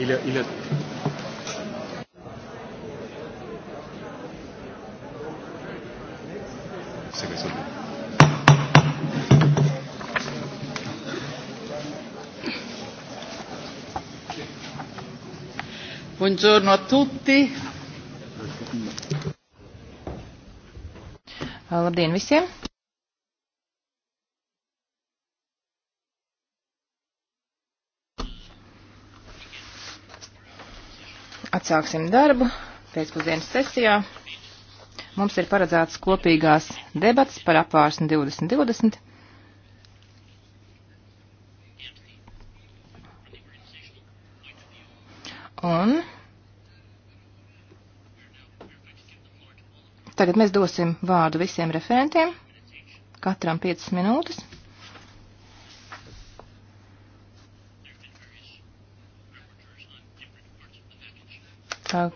Il, il, se questo Buongiorno a tutti. Labdien visiem! Sāksim darbu pēcpusdienas sesijā. Mums ir paredzēts kopīgās debats par apvārsni 2020. Un tagad mēs dosim vārdu visiem referentiem, katram 5 minūtes.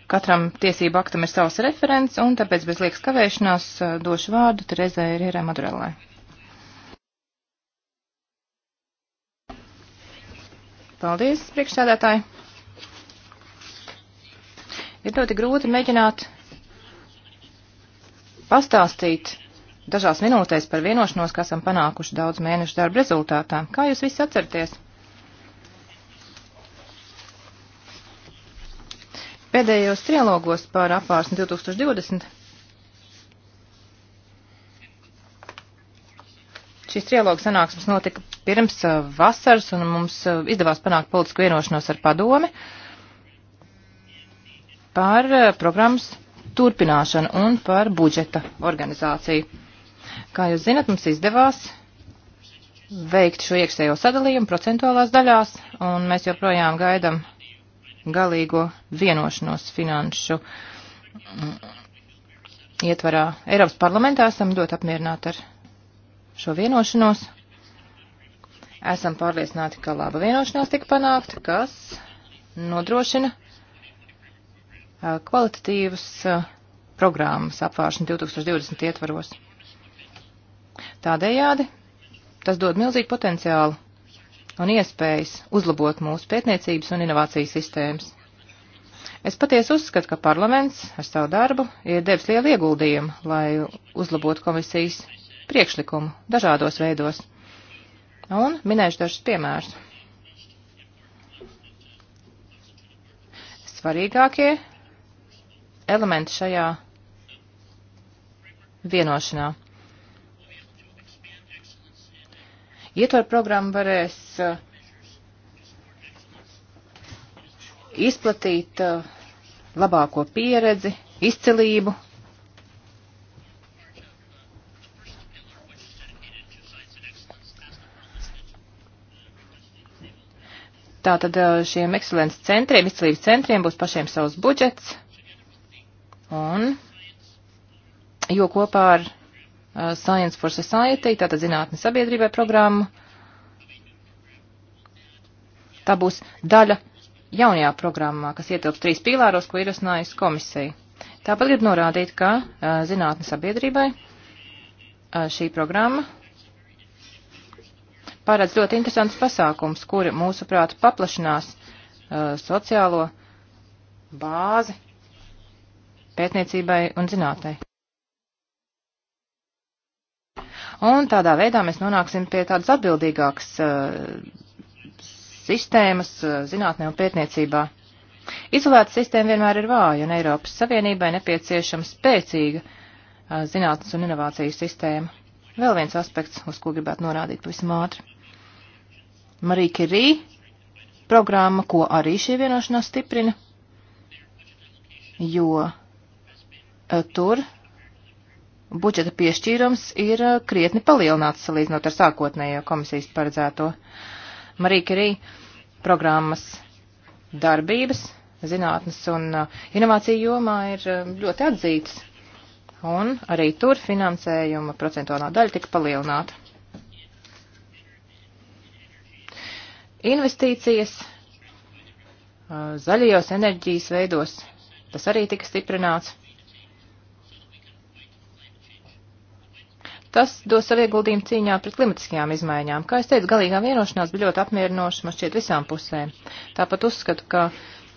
Katram tiesību aktam ir savs referents, un tāpēc bez liekas kavēšanās uh, došu vārdu Terezai Rierē Madurellai. Paldies, priekšsēdētāji. Ir ļoti grūti mēģināt pastāstīt dažās minūtēs par vienošanos, kas esam panākuši daudz mēnešu darba rezultātā. Kā jūs visi atceraties? Pēdējos trialogos par apvārsni 2020 šīs trialoga sanāksmes notika pirms uh, vasaras, un mums uh, izdevās panākt politisku vienošanos ar padomi par uh, programmas turpināšanu un par budžeta organizāciju. Kā jūs zinat, mums izdevās veikt šo iekšējo sadalījumu procentuālās daļās, un mēs joprojām gaidam galīgo vienošanos finanšu mm, ietvarā. Eiropas parlamentā esam ļoti apmierināti ar šo vienošanos. Esam pārliecināti, ka laba vienošanās tika panākta, kas nodrošina kvalitatīvas programmas apvāršana 2020 ietvaros. Tādējādi tas dod milzīgu potenciālu un iespējas uzlabot mūsu pētniecības un inovāciju sistēmas. Es patiesi uzskatu, ka parlaments ar savu darbu ir devis lielu ieguldījumu, lai uzlabotu komisijas priekšlikumu dažādos veidos. Un minēšu dažus piemērus. Svarīgākie elementi šajā vienošanā. Ietvaru programmu varēs uh, izplatīt uh, labāko pieredzi, izcilību. Tātad uh, šiem ekscelences centriem, izcilības centriem būs pašiem savs budžets. Un, jo kopā ar Uh, Science for Society, tātad zinātne sabiedrībai programmu. Tā būs daļa jaunajā programmā, kas ietilps trīs pīlāros, ko ir uzsnājusi komisija. Tāpat gribu norādīt, ka uh, zinātne sabiedrībai uh, šī programma paredz ļoti interesants pasākums, kuri, mūsuprāt, paplašinās sociālo bāzi pētniecībai un zinātnei. Un tādā veidā mēs nonāksim pie tādas atbildīgākas uh, sistēmas uh, zinātnē un pētniecībā. Izolēta sistēma vienmēr ir vāja, un Eiropas Savienībai nepieciešama spēcīga uh, zinātnes un inovāciju sistēma. Vēl viens aspekts, uz ko gribētu norādīt pavisam ātri. Marī Kirī programma, ko arī šī vienošanās stiprina, jo tur budžeta piešķīrums ir eh, krietni palielināts salīdzinot ar sākotnējo komisijas paredzēto. Marīka arī programmas darbības zinātnes un eh, inovāciju jomā ir eh, ļoti atzītas. Un arī tur finansējuma procentuālā daļa tika palielināta. Investīcijas zaļajos enerģijas veidos tas arī tika stiprināts. Tas dos savu ieguldījumu cīņā pret klimatiskajām izmaiņām. Kā es teicu, galīgā vienošanās bija ļoti apmierinoša, man šķiet, visām pusēm. Tāpat uzskatu, ka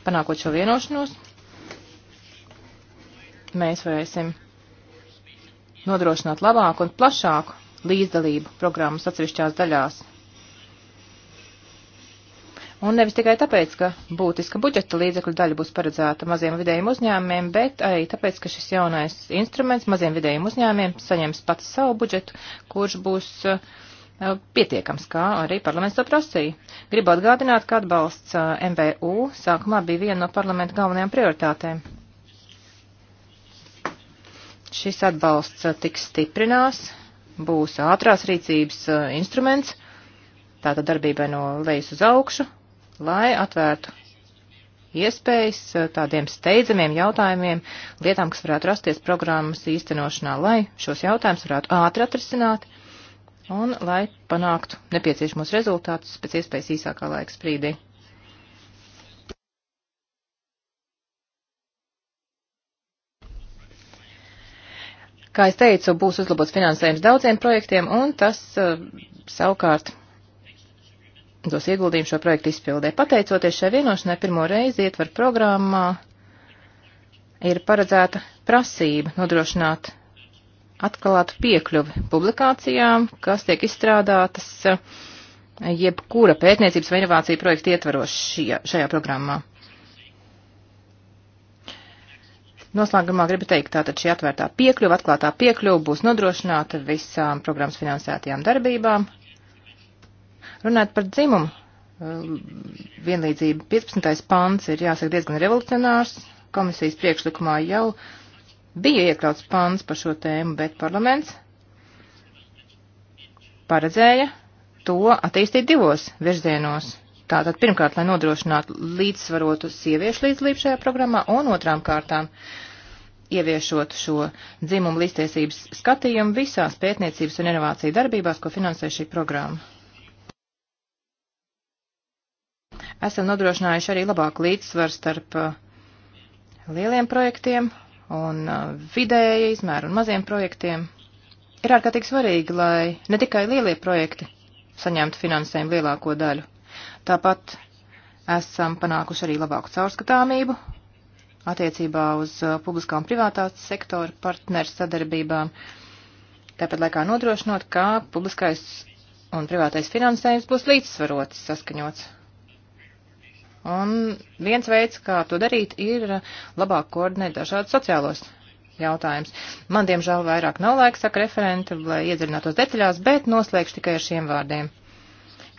panākot šo vienošanos, mēs varēsim nodrošināt labāku un plašāku līdzdalību programmas atsevišķās daļās Un nevis tikai tāpēc, ka būtiska budžeta līdzekļu daļa būs paredzēta maziem vidējiem uzņēmumiem, bet arī tāpēc, ka šis jaunais instruments maziem vidējiem uzņēmumiem saņems pats savu budžetu, kurš būs uh, pietiekams, kā arī parlaments to prasīja. Gribu atgādināt, ka atbalsts eh, MBU sākumā bija viena no parlamenta galvenajām prioritātēm. Šis atbalsts eh, tiks stiprinās, būs ātrās rīcības instruments, tātad darbībai no lejas uz augšu, lai atvērtu iespējas uh, tādiem steidzamiem jautājumiem, lietām, kas varētu rasties programmas īstenošanā, lai šos jautājumus varētu ātri atrisināt un lai panāktu nepieciešamos rezultātus pēc iespējas īsākā laika sprīdī. Kā es teicu, būs uzlabots finansējums daudziem projektiem, un tas uh, savukārt dos ieguldījumu šo projektu izpildē. Pateicoties šai vienošanai, pirmo reizi ietver programmā ir paredzēta prasība nodrošināt atklātu piekļuvi publikācijām, kas tiek izstrādātas eh, jebkura pētniecības vai inovācija projekta ietvaros šajā, šajā programmā. Noslēgumā gribu teikt, tātad šī atvērtā piekļuva, atklātā piekļuva būs nodrošināta visām programmas finansētajām darbībām, Runāt par dzimumu um, vienlīdzību 15. pants ir jāsaka diezgan revolucionārs. Komisijas priekšlikumā jau bija iekļauts pants par šo tēmu, bet parlaments paredzēja to attīstīt divos virzienos. Tātad pirmkārt, lai nodrošinātu līdzsvarotu sieviešu līdzlību šajā programmā, un otrām kārtām ieviešot šo dzimumu līdztiesības skatījumu visās pētniecības un inovāciju darbībās, ko finansē šī programma. esam nodrošinājuši arī labāku līdzsvaru starp uh, lieliem projektiem un uh, vidēja izmēru un maziem projektiem. Ir ārkārtīgi svarīgi, lai ne tikai lielie projekti saņemtu finansējumu lielāko daļu. Tāpat esam panākuši arī labāku caurskatāmību attiecībā uz uh, publiskā un privātā sektora partneru sadarbībām. Tāpat laikā nodrošinot, ka publiskais un privātais finansējums būs līdzsvarots, saskaņots. Un viens veids, kā to darīt, ir eh, labāk koordinēt dažādus sociālos jautājumus. Man, diemžēl, vairāk nav laika, saka referenti, lai iedziļinātos detaļās, bet noslēgšu tikai ar šiem vārdiem.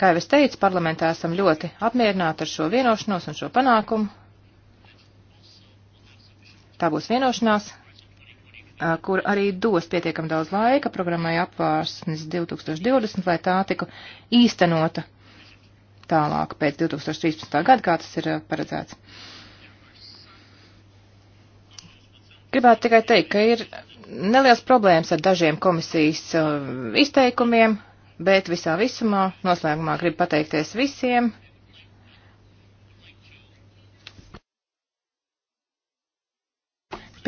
Kā jau es teicu, parlamentā esam ļoti apmierināti ar šo vienošanos un šo panākumu. Tā būs vienošanās, eh, kur arī dos pietiekam daudz laika programmai apvārsnes 2020, lai tā tiku īstenota tālāk pēc 2013. gada, kā tas ir uh, paredzēts. Gribētu tikai teikt, ka ir neliels problēmas ar dažiem komisijas uh, izteikumiem, bet visā visumā noslēgumā gribu pateikties visiem.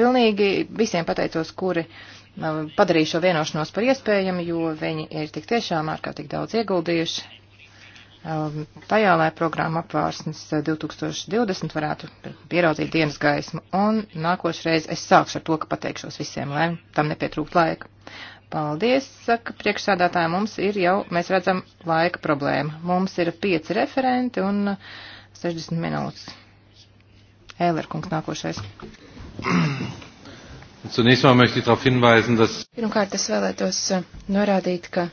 Pilnīgi visiem pateicos, kuri uh, padarīja šo vienošanos par iespējamu, jo viņi ir tik tiešām ārkārtīgi daudz ieguldījuši Um, tajā, lai programma apvārsnes 2020 uh, varētu pieraudzīt dienas gaismu. Un nākošreiz es sākšu ar to, ka pateikšos visiem, lai tam nepietrūkt laika. Paldies, saka priekšsādātāji, mums ir jau, mēs redzam, laika problēma. Mums ir pieci referenti un 60 uh, minūtes. Ēlerkungs nākošais. Zunächst mal möchte ich darauf hinweisen, dass. Pirmkārt, es vēlētos uh, norādīt, ka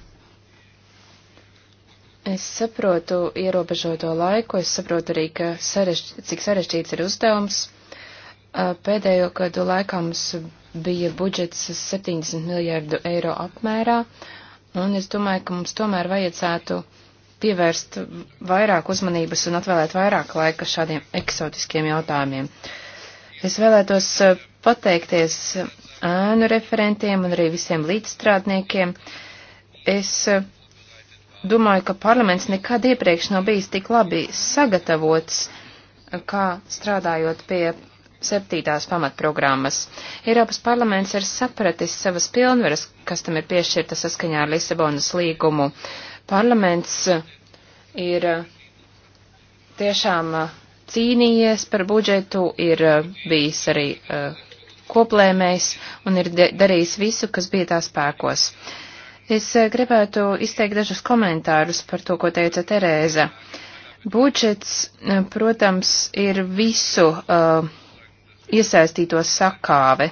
Es saprotu ierobežoto laiku, es saprotu arī, ka sarešķ, cik sarežģīts ir uzdevums. Pēdējo gadu laikā mums bija budžets 70 miljārdu eiro apmērā, un es domāju, ka mums tomēr vajadzētu pievērst vairāk uzmanības un atvēlēt vairāk laika šādiem eksotiskiem jautājumiem. Es vēlētos pateikties ēnu referentiem un arī visiem līdzstrādniekiem. Es uh, domāju, ka parlaments nekad iepriekš nav bijis tik labi sagatavots, kā strādājot pie septītās pamatprogrammas. Eiropas parlaments ir sapratis savas pilnvaras, kas tam ir piešķirta saskaņā ar Lisabonas līgumu. Parlaments eh, ir eh, tiešām eh, cīnījies par budžetu, ir bijis arī koplēmējs un ir darījis visu, kas bija tā spēkos. Uh, Es eh, gribētu izteikt dažus komentārus par to, ko teica Terēza. Budžets, eh, protams, ir visu uh, iesaistīto sakāve.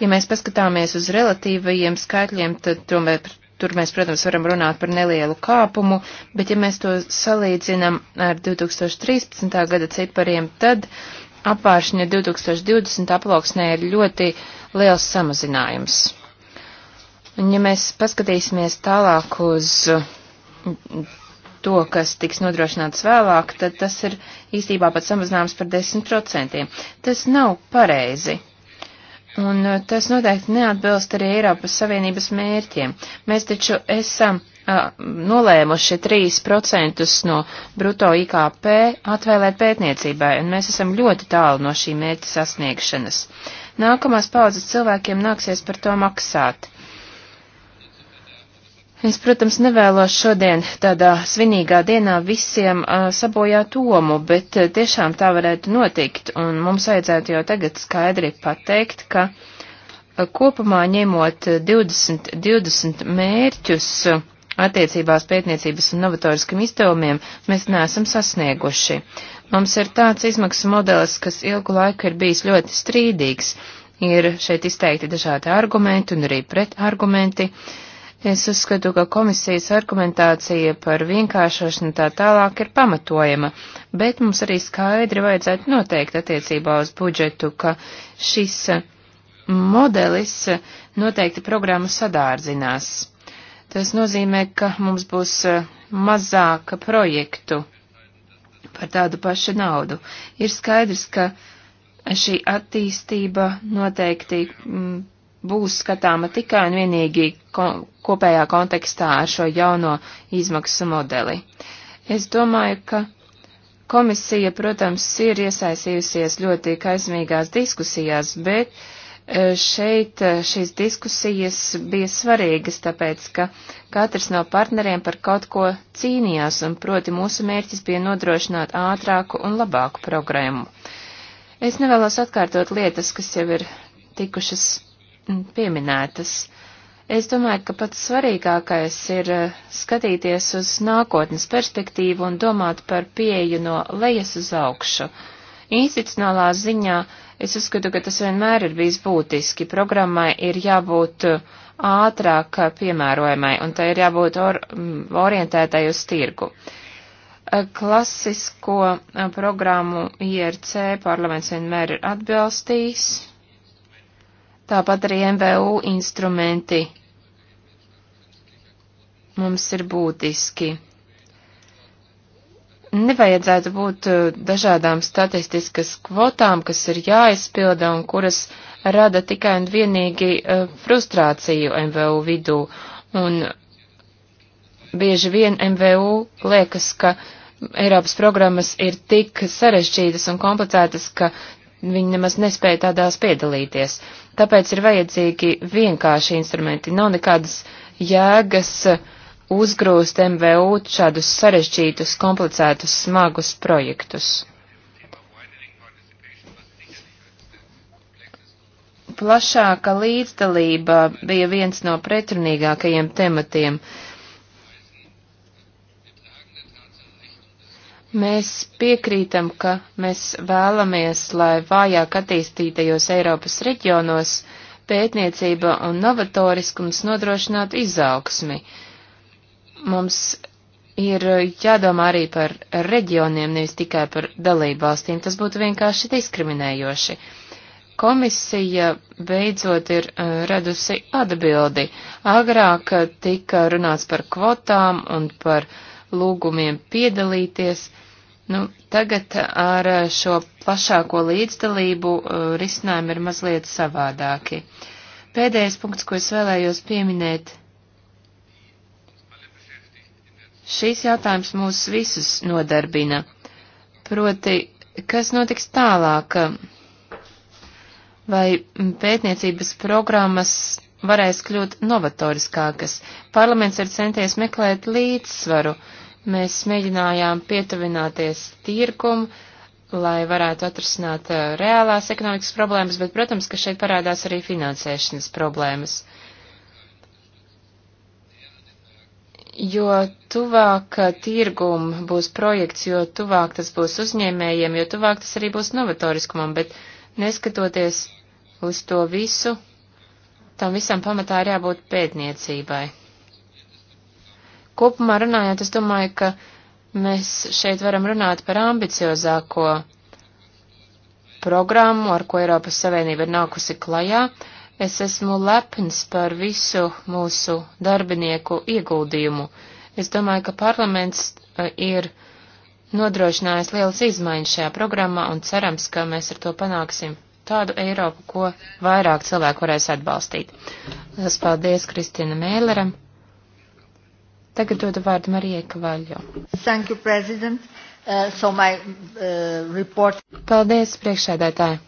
Ja mēs paskatāmies uz relatīvajiem skaitļiem, tad tomēr Tur mēs, protams, varam runāt par nelielu kāpumu, bet ja mēs to salīdzinām ar 2013. gada cipariem, tad apvāršņa 2020 aploksnē ir ļoti liels samazinājums. Un ja mēs paskatīsimies tālāk uz mm, to, kas tiks nodrošināts vēlāk, tad tas ir īstībā pat samazinājums par 10%. Tas nav pareizi. Un uh, tas noteikti neatbilst arī Eiropas Savienības mērķiem. Mēs taču esam a, uh, nolēmuši 3% no bruto IKP atvēlēt pētniecībai, un mēs esam ļoti tālu no šī mērķa sasniegšanas. Nākamās paudzes cilvēkiem nāksies par to maksāt. Es, protams, nevēlos šodien tādā svinīgā dienā visiem uh, sabojāt tomu, bet uh, tiešām tā varētu notikt, un mums vajadzētu jau tagad skaidri pateikt, ka uh, kopumā ņemot 20, 20 mērķus uh, attiecībās pētniecības un novatoriskiem izdevumiem, mēs neesam sasnieguši. Mums ir tāds izmaksu modelis, kas ilgu laiku ir bijis ļoti strīdīgs. Ir šeit izteikti dažādi argumenti un arī pretargumenti. Uh, Es uzskatu, ka komisijas argumentācija par vienkāršošanu tā tālāk ir pamatojama, bet mums arī skaidri vajadzētu noteikt attiecībā uz budžetu, ka šis eh, modelis eh, noteikti programmu sadārdzinās. Tas nozīmē, ka mums būs eh, mazāka projektu par tādu pašu naudu. Ir skaidrs, ka šī attīstība noteikti mm, būs skatāma tikai un vienīgi ko, kopējā kontekstā ar šo jauno izmaksu modeli. Es domāju, ka komisija, protams, ir iesaistījusies ļoti kaismīgās diskusijās, bet e, šeit e, šīs diskusijas bija svarīgas, tāpēc, ka katrs no partneriem par kaut ko cīnījās, un proti mūsu mērķis bija nodrošināt ātrāku un labāku programmu. Es nevēlos atkārtot lietas, kas jau ir tikušas pieminētas. Es domāju, ka pats svarīgākais ir eh, skatīties uz nākotnes perspektīvu un domāt par pieeju no lejas uz augšu. Institucionālā ziņā es uzskatu, ka tas vienmēr ir bijis būtiski. Programmai ir jābūt eh, ātrāk piemērojamai un tai ir jābūt or orientētai uz tirgu eh, klasisko programmu IRC parlaments vienmēr ir atbalstījis, Tāpat arī MVU instrumenti mums ir būtiski. Nevajadzētu būt uh, dažādām statistiskas kvotām, kas ir jāizpilda un kuras rada tikai un vienīgi uh, frustrāciju MVU vidū. Un bieži vien MVU liekas, ka Eiropas programmas ir tik sarežģītas un komplicētas, ka viņi nemaz nespēja tādās piedalīties. Tāpēc ir vajadzīgi vienkārši instrumenti. Nav nekādas jēgas uzgrūst MVU šādus sarežģītus, komplicētus, smagus projektus. Plašāka līdzdalība bija viens no pretrunīgākajiem tematiem. Uh, Mēs piekrītam, ka mēs vēlamies, lai vājāk attīstītajos Eiropas reģionos pētniecība un novatoriskums nodrošinātu izaugsmi. Mums ir jādomā arī par reģioniem, nevis tikai par dalību valstīm. Tas būtu vienkārši diskriminējoši. Komisija beidzot ir uh, redusi atbildi. Agrāk tika runāts par kvotām un par lūgumiem piedalīties. Uh, Nu, tagad ar šo plašāko līdzdalību uh, risinājumi ir mazliet savādāki. Pēdējais punkts, ko es vēlējos pieminēt. Šīs jautājums mūs visus nodarbina. Proti, kas notiks tālāk? Vai pētniecības programmas varēs kļūt novatoriskākas? Parlaments ir centies meklēt līdzsvaru. Uh, Mēs mēģinājām pietuvināties tirkumu, lai varētu atrasināt eh, reālās ekonomikas problēmas, bet, protams, ka šeit parādās arī finansēšanas problēmas. jo tuvāk eh, tirgum būs projekts, jo tuvāk tas būs uzņēmējiem, jo tuvāk tas arī būs novatoriskumam, bet neskatoties uz to visu, tam visam pamatā ir jābūt pētniecībai. Kopumā runājot, es domāju, ka mēs šeit varam runāt par ambiciozāko programmu, ar ko Eiropas Savienība ir nākusi klajā. Es esmu lepns par visu mūsu darbinieku ieguldījumu. Es domāju, ka parlaments e, ir nodrošinājis lielas izmaiņas šajā programmā un cerams, ka mēs ar to panāksim tādu Eiropu, ko vairāk cilvēku varēs atbalstīt. Es paldies Kristina Mēleram. Tagad dodu vārdu Marijai Kavaļo. Thank you, President. Uh, so my uh, report. Paldies, priekšsēdētāji.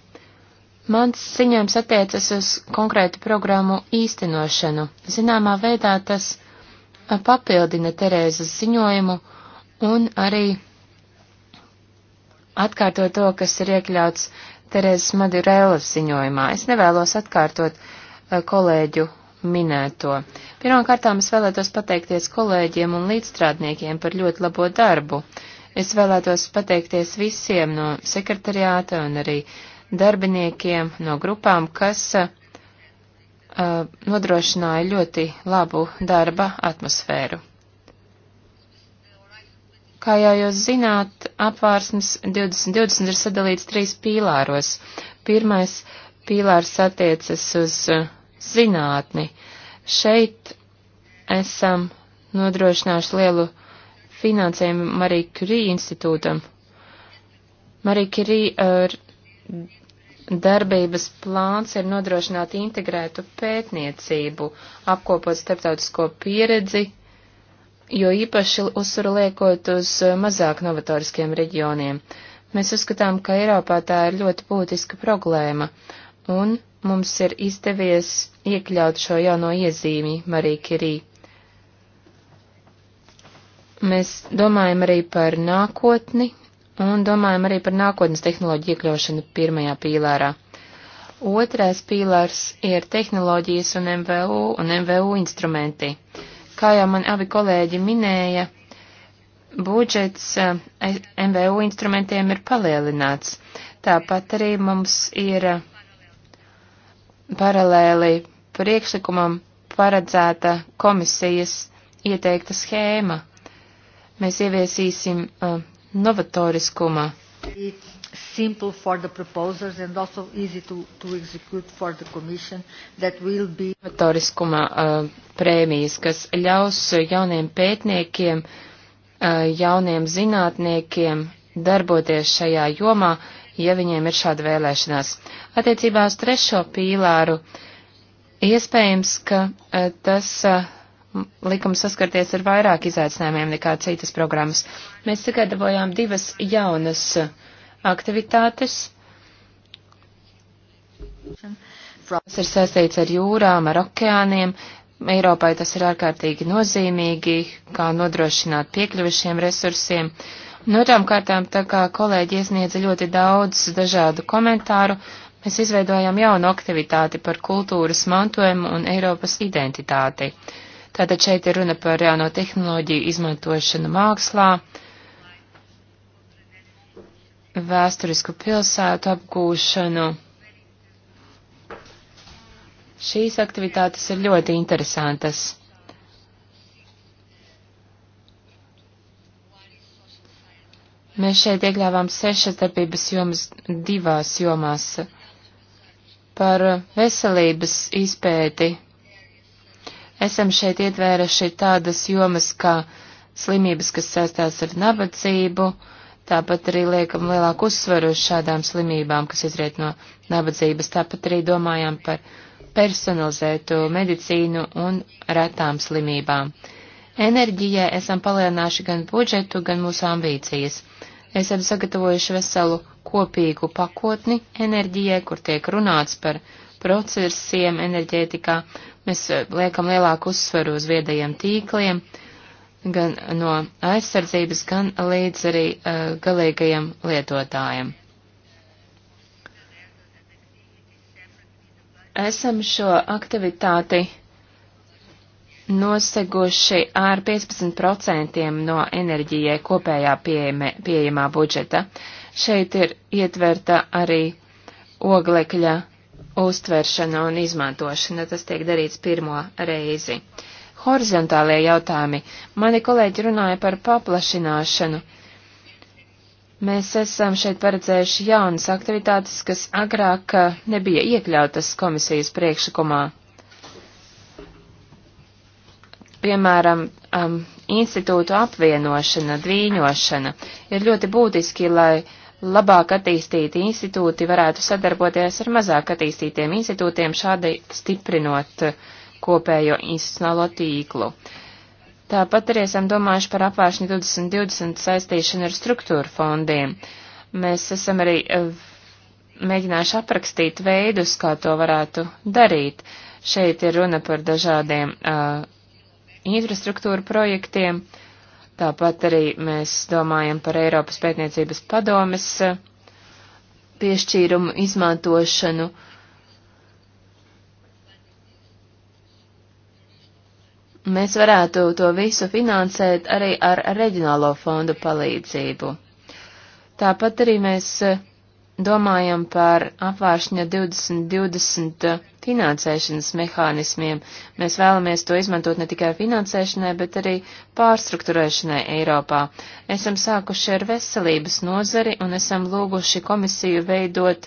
Mans ziņojums attiecas uz konkrētu programmu īstenošanu. Zināmā veidā tas uh, papildina Terēzes ziņojumu un arī atkārto to, kas ir iekļauts Terēzes Madurēlas ziņojumā. Es nevēlos atkārtot uh, kolēģu minēto. Pirmkārtām es vēlētos pateikties kolēģiem un līdzstrādniekiem par ļoti labo darbu. Es vēlētos pateikties visiem no sekretariāta un arī darbiniekiem no grupām, kas uh, nodrošināja ļoti labu darba atmosfēru. Kā jau jūs zināt, apvārsnes 2020 ir sadalīts trīs pīlāros. Pirmais pīlārs attiecas uz uh, zinātni. Šeit esam nodrošinājuši lielu finansējumu Marija Curie institūtam. Marija Curie darbības plāns ir nodrošināt integrētu pētniecību, apkopot starptautisko pieredzi, jo īpaši uzsvaru liekot uz mazāk novatoriskiem reģioniem. Mēs uzskatām, ka Eiropā tā ir ļoti būtiska problēma, un mums ir izdevies iekļaut šo jauno iezīmi Marija Kirī. Mēs domājam arī par nākotni un domājam arī par nākotnes tehnoloģiju iekļaušanu pirmajā pīlārā. Otrais pīlārs ir tehnoloģijas un MVU un MVU instrumenti. Kā jau man abi kolēģi minēja, budžets eh, MVU instrumentiem ir palielināts. Tāpat arī mums ir paralēli priekšlikumam paredzēta komisijas ieteikta schēma. Mēs ieviesīsim uh, novatoriskuma. It's simple for the proposers and also easy to, to execute for the commission that will be. Novatoriskuma uh, prēmijas, kas ļaus jauniem pētniekiem, uh, jauniem zinātniekiem darboties šajā jomā, ja viņiem ir šāda vēlēšanās. Attiecībā uz trešo pīlāru iespējams, ka eh, tas eh, likums saskarties ar vairāk izaicinājumiem nekā citas programmas. Mēs sagatavojām divas jaunas eh, aktivitātes. Tas ir saistīts ar jūrām, ar okeāniem. Eiropai tas ir ārkārtīgi nozīmīgi, kā nodrošināt piekļuvi šiem resursiem. Uh, Nu, tām kārtām, tā kā kolēģi iesniedza ļoti daudz dažādu komentāru, mēs izveidojam jaunu aktivitāti par kultūras mantojumu un Eiropas identitāti. Tātad šeit ir runa par jauno tehnoloģiju izmantošanu mākslā, vēsturisku pilsētu apgūšanu. Šīs aktivitātes ir ļoti interesantas. Mēs šeit iekļāvām sešas darbības jomas divās jomās par veselības izpēti. Esam šeit ietvēruši tādas jomas kā slimības, kas saistās ar nabadzību, tāpat arī liekam lielāku uzsvaru uz šādām slimībām, kas izriet no nabadzības, tāpat arī domājam par personalizētu medicīnu un retām slimībām. Enerģijai esam palielinājuši gan budžetu, gan mūsu ambīcijas. Esam sagatavojuši veselu kopīgu pakotni enerģijai, kur tiek runāts par procesiem enerģētikā. Mēs eh, liekam lielāku uzsvaru uz viedajiem tīkliem, gan no aizsardzības, gan līdz arī uh, galīgajiem lietotājiem. Esam šo aktivitāti noseguši ar 15% no enerģijai kopējā pieejamē, pieejamā budžeta. Šeit ir ietverta arī oglekļa uztveršana un izmantošana. Tas tiek darīts pirmo reizi. Horizontālie jautājumi. Mani kolēģi runāja par paplašināšanu. Mēs esam šeit paredzējuši jaunas aktivitātes, kas agrāk nebija iekļautas komisijas priekšlikumā piemēram, um, institūtu apvienošana, dvīņošana ir ļoti būtiski, lai labāk attīstīti institūti varētu sadarboties ar mazāk attīstītiem institūtiem, šādi stiprinot uh, kopējo institucionālo tīklu. Tāpat arī esam domājuši par apvēršņu 2020 saistīšanu ar struktūru fondiem. Mēs esam arī uh, mēģinājuši aprakstīt veidus, kā to varētu darīt. Šeit ir runa par dažādiem uh, infrastruktūra projektiem. Tāpat arī mēs domājam par Eiropas pētniecības padomes eh, piešķīrumu izmantošanu. Mēs varētu to visu finansēt arī ar reģionālo fondu palīdzību. Tāpat arī mēs uh, domājam par apvāršņa 2020 finansēšanas mehānismiem, mēs vēlamies to izmantot ne tikai finansēšanai, bet arī pārstruktūrēšanai Eiropā. Esam sākuši ar veselības nozari un esam lūguši komisiju veidot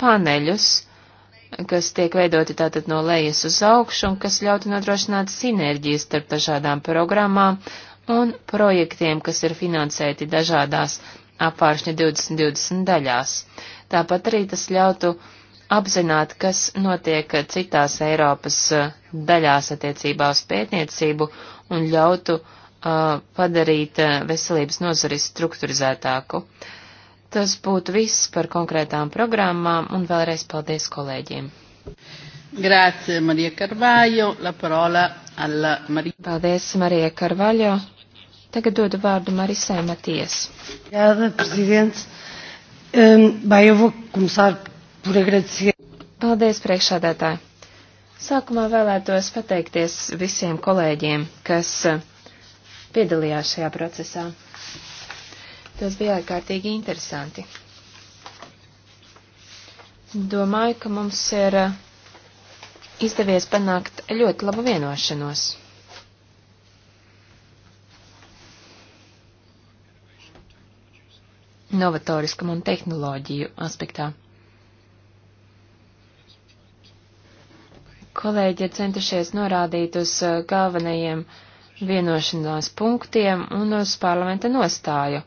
paneļus, kas tiek veidoti tātad no lejas uz augšu un kas ļautu nodrošināt sinerģijas starp dažādām programmām un projektiem, kas ir finansēti dažādās apvāršņa 2020 daļās. Tāpat arī tas ļautu apzināt, kas notiek citās Eiropas eh, daļās attiecībā uz pētniecību un ļautu uh, padarīt eh, veselības nozari strukturizētāku. Tas būtu viss par konkrētām programmām un vēlreiz paldies kolēģiem. Grazie, Marija Karvajo. La parola alla Marija. Paldies, Marija Karvajo. Tagad dodu vārdu Marisai Maties. Obrigada, prezidents. Um, vai eu vou começar por agradecer. Paldies, priekšādātāji. Sākumā vēlētos pateikties visiem kolēģiem, kas eh, piedalījās šajā procesā. Tas bija ārkārtīgi interesanti. Domāju, ka mums ir eh, izdevies panākt ļoti labu vienošanos. novatoriskam un tehnoloģiju aspektā. Kolēģi ir centušies norādīt uz uh, galvenajiem vienošanās punktiem un uz parlamenta nostāju.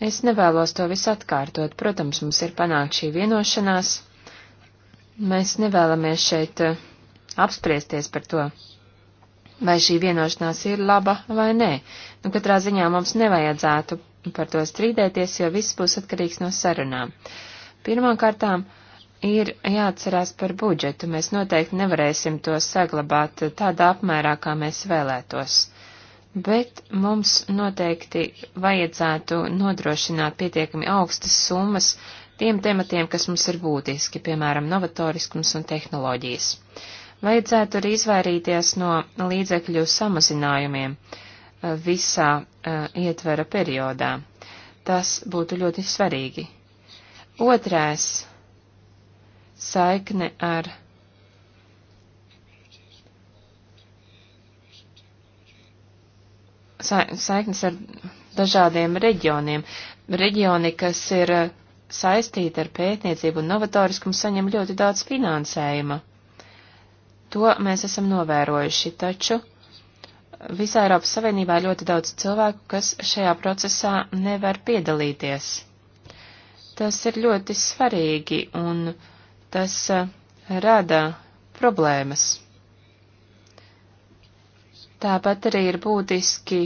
Es nevēlos to visu atkārtot. Protams, mums ir panākt šī vienošanās. Mēs nevēlamies šeit uh, apspriesties par to, vai šī vienošanās ir laba vai nē. Nu, katrā ziņā mums nevajadzētu par to strīdēties, jo viss būs atkarīgs no sarunām. Pirmkārtām ir jāatcerās par budžetu. Mēs noteikti nevarēsim to saglabāt tādā apmērā, kā mēs vēlētos. Bet mums noteikti vajadzētu nodrošināt pietiekami augstas summas tiem tematiem, kas mums ir būtiski, piemēram, novatoriskums un tehnoloģijas. Vajadzētu arī izvairīties no līdzekļu samazinājumiem visā ietvera periodā. Tas būtu ļoti svarīgi. Otrais - saikne ar sa saiknes ar dažādiem reģioniem. Reģioni, kas ir saistīti ar pētniecību un novatoriskumu, saņem ļoti daudz finansējuma. To mēs esam novērojuši, taču visā Eiropas Savienībā ir ļoti daudz cilvēku, kas šajā procesā nevar piedalīties. Tas ir ļoti svarīgi un tas eh, rada problēmas. Tāpat arī ir būtiski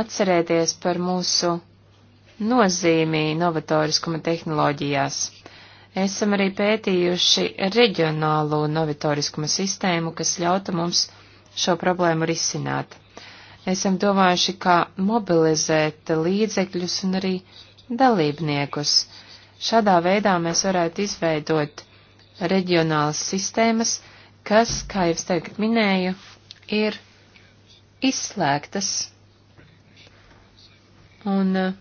atcerēties par mūsu nozīmi novatoriskuma tehnoloģijās. Esam arī pētījuši reģionālo novatoriskumu sistēmu, kas ļauta mums šo problēmu risināt. Esam domājuši, kā mobilizēt līdzekļus un arī dalībniekus. Šādā veidā mēs varētu izveidot reģionālas sistēmas, kas, kā jau es tagad minēju, ir izslēgtas un eh,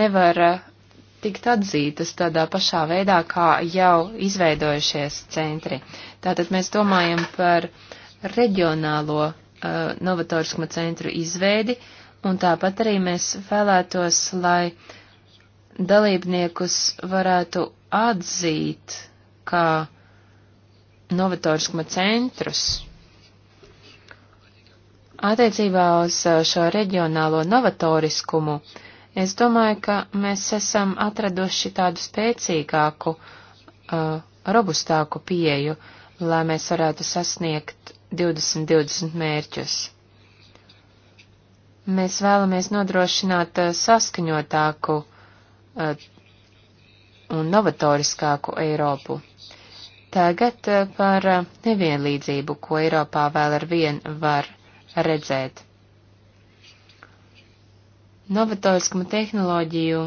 nevar eh, tikt atzītas tādā pašā veidā, kā jau izveidojušies centri. Tātad mēs domājam par reģionālo uh, novatorismu centru izveidi, un tāpat arī mēs vēlētos, lai dalībniekus varētu atzīt kā novatorismu centrus. Attiecībā uz uh, šo reģionālo novatoriskumu uh, Es domāju, ka mēs esam atraduši tādu spēcīgāku, uh, robustāku pieju, lai mēs varētu sasniegt 2020 mērķus. Mēs vēlamies nodrošināt uh, saskaņotāku uh, un novatoriskāku Eiropu. Tagad uh, par uh, nevienlīdzību, ko Eiropā vēl ar vien var redzēt novatoriskumu tehnoloģiju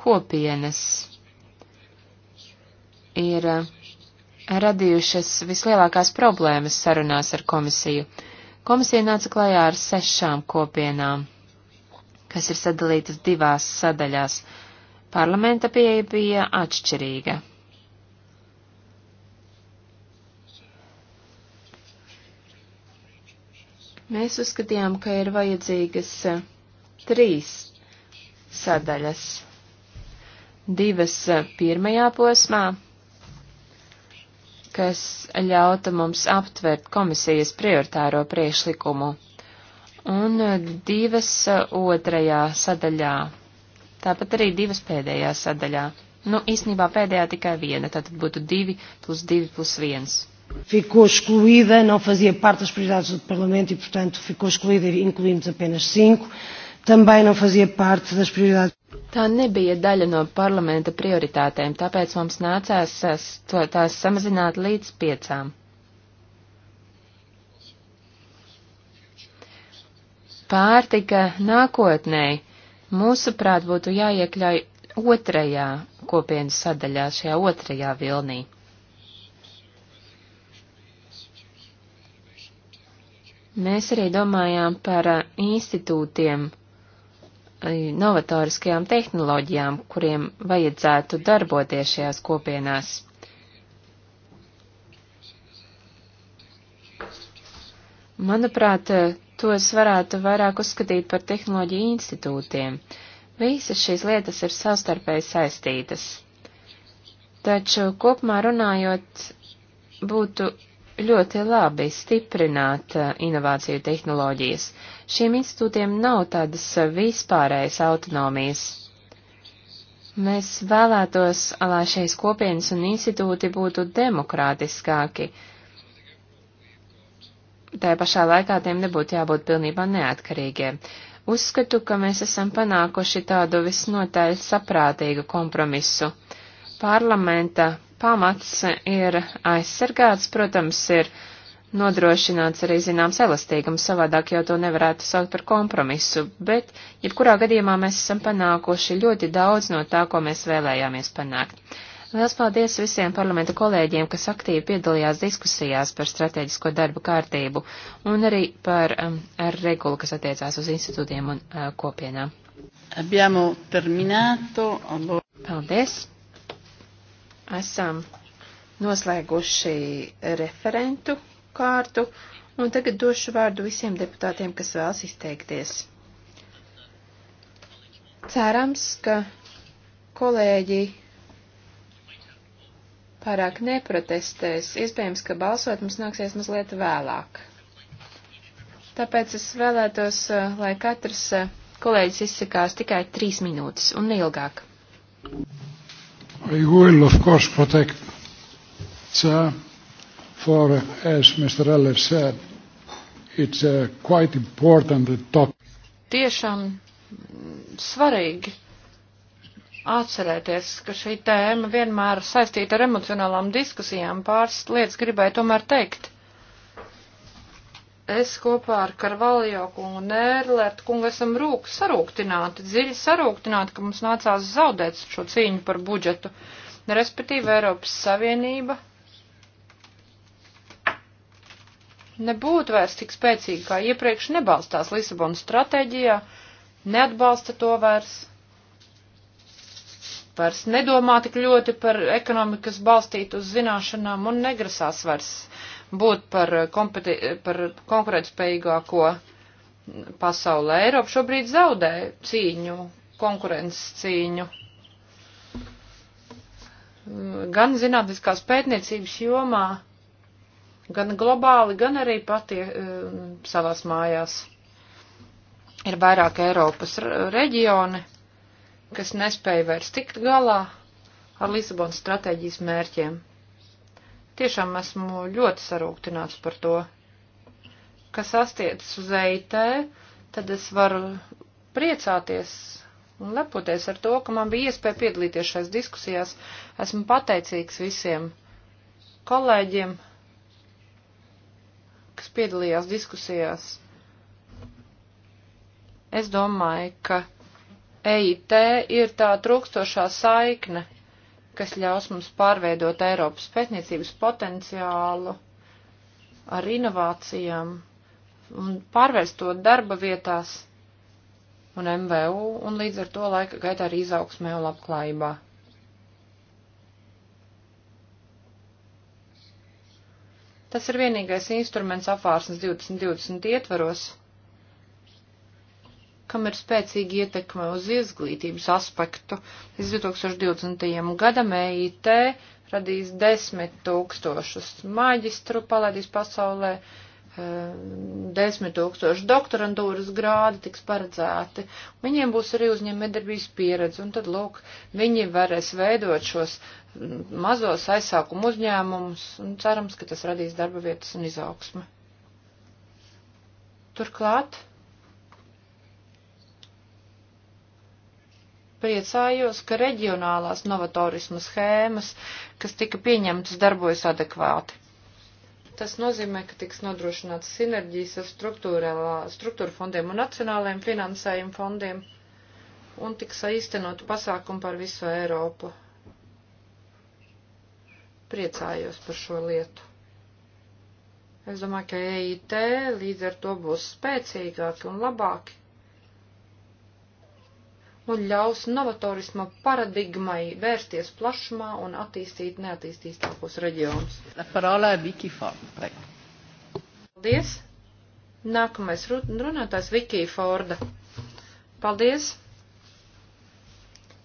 kopienas ir eh, radījušas vislielākās problēmas sarunās ar komisiju. Komisija nāca klajā ar sešām kopienām, kas ir sadalītas divās sadaļās. Parlamenta pieeja bija atšķirīga. Mēs uzskatījām, ka ir vajadzīgas eh, trīs sadaļas. Divas eh, pirmajā posmā, kas ļauta mums aptvert komisijas prioritāro priešlikumu, un eh, divas eh, otrajā sadaļā, tāpat arī divas pēdējā sadaļā. Nu, īstenībā pēdējā tikai viena, tātad būtu divi plus divi plus viens ficou excluída, não fazia parte das prioridades do Parlamento e, portanto, ficou excluída e incluímos apenas cinco também não fazia parte das prioridades. Tā nebija daļa no parlamenta prioritātēm, tāpēc mums nācās to, tās samazināt līdz piecām. Pārtika nākotnē mūsuprāt būtu jāiekļauj otrajā kopienas sadaļā, šajā otrajā vilnī. Mēs arī domājām par institūtiem, novatoriskajām tehnoloģijām, kuriem vajadzētu darboties šajās kopienās. Manuprāt, tos varētu vairāk uzskatīt par tehnoloģiju institūtiem. Visas šīs lietas ir savstarpēji saistītas. Taču kopumā runājot, būtu ļoti labi stiprināt eh, inovāciju tehnoloģijas. Šiem institūtiem nav tādas eh, vispārējas autonomijas. Mēs vēlētos, lai šīs kopienas un institūti būtu demokrātiskāki. Tā pašā laikā tiem nebūtu jābūt pilnībā neatkarīgiem. Uzskatu, ka mēs esam panākuši tādu visnotaļ saprātīgu kompromisu. Parlamenta pamats ir aizsargāts, protams, ir nodrošināts arī zināms elastīgums, savādāk jau to nevarētu saukt par kompromisu, bet jebkurā gadījumā mēs esam panākuši ļoti daudz no tā, ko mēs vēlējāmies panākt. Liels paldies visiem parlamenta kolēģiem, kas aktīvi piedalījās diskusijās par strateģisko darbu kārtību un arī par um, ar regulu, kas attiecās uz institūtiem un uh, kopienām. Paldies! esam noslēguši referentu kārtu, un tagad došu vārdu visiem deputātiem, kas vēlas izteikties. Cerams, ka kolēģi pārāk neprotestēs, iespējams, ka balsot mums nāksies mazliet vēlāk. Tāpēc es vēlētos, eh, lai katrs eh, kolēģis izsakās tikai trīs minūtes un neilgāk. Thank you. We will, of course, protect CER, for, as Mr. Eller said, it's a quite important topic. Tiešām svarīgi atcerēties, ka šī tēma vienmēr saistīta ar emocionālām diskusijām. Pāris lietas gribēju tomēr teikt es kopā ar Karvaljo kungu un Ērlertu kungu esam rūk sarūktināti, dziļi sarūktināti, ka mums nācās zaudēt šo cīņu par budžetu. Respektīvi Eiropas Savienība nebūtu vairs tik spēcīga kā iepriekš, nebalstās Lisabonas stratēģijā, neatbalsta to vairs, vairs nedomā tik ļoti par ekonomikas balstītu uz zināšanām un negrasās vairs uh, būt par, par konkurētspējīgāko pasaulē. Eiropa šobrīd zaudē cīņu, konkurences cīņu. Gan zinātniskās pētniecības jomā, gan globāli, gan arī patie eh, savās mājās. Ir vairāk Eiropas reģioni, kas nespēja vairs tikt galā ar Lisabonas stratēģijas mērķiem. Tiešām esmu ļoti sarūktināts par to. Kas astiecas uz EIT, tad es varu priecāties un lepoties ar to, ka man bija iespēja piedalīties šajās diskusijās. Esmu pateicīgs visiem kolēģiem, kas piedalījās diskusijās. Es domāju, ka EIT ir tā trūkstošā saikne kas ļaus mums pārveidot Eiropas pētniecības potenciālu ar inovācijām un pārvērst to darba vietās un MVU un līdz ar to laika gaitā arī izaugsmē un labklājībā. Tas ir vienīgais instruments apvārsnes 2020 ietvaros, kam ir spēcīga ietekme uz izglītības aspektu. Līdz 2020. gadam EIT radīs desmit tūkstošus maģistru, palaidīs pasaulē eh, desmit tūkstoši doktorantūras grādi tiks paredzēti. Viņiem būs arī uzņēmējdarbības pieredze, un tad, lūk, viņi varēs veidot šos mazos aizsākumu uzņēmumus, un cerams, ka tas radīs darba vietas un izaugsmi. Turklāt priecājos, ka reģionālās novatorismu schēmas, kas tika pieņemtas, darbojas adekvāti. Tas nozīmē, ka tiks nodrošināts sinerģijas ar struktūra fondiem un nacionālajiem finansējuma fondiem un tiks īstenot pasākumu par visu Eiropu. Priecājos par šo lietu. Es domāju, ka EIT līdz ar to būs spēcīgāki un labāki un ļaus novatorisma paradigmai vērsties plašumā un attīstīt neattīstītākos reģionus. Parolē Viki Forda. Paldies. Nākamais runātājs Viki Forda. Paldies.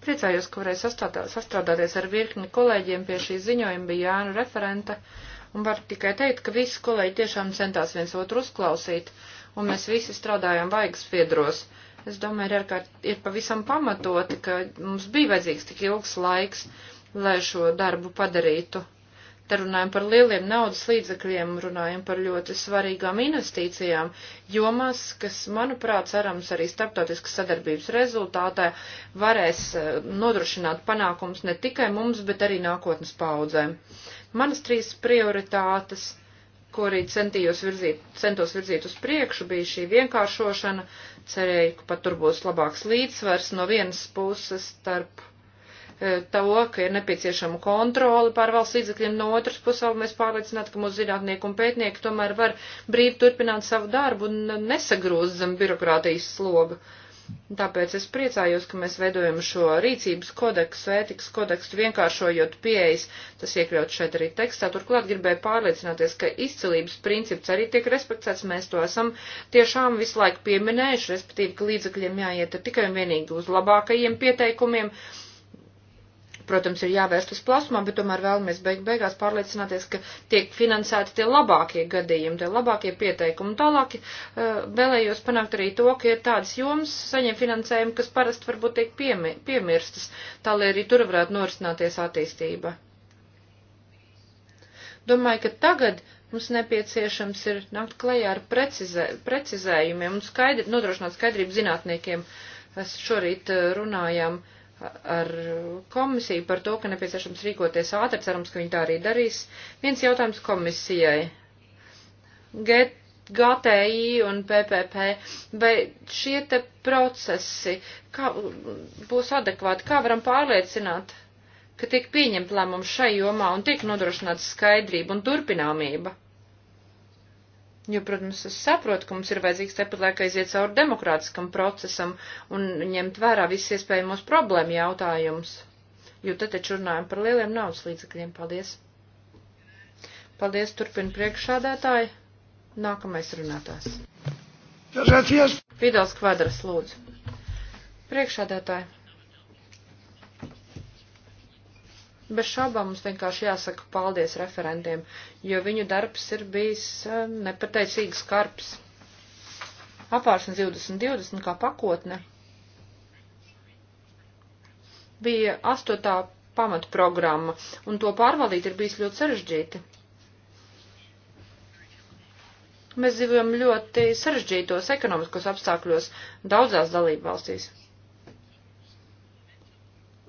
Priecājos, ka varēju sastrādāties ar virkni kolēģiem pie šī ziņojuma, bija Jānu referenta, un var tikai teikt, ka visi kolēģi tiešām centās viens otru uzklausīt, un mēs visi strādājām vaigas piedros es domāju, ir ārkārt ir pavisam pamatoti, ka mums bija vajadzīgs tik ilgs laiks, lai šo darbu padarītu. Te runājam par lieliem naudas līdzekļiem, runājam par ļoti svarīgām investīcijām, jomās, kas, manuprāt, cerams arī starptautiskas sadarbības rezultātā varēs eh, nodrošināt panākums ne tikai mums, bet arī nākotnes paudzēm. Manas trīs prioritātes ko arī centījos virzīt, centos virzīt uz priekšu, bija šī vienkāršošana. Cerēju, ka pat tur būs labāks līdzsvars no vienas puses starp e, to, ka ir nepieciešama kontroli pār valsts līdzekļiem, no otras puses vēl mēs pārliecināti, ka mūsu zinātnieki un pētnieki tomēr var brīvi turpināt savu darbu un nesagrūst zem birokrātijas sloga. Uh, Tāpēc es priecājos, ka mēs veidojam šo rīcības kodeksu, ētikas kodeksu, vienkāršojot pieejas, tas iekļaut šeit arī tekstā. Turklāt gribēju pārliecināties, ka izcilības princips arī tiek respektēts, mēs to esam tiešām visu laiku pieminējuši, respektīvi, ka līdzekļiem jāiet tikai un vienīgi uz labākajiem pieteikumiem Protams, ir jāvērst uz plasmā, bet tomēr vēlamies beig beigās pārliecināties, ka tiek finansēti tie labākie gadījumi, tie labākie pieteikumi. Tālāk eh, vēlējos panākt arī to, ka ir tādas jomas saņem finansējumu, kas parasti varbūt tiek piemi piemirstas, tā lai arī tur varētu norisināties attīstība. Domāju, ka tagad mums nepieciešams ir nākt klajā ar precizē, precizējumiem un skaidri, nodrošināt skaidrību zinātniekiem. Mēs šorīt eh, runājām uh, ar komisiju par to, ka nepieciešams rīkoties ātri, cerams, ka viņi tā arī darīs. Viens jautājums komisijai. Get GTI un PPP, vai šie te procesi kā, būs adekvāti, kā varam pārliecināt, ka tiek pieņemt lēmums šai jomā un tiek nodrošināta skaidrība un turpināmība? Jo, protams, es saprotu, ka mums ir vajadzīgs tepat laikā aiziet cauri demokrātiskam procesam un ņemt vērā visus iespējamos problēmu jautājumus. Jo tad taču runājam par lieliem naudas līdzekļiem. Paldies! Paldies, turpina priekšādātāji. Nākamais runātājs. Fidels Kvadras, lūdzu. Priekšādātāji. Bez šābām mums vienkārši jāsaka paldies referentiem, jo viņu darbs ir bijis eh, nepateicīgs karps. Apārsnes 2020 kā pakotne bija astotā pamatprogramma, un to pārvaldīt ir bijis ļoti sarežģīti. Mēs dzīvojam ļoti sarežģītos ekonomiskos apstākļos daudzās dalībvalstīs.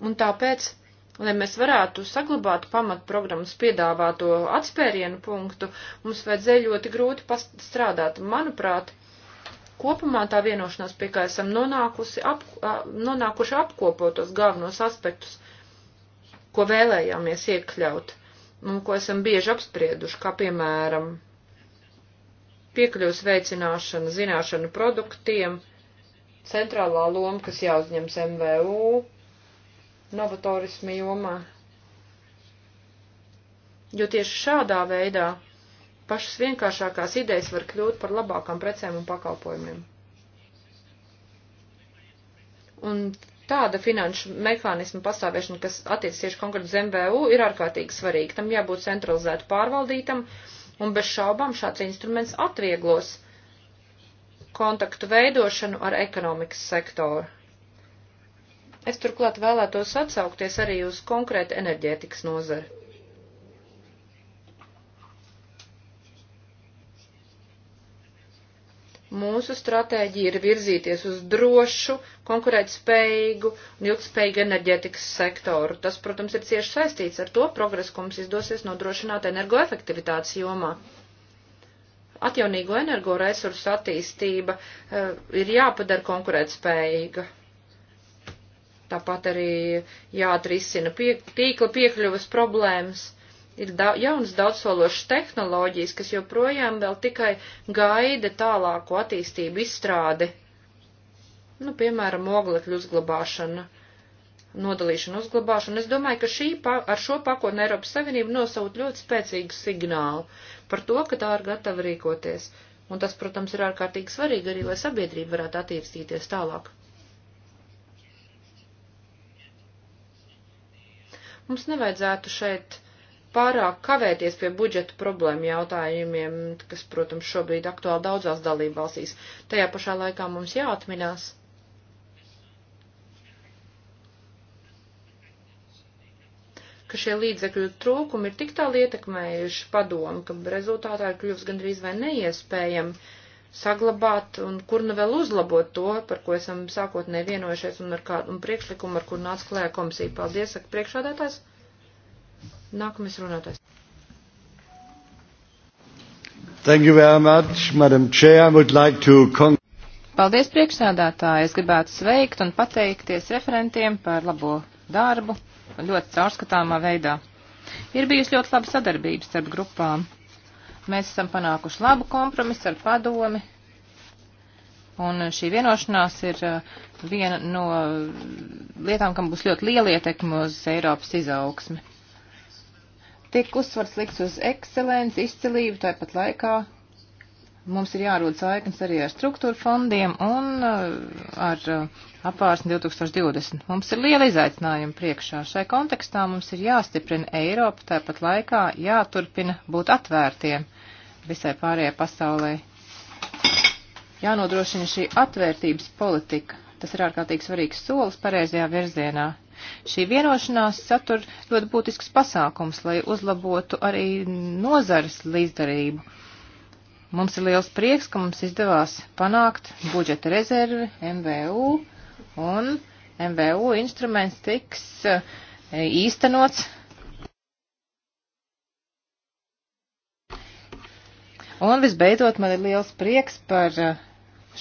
Un tāpēc lai mēs varētu saglabāt pamatprogrammas piedāvāto atspērienu punktu, mums vajadzēja ļoti grūti strādāt. Manuprāt, kopumā tā vienošanās, pie kā esam nonākusi, ap, nonākuši apkopotos galvenos aspektus, ko vēlējāmies iekļaut un ko esam bieži apsprieduši, kā piemēram piekļuvs veicināšana, zināšana produktiem, centrālā loma, kas jāuzņems MVU, novatorismu jomā. Jo tieši šādā veidā pašas vienkāršākās idejas var kļūt par labākām precēm un pakalpojumiem. Un tāda finanšu mehānisma pastāvēšana, kas attiec tieši konkrēti uz MVU, ir ārkārtīgi svarīga. Tam jābūt centralizētu pārvaldītam, un bez šaubām šāds instruments atvieglos kontaktu veidošanu ar ekonomikas sektoru. Es turklāt vēlētos atsaukties arī uz konkrētu enerģētikas nozari. Mūsu stratēģija ir virzīties uz drošu, konkurētspējīgu un ilgspējīgu enerģētikas sektoru. Tas, protams, ir cieši saistīts ar to progresu, ko mums izdosies nodrošināt energoefektivitātes jomā atjaunīgo energoresursu attīstība uh, ir jāpadara konkurētspējīga. Tāpat arī jāatrisina pie, tīkla piekļuvas problēmas. Ir da, jaunas daudzsološas tehnoloģijas, kas joprojām vēl tikai gaida tālāko attīstību izstrādi. Nu, piemēram, oglekļu uzglabāšana, nodalīšana uzglabāšana. Es domāju, ka šī, pa, ar šo pakotni Eiropas Savienība nosaut ļoti spēcīgu signālu par to, ka tā ir gatava rīkoties. Un tas, protams, ir ārkārtīgi svarīgi arī, lai sabiedrība varētu attīstīties tālāk. Mums nevajadzētu šeit pārāk kavēties pie budžeta problēmu jautājumiem, kas, protams, šobrīd aktuāli daudzās dalībvalstīs. Tajā pašā laikā mums jāatminās. ka šie līdzekļu trūkumi ir tik tālu ietekmējuši padomu, ka rezultātā ir kļuvis gandrīz vai neiespējami uh, saglabāt un kur nu vēl uzlabot to, par ko esam sākotnēji vienojušies un ar kādu un priekšlikumu, ar kur nāca klējā komisija. Paldies, saka priekšādātājs. Nākamais runātājs. Thank you very much, Madam Chair. I would like to Paldies, priekšsādātāji. Es gribētu sveikt un pateikties referentiem par labo darbu un ļoti caurskatāmā veidā. Ir bijusi ļoti laba sadarbības starp grupām Mēs esam panākuši labu kompromisu ar padomi. Un šī vienošanās ir uh, viena no uh, lietām, kam būs ļoti liela ietekme uz Eiropas izaugsmi. Tiek uzsvars liks uz ekscelenci, izcilību, tāpat laikā mums ir jārūda saiknes arī ar struktūra fondiem un uh, ar apvārsni 2020. Mums ir liela izaicinājuma priekšā. Šai kontekstā mums ir jāstiprina Eiropa, tāpat laikā jāturpina būt atvērtiem visai pārējai pasaulē. Jānodrošina šī atvērtības politika. Tas ir ārkārtīgi svarīgs solis pareizajā virzienā. Šī vienošanās satur ļoti būtisks pasākums, lai uzlabotu arī nozares līdzdarību. Mums ir liels prieks, ka mums izdevās panākt budžeta rezervi MVU un MVU instruments tiks eh, īstenots Un visbeidzot, man ir liels prieks par eh,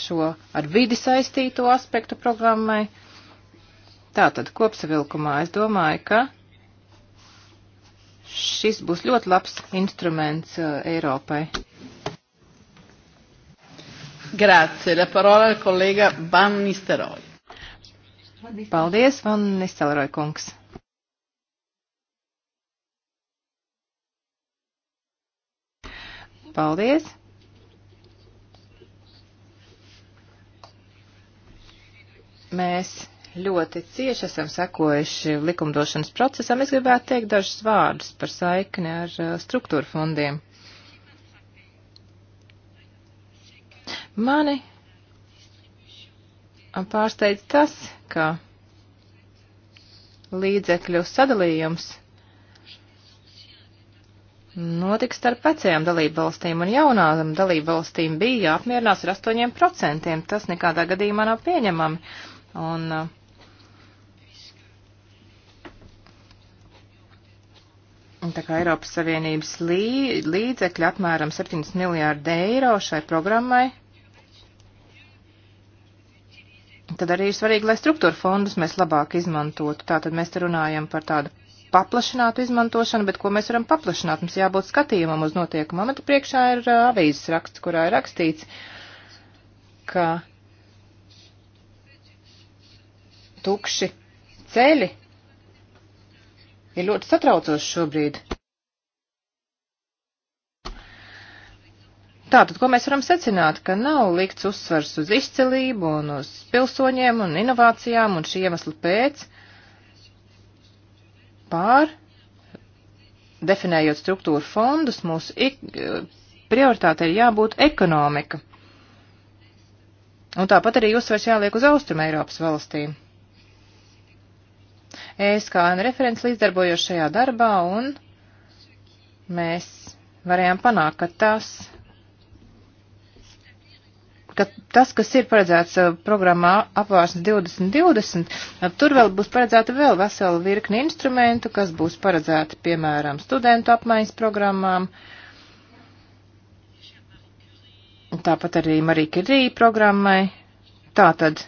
šo ar vidi saistīto aspektu programmai. Tātad kopsavilkumā es domāju, ka šis būs ļoti labs instruments eh, Eiropai. Grazie. La parola al collega Van Nistelrooy. Paldies, Van Nistelrooy kungs. Paldies! Mēs ļoti cieši esam sekojuši likumdošanas procesam. Es gribētu teikt dažus vārdus par saikni ar uh, struktūra fondiem. Mani pārsteidz tas, ka līdzekļu sadalījums notiks starp vecajām dalību valstīm un jaunām dalību valstīm bija jāapmierinās ar 8%. Tas nekādā gadījumā nav pieņemami. Uh, un, Tā kā Eiropas Savienības lī, līdzekļi apmēram 7 miljārdi eiro šai programmai Tad arī ir svarīgi, lai struktūra fondus mēs labāk izmantotu. Tātad mēs te runājam par tādu paplašinātu izmantošanu, bet ko mēs varam paplašināt? Mums jābūt skatījumam uz notiekumam. Man te priekšā ir uh, avīzes raksts, kurā ir rakstīts, ka tukši ceļi ir ļoti satraucoši šobrīd. Tātad, ko mēs varam secināt, ka nav likts uzsvars uz izcelību un uz pilsoņiem un inovācijām un šī iemesla pēc pār, definējot struktūru fondus, mūsu ik, e, prioritāte ir jābūt ekonomika. Un tāpat arī uzsvers jāliek uz Austrum Eiropas valstīm. Es kā referents līdzdarbojos šajā darbā un mēs varējām panākt, ka tas, ka tas, kas ir paredzēts uh, programmā apvārsnes 2020, uh, tur vēl būs paredzēta vēl vesela virkni instrumentu, kas būs paredzēti, piemēram, studentu apmaiņas programmām. Tāpat arī Marija Kirija programmai. Tātad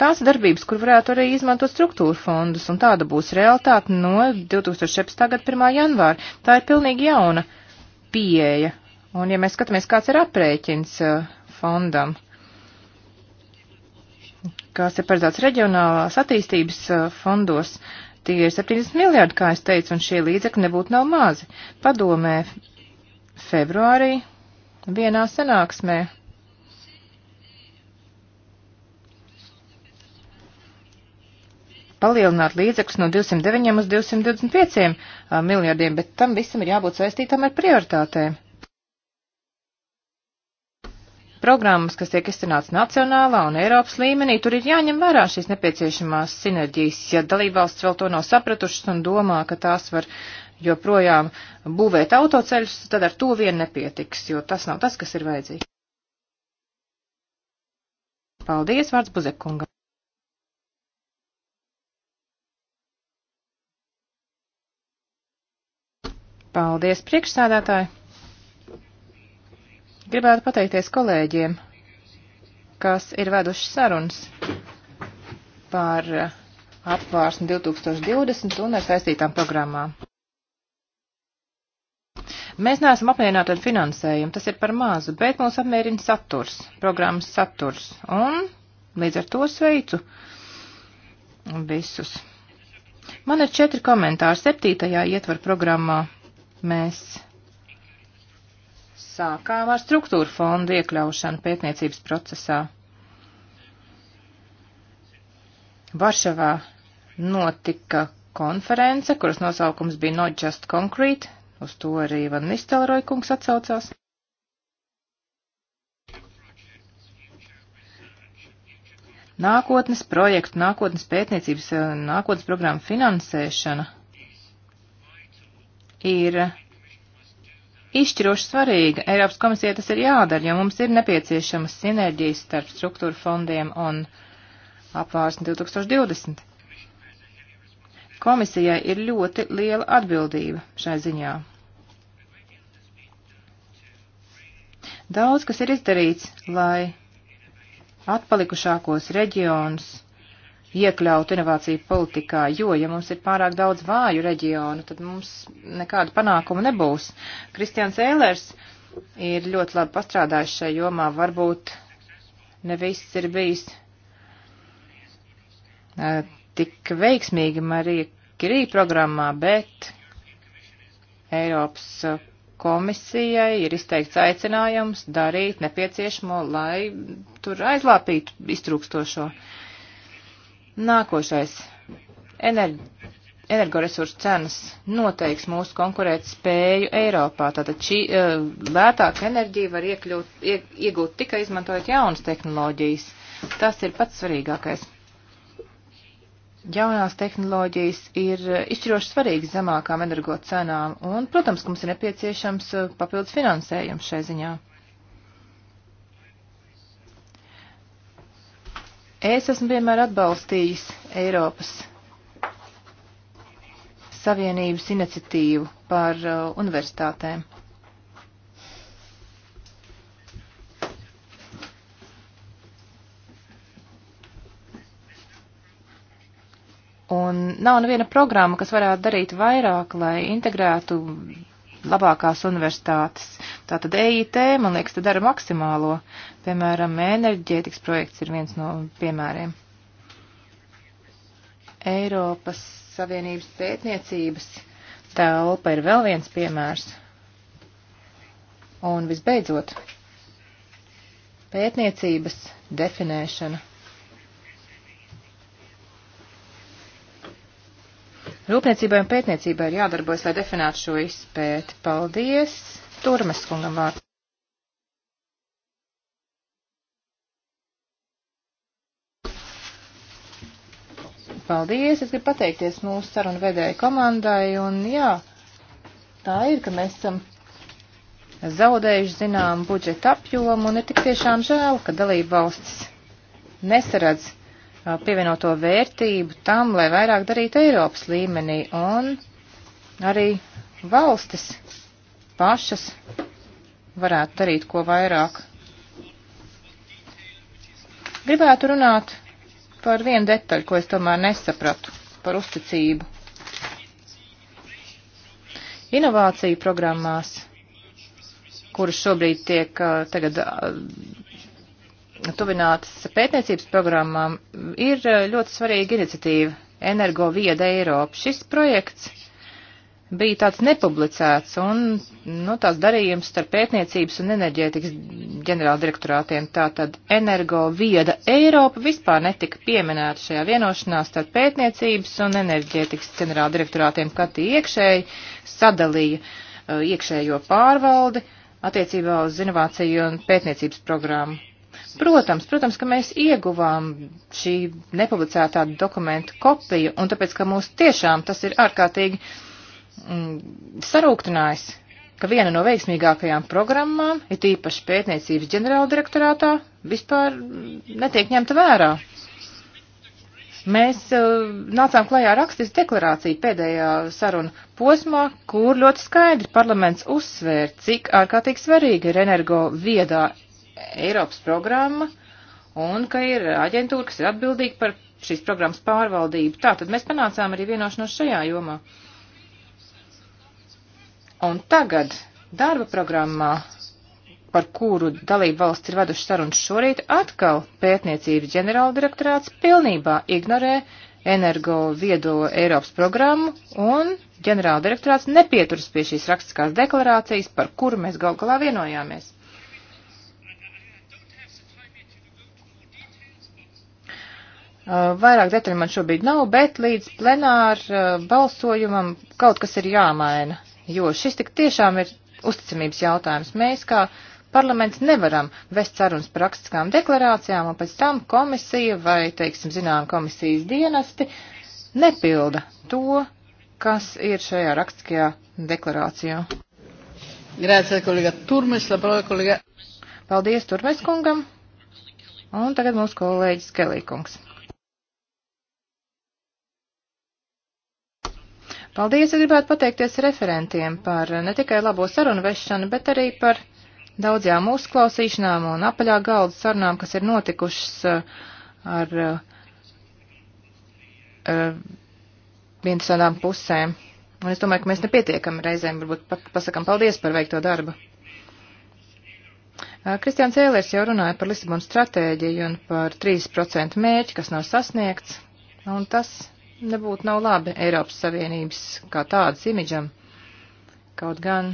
tās darbības, kur varētu arī izmantot struktūra fondus, un tāda būs realitāte no 2017. gada 1. janvāra. Tā ir pilnīgi jauna pieeja. Un ja mēs skatāmies, kāds ir aprēķins uh, fondam, kas ir paredzēts reģionālās attīstības uh, fondos. Tie ir 70 miljārdi, kā es teicu, un šie līdzekļi nebūtu nav mazi. Padomē februārī vienā sanāksmē palielināt līdzekļus no 209 uz 225 uh, miljardiem, bet tam visam ir jābūt saistītam ar prioritātēm programmas, kas tiek izstrādāts nacionālā un Eiropas līmenī, tur ir jāņem vērā šīs nepieciešamās sinerģijas, ja dalībvalsts vēl to nav sapratušas un domā, ka tās var joprojām būvēt autoceļus, tad ar to vien nepietiks, jo tas nav tas, kas ir vajadzīgs. Paldies, vārds Buzekungam. Paldies, priekšsādātāji! Gribētu pateikties kolēģiem, kas ir veduši sarunas par eh, apvārsni 2020 un ar saistītām programmām. Mēs neesam apmierināti ar finansējumu, tas ir par mazu, bet mūs apmierina saturs, programmas saturs. Un līdz ar to sveicu visus. Man ir četri komentāri. Septītajā ietvar programmā mēs sākām ar struktūru fondu iekļaušanu pētniecības procesā. Varšavā notika konference, kuras nosaukums bija Not Just Concrete, uz to arī Van Nistelroja kungs atsaucās. Nākotnes projektu, nākotnes pētniecības, nākotnes programmu finansēšana ir izšķiroši svarīga. Eiropas komisija tas ir jādara, jo mums ir nepieciešamas sinerģijas starp struktūra fondiem un apvārsni 2020. Komisijai ir ļoti liela atbildība šai ziņā. Daudz, kas ir izdarīts, lai atpalikušākos reģionus iekļaut inovāciju politikā, jo, ja mums ir pārāk daudz vāju reģionu, tad mums nekādu panākumu nebūs. Kristians Ēlers ir ļoti labi pastrādājis šajā jomā, varbūt ne viss ir bijis tik veiksmīgi Marija Kirī programmā, bet Eiropas komisijai ir izteikts aicinājums darīt nepieciešamo, lai tur aizlāpītu iztrūkstošo. Uh, Nākošais. Enerģi, energoresursu cenas noteiks mūsu konkurēt spēju Eiropā. Tātad šī eh, lētāka enerģija var iekļūt, iegūt tikai izmantojot jaunas tehnoloģijas. Tas ir pats svarīgākais. Jaunās tehnoloģijas ir eh, izšķiroši svarīgas zemākām energo cenām, un, protams, mums ir nepieciešams eh, papildus finansējums šai ziņā. Es esmu vienmēr atbalstījis Eiropas Savienības iniciatīvu par uh, universitātēm. Un nav neviena programma, kas varētu darīt vairāk, lai integrētu labākās universitātes. Tātad EIT, man liekas, te dara maksimālo. Piemēram, enerģētikas projekts ir viens no piemēriem. Eiropas Savienības pētniecības telpa ir vēl viens piemērs. Un visbeidzot, pētniecības definēšana. Rūpniecībai un pētniecībai ir jādarbojas, lai definētu šo izpēti. Paldies! Turmes kungam vārds. Paldies! Es gribu pateikties mūsu sarunu vedēju komandai, un jā, tā ir, ka mēs esam zaudējuši zinām budžeta apjomu, un ir tik tiešām žēl, ka dalība valstis nesaredz pievienoto vērtību tam, lai vairāk darītu Eiropas līmenī, un arī valstis pašas varētu darīt ko vairāk. Gribētu runāt par vienu detaļu, ko es tomēr nesapratu - par uzticību. Inovāciju programmās, kuras šobrīd tiek uh, tagad uh, tuvinātas pētniecības programmām, ir uh, ļoti svarīga iniciatīva Energo Vieda Eiropa. Šis projekts bija tāds nepublicēts un nu, tās darījums starp pētniecības un enerģētikas ģenerāla direktorātiem. Tātad energo vieda Eiropa vispār netika pieminēta šajā vienošanās starp pētniecības un enerģētikas ģenerāla direktorātiem, kā tie iekšēji sadalīja uh, iekšējo pārvaldi attiecībā uz inovāciju un pētniecības programmu. Protams, protams, ka mēs ieguvām šī nepublicētā dokumentu kopiju, un tāpēc, ka mūs tiešām tas ir ārkārtīgi uh, Mm, sarūktinājis, ka viena no veiksmīgākajām programmām, ir tīpaši pētniecības ģenerāldirektorātā, vispār netiek ņemta vērā. Mēs uh, nācām klajā rakstis deklarāciju pēdējā saruna posmā, kur ļoti skaidri parlaments uzsvēr, cik ārkārtīgi svarīga ir energo viedā Eiropas programma un ka ir aģentūra, kas ir atbildīga par šīs programmas pārvaldību. Tātad mēs panācām arī vienošanos šajā jomā. Uh, Un tagad darba programmā, par kuru dalību valsts ir veduši sarunas šorīt, atkal pētniecības ģenerāldirektorāts pilnībā ignorē energo viedo Eiropas programmu un ģenerāldirektorāts nepieturas pie šīs rakstiskās deklarācijas, par kuru mēs gal galā vienojāmies. Uh, vairāk detaļu man šobrīd nav, bet līdz plenāru uh, balsojumam kaut kas ir jāmaina jo šis tik tiešām ir uzticamības jautājums. Mēs kā parlaments nevaram vest sarunas par rakstiskām deklarācijām, un pēc tam komisija vai, teiksim, zinām, komisijas dienesti nepilda to, kas ir šajā rakstiskajā deklarācijā. Grācija, kolega Turmes, labprāt, kolega. Paldies Turmes kungam. Un tagad mūsu kolēģis Kelīkungs. Paldies, es gribētu pateikties referentiem par eh, ne tikai labo sarunu vešanu, bet arī par daudzajām uzklausīšanām un apaļā galda sarunām, kas ir notikušas eh, ar eh, interesantām pusēm. Un es domāju, ka mēs nepietiekam reizēm, varbūt pasakam paldies par veikto darbu. Kristiāns Ēlers jau runāja par Lisabonas stratēģiju un par 3% mērķi, kas nav sasniegts, un tas nebūtu nav labi Eiropas Savienības kā tādas imidžam. Kaut gan,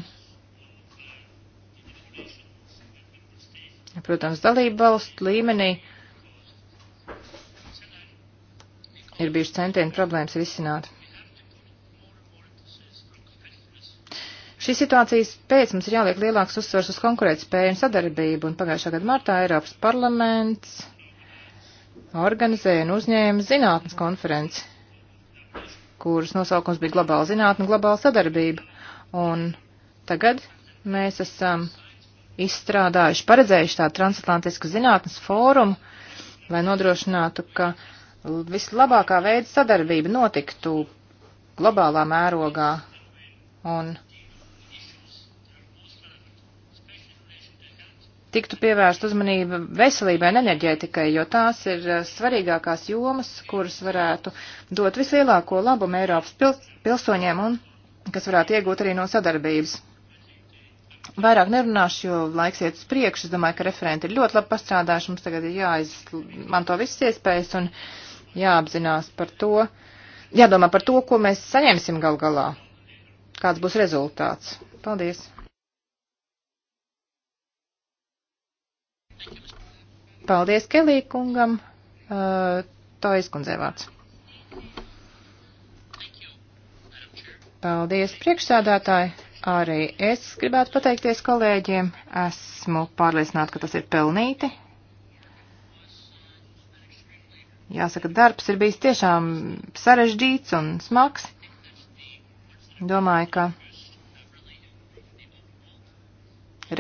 protams, dalību valstu līmenī ir bijuši centieni problēmas risināt. Šīs situācijas pēc mums ir jāliek lielāks uzsvars uz konkurētspēju un sadarbību, un pagājušā gada martā Eiropas parlaments organizēja un uzņēma zinātnes konferenci kuras nosaukums bija globāla zinātne un globāla sadarbība. Un tagad mēs esam izstrādājuši, paredzējuši tādu transatlantisku zinātnes fórumu, lai nodrošinātu, ka vislabākā veida sadarbība notiktu globālā mērogā. Un tiktu pievērst uzmanība veselībai un enerģētikai, jo tās ir eh, svarīgākās jomas, kuras varētu dot vislielāko labumu Eiropas pil pilsoņiem un kas varētu iegūt arī no sadarbības. Vairāk nerunāšu, jo laiks iet uz priekšu. Es domāju, ka referenti ir ļoti labi pastrādājuši. Mums tagad ir jāizmanto visas iespējas un jāapzinās par to, jādomā par to, ko mēs saņemsim gal galā. Kāds būs rezultāts. Paldies! Paldies Kelī kungam. Uh, to izkundzē vārds. Paldies priekšsādātāji. Arī es gribētu pateikties kolēģiem. Esmu pārliecināta, ka tas ir pelnīti. Jāsaka, darbs ir bijis tiešām sarežģīts un smags. Domāju, ka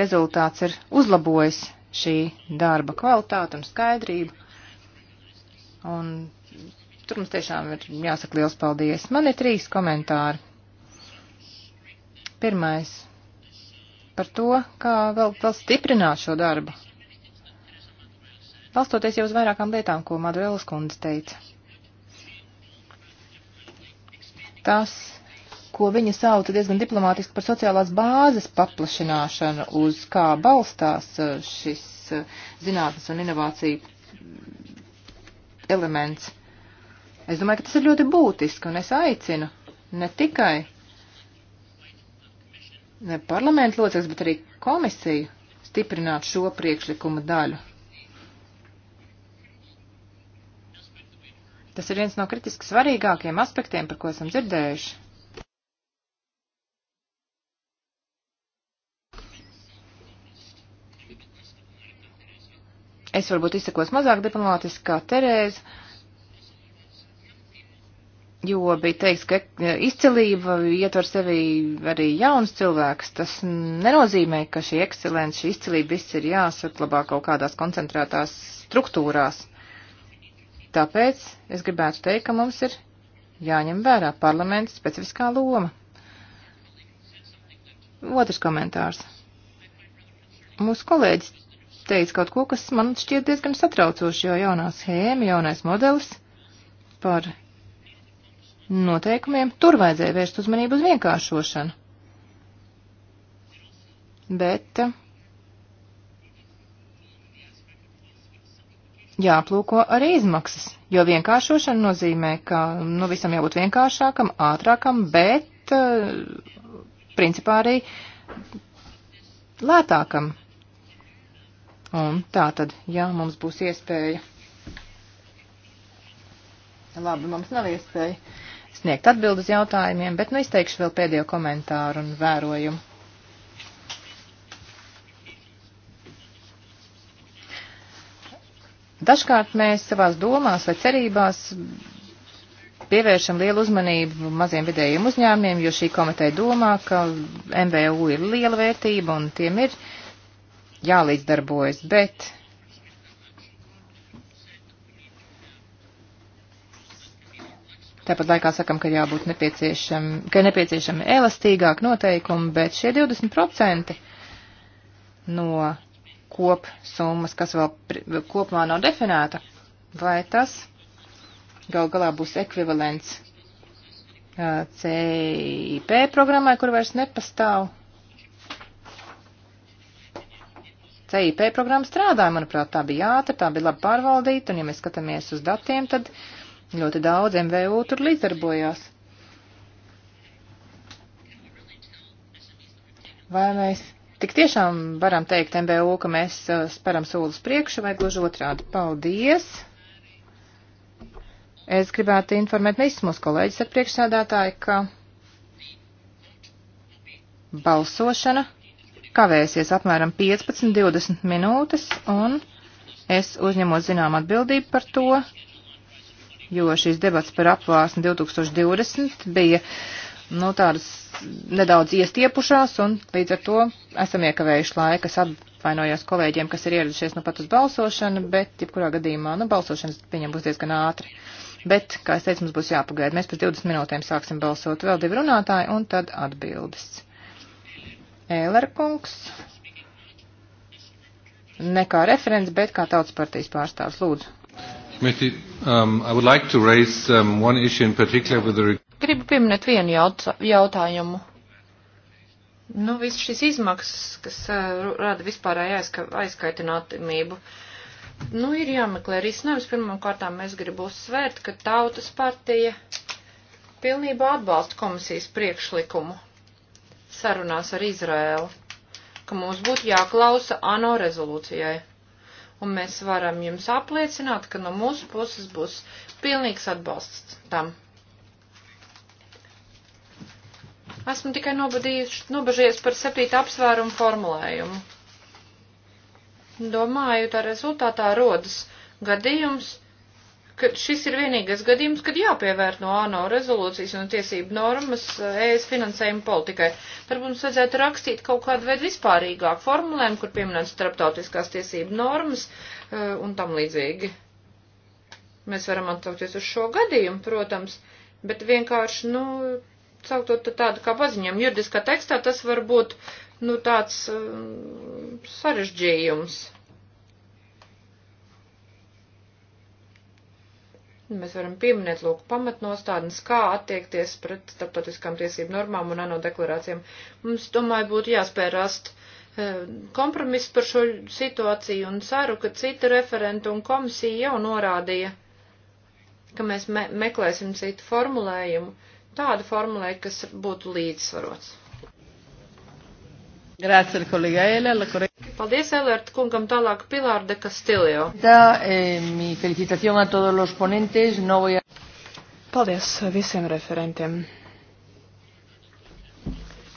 rezultāts ir uzlabojis šī darba kvalitāte un skaidrība. Un tur mums tiešām ir jāsaka liels paldies. Man ir trīs komentāri. Pirmais par to, kā vēl, vēl stiprināt šo darbu. Balstoties jau uz vairākām lietām, ko Maduēlas kundze teica. Tas ko viņa sauca diezgan diplomātiski par sociālās bāzes paplašināšanu, uz kā balstās e, šis e, zinātnes un inovāciju elements. Es domāju, ka tas ir ļoti būtiski, un es aicinu ne tikai ne parlamentu locekļus, bet arī komisiju stiprināt šo priekšlikumu daļu. Tas ir viens no kritiski svarīgākajiem aspektiem, par ko esam dzirdējuši. Es varbūt izsakos mazāk diplomātiski kā Terēza, jo bija teiks, ka e, izcilība ietver sevi arī jauns cilvēks. Tas nenozīmē, ka šī ekscelence, šī izcilība viss ir jāsaklabā kaut kādās koncentrētās struktūrās. Tāpēc es gribētu teikt, ka mums ir jāņem vērā parlamenta specifiskā loma. Otrs komentārs. Mūsu kolēģis teica kaut ko, kas man šķiet diezgan satraucoši, jo jaunā schēma, jaunais modelis par noteikumiem, tur vajadzēja vērst uzmanību uz vienkāršošanu. Bet eh, jāplūko arī izmaksas, jo vienkāršošana nozīmē, ka nu, visam jābūt vienkāršākam, ātrākam, bet eh, principā arī lētākam. Un tā tad, jā, mums būs iespēja. Labi, mums nav iespēja sniegt atbildes jautājumiem, bet nu izteikšu vēl pēdējo komentāru un vērojumu. Dažkārt mēs savās domās vai cerībās pievēršam lielu uzmanību maziem vidējiem uzņēmiem, jo šī komiteja domā, ka MVU ir liela vērtība un tiem ir uh, jālīdzdarbojas, bet Tāpat laikā sakam, ka jābūt nepieciešam, ka nepieciešami elastīgāk noteikumi, bet šie 20% no kopsummas, kas vēl kopumā nav definēta, vai tas gal galā būs ekvivalents uh, CIP programmai, kur vairs nepastāv, CIP programma strādāja, manuprāt, tā bija ātra, tā bija labi pārvaldīta, un ja mēs skatāmies uz datiem, tad ļoti daudz MVU tur līdzdarbojās. Vai mēs tik tiešām varam teikt MBU, ka mēs uh, speram solis priekšu vai gluži otrādi? Paldies! Es gribētu informēt visus mūsu kolēģis ar priekšsēdētāju, ka balsošana kavēsies apmēram 15-20 minūtes, un es uzņemos zinām atbildību par to, jo šīs debats par apvārsni 2020 bija nu, tādas nedaudz iestiepušās, un līdz ar to esam iekavējuši laiku. Es atvainojos kolēģiem, kas ir ieradušies nu pat uz balsošanu, bet jebkurā gadījumā nu, balsošanas viņiem būs diezgan ātri. Bet, kā es teicu, mums būs jāpagaida. Mēs pēc 20 minūtēm sāksim balsot vēl divi runātāji un tad atbildes. Ēlerkungs. Ne kā referents, bet kā tautas partijas pārstāvs. Lūdzu. Um, like raise, um, the... Gribu pieminēt vienu jautājumu. Nu, viss šis izmaksas, kas uh, rada vispārēju aizka, aizkaitinātību. Nu, ir jāmeklē risinājums. Pirmām kārtām es gribu uzsvērt, ka tautas partija pilnībā atbalsta komisijas priekšlikumu sarunās ar Izraēlu, ka mums būtu jāklausa ANO rezolūcijai. Un mēs varam jums apliecināt, ka no mūsu puses būs pilnīgs atbalsts tam. Esmu tikai nobažījies par septītu apsvērumu formulējumu. Domāju, tā rezultātā rodas gadījums, ka šis ir vienīgais gadījums, kad jāpievērt no ANO rezolūcijas un tiesību normas eh, ES finansējuma politikai. Varbūt mums vajadzētu rakstīt kaut kādu veidu vispārīgāku formulēm, kur pieminēt starptautiskās tiesību normas eh, un tam līdzīgi. Mēs varam atsaukties uz šo gadījumu, protams, bet vienkārši, nu, sauktot tādu kā paziņam, juridiskā tekstā tas var būt, nu, tāds eh, sarežģījums. Mēs varam pieminēt, lūk, pamatnostādnes, kā attiekties pret starptautiskām tiesību normām un ANO deklarācijām. Mums, domāju, būtu jāspēj rast eh, kompromisu par šo situāciju un ceru, ka cita referenta un komisija jau norādīja, ka mēs me meklēsim citu formulējumu, tādu formulēju, kas būtu līdzsvarots. Grazie, kolēģi Eilēla. Paldies, Elert kungam, tālāk Pilār de Castillo. Tā, e, eh, mi felicitación a todos los ponentes, no voy a... Paldies visiem referentiem.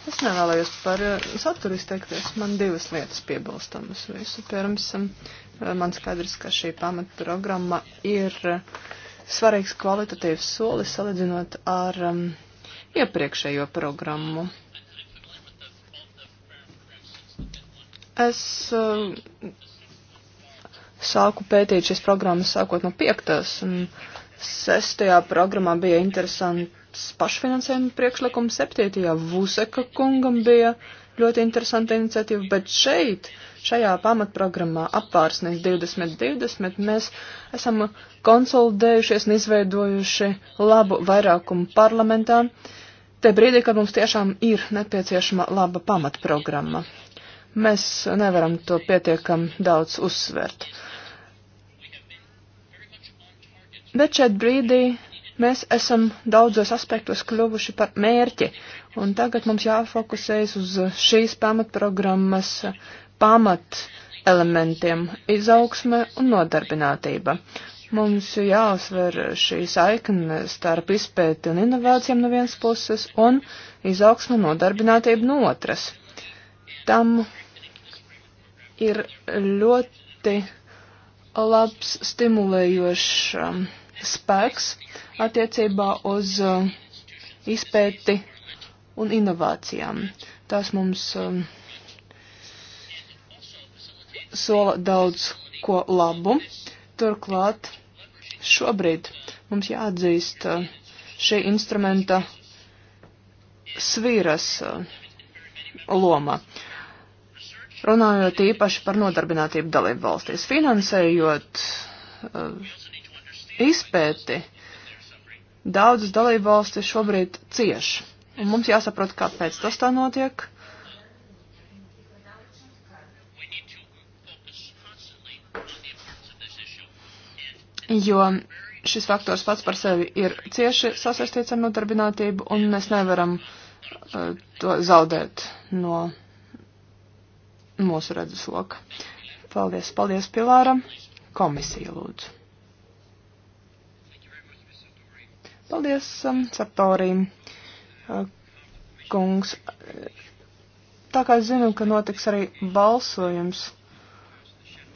Es nevēlējos par eh, saturu izteikties. Man divas lietas piebilstamas. Vispirms, eh, man skaidrs, ka šī pamatprogramma ir svarīgs kvalitatīvs solis salīdzinot ar um, iepriekšējo programmu. Es um, sāku pētīt šīs programmas sākot no piektās, un sestajā programmā bija interesants pašfinansējuma priekšlikums, septītajā Vuseka kungam bija ļoti interesanta iniciatīva, bet šeit, šajā pamatprogrammā apvārsnīs 2020, mēs esam konsolidējušies un izveidojuši labu vairākumu parlamentā, te brīdī, kad mums tiešām ir nepieciešama laba pamatprogramma. Mēs nevaram to pietiekam daudz uzsvert. Bet šeit brīdī mēs esam daudzos aspektos kļuvuši par mērķi, un tagad mums jāfokusējas uz šīs pamatprogrammas pamat elementiem - izaugsme un nodarbinātība. Mums jāuzsver šī saikne starp izpēti un inovācijām no vienas puses un izaugsme un nodarbinātība no otras. Tam ir ļoti labs stimulējošs um, spēks attiecībā uz um, izpēti un inovācijām. Tas mums um, sola daudz ko labu. Turklāt šobrīd mums jāatzīst uh, šī instrumenta svīras uh, loma. Uh, runājot īpaši par nodarbinātību dalību valstīs. Finansējot uh, izpēti, daudzas dalību valstis šobrīd cieš. Un mums jāsaprot, kāpēc tas tā notiek. Jo šis faktors pats par sevi ir cieši sasaistīts ar nodarbinātību, un mēs nevaram uh, to zaudēt no mūsu redzeslokā. Paldies, paldies, Pilāra. Komisija lūdzu. Paldies, um, Satorī. Uh, kungs, tā kā zinu, ka notiks arī balsojums,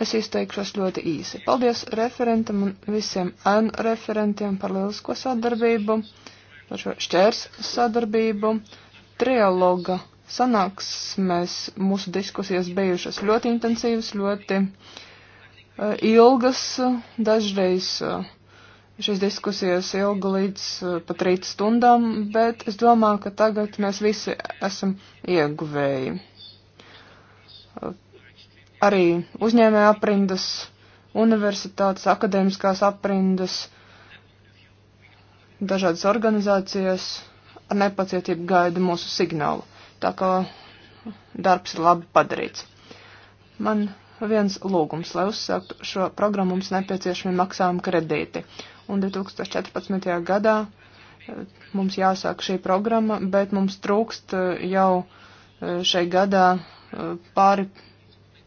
es izteikšos ļoti īsi. Paldies referentam un visiem N referentiem par lielisko sadarbību, par šo šķērs sadarbību, trialoga sanāksmēs mūsu diskusijas bijušas ļoti intensīvas, ļoti uh, ilgas, dažreiz uh, šīs diskusijas ilga līdz uh, pat rīt stundām, bet es domāju, ka tagad mēs visi esam ieguvēji. Uh, arī uzņēmē aprindas, universitātes, akadēmiskās aprindas, dažādas organizācijas ar nepacietību gaida mūsu signālu. Tā kā darbs ir labi padarīts. Man viens lūgums, lai uzsāktu šo programmu, mums nepieciešami maksājumi kredīti. Un 2014. gadā eh, mums jāsāk šī programma, bet mums trūkst eh, jau eh, šai gadā pāri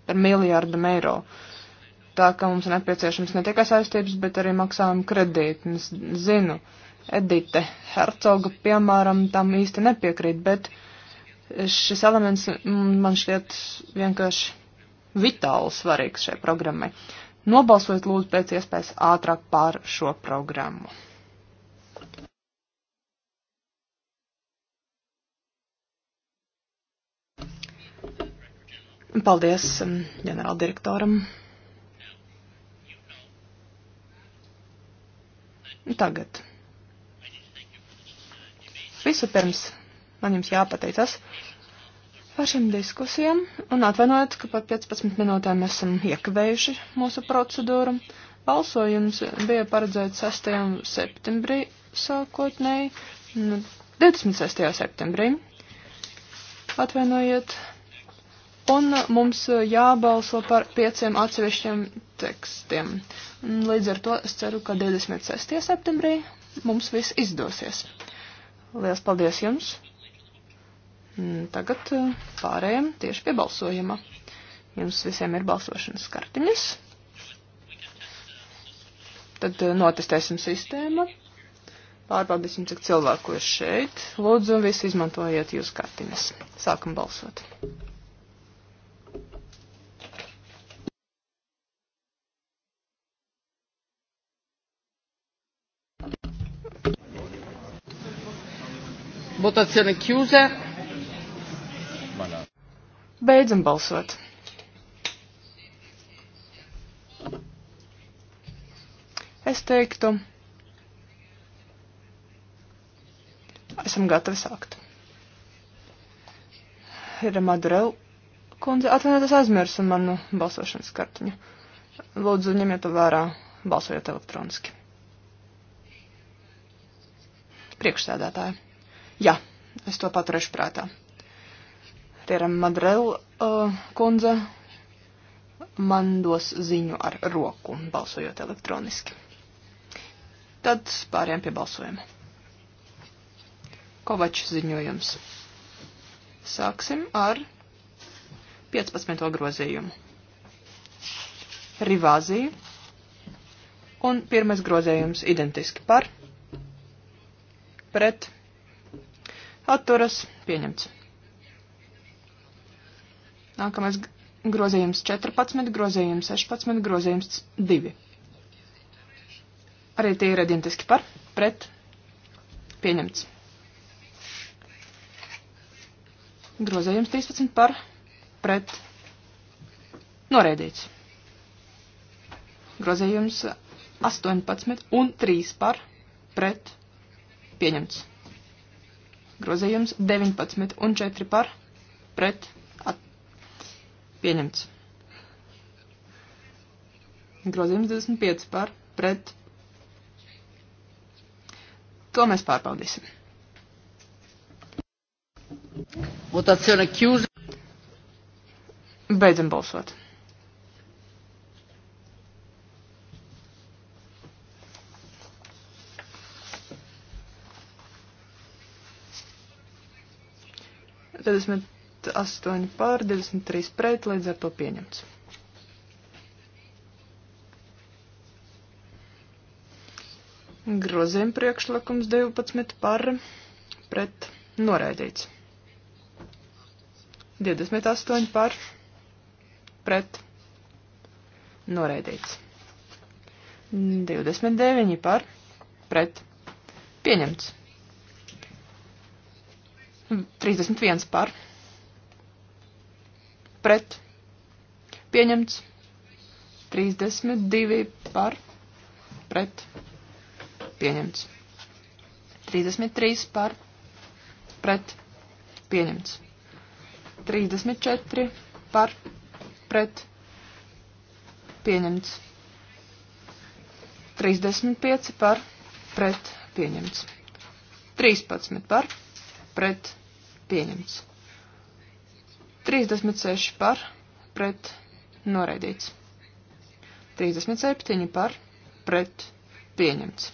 par miljārdam eiro. Tā ka mums nepieciešams ne tikai saistības, bet arī maksājumi kredīti. Es zinu, Edite Hercoga, piemēram, tam īsti nepiekrīt, bet uh, šis elements man šķiet vienkārši vitāli svarīgs šai programmai. Nobalsojiet lūdzu pēc iespējas ātrāk pār šo programmu. Paldies um, ģenerāldirektoram. Tagad. Visu pirms man jums jāpateicas par šiem diskusijām un atvainojiet, ka pat 15 minūtēm esam iekavējuši mūsu procedūru. Balsojums bija paredzēts 6. septembrī sākotnēji, 26. Nu, septembrī. Atvainojiet. Un mums jābalso par pieciem atsevišķiem tekstiem. Līdz ar to es ceru, ka 26. septembrī mums viss izdosies. Lielas paldies jums! Mm, tagad eh, pārējām tieši pie balsojuma. Jums visiem ir balsošanas kartiņas. Tad eh, notestēsim sistēmu. Pārbaudīsim, cik cilvēku ir šeit. Lūdzu, visi izmantojiet jūs kartiņas. Sākam balsot. Votazione chiusa. Beidzam balsot. Es teiktu, esam gatavi sākt. Ir Madurel kundze, atvainojiet, es aizmirsu manu balsošanas kartiņu. Lūdzu, ņemiet to vērā, balsojiet elektroniski. Priekšsēdētāji. Jā, es to paturēšu prātā. Tie ir Madrel uh, kundze. Man dos ziņu ar roku, balsojot elektroniski. Tad pāriem pie balsojuma. Kovačs ziņojums. Sāksim ar 15. grozījumu. Rivāzija un pirmais grozējums identiski par, pret, atturas, pieņemts. Nākamais grozījums 14, grozījums 16, grozījums 2. Arī tie ir identiski par, pret, pieņemts. Grozījums 13 par, pret, noraidīts. Grozījums 18 un 3 par, pret, pieņemts. Grozījums 19 un 4 par, pret, pieņemts Pieņemts. Grozījums 25 par pret. To mēs pārbaudīsim. Votazione chiusa. Beidzam balsot. Tad esmu 28 pār 23 pret, līdz ar to pieņemts. Groziem priekšlikums 12 par pret noraidīts. 28 par pret noraidīts. 29 par pret pieņemts. 31 par pret pret pieņemts 32 par pret pieņemts 33 par pret pieņemts 34 par pret pieņemts 35 par pret pieņemts 13 par pret pieņemts 36 par pret noraidīts. 37 par pret pieņemts.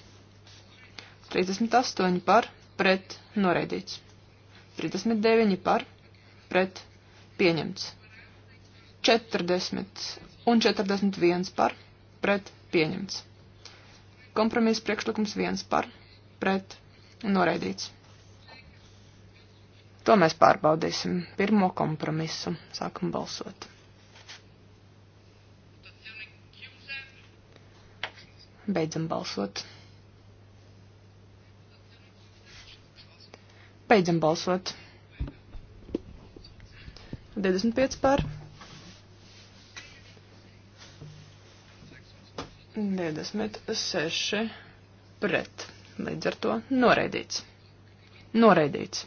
38 par pret noraidīts. 39 par pret pieņemts. 40 un 41 par pret pieņemts. Kompromiss priekšlikums 1 par pret noraidīts. To mēs pārbaudīsim. Pirmo kompromisu. Sākam balsot. Beidzam balsot. Beidzam balsot. 25 pār. 26 pret. Līdz ar to noraidīts. Noraidīts.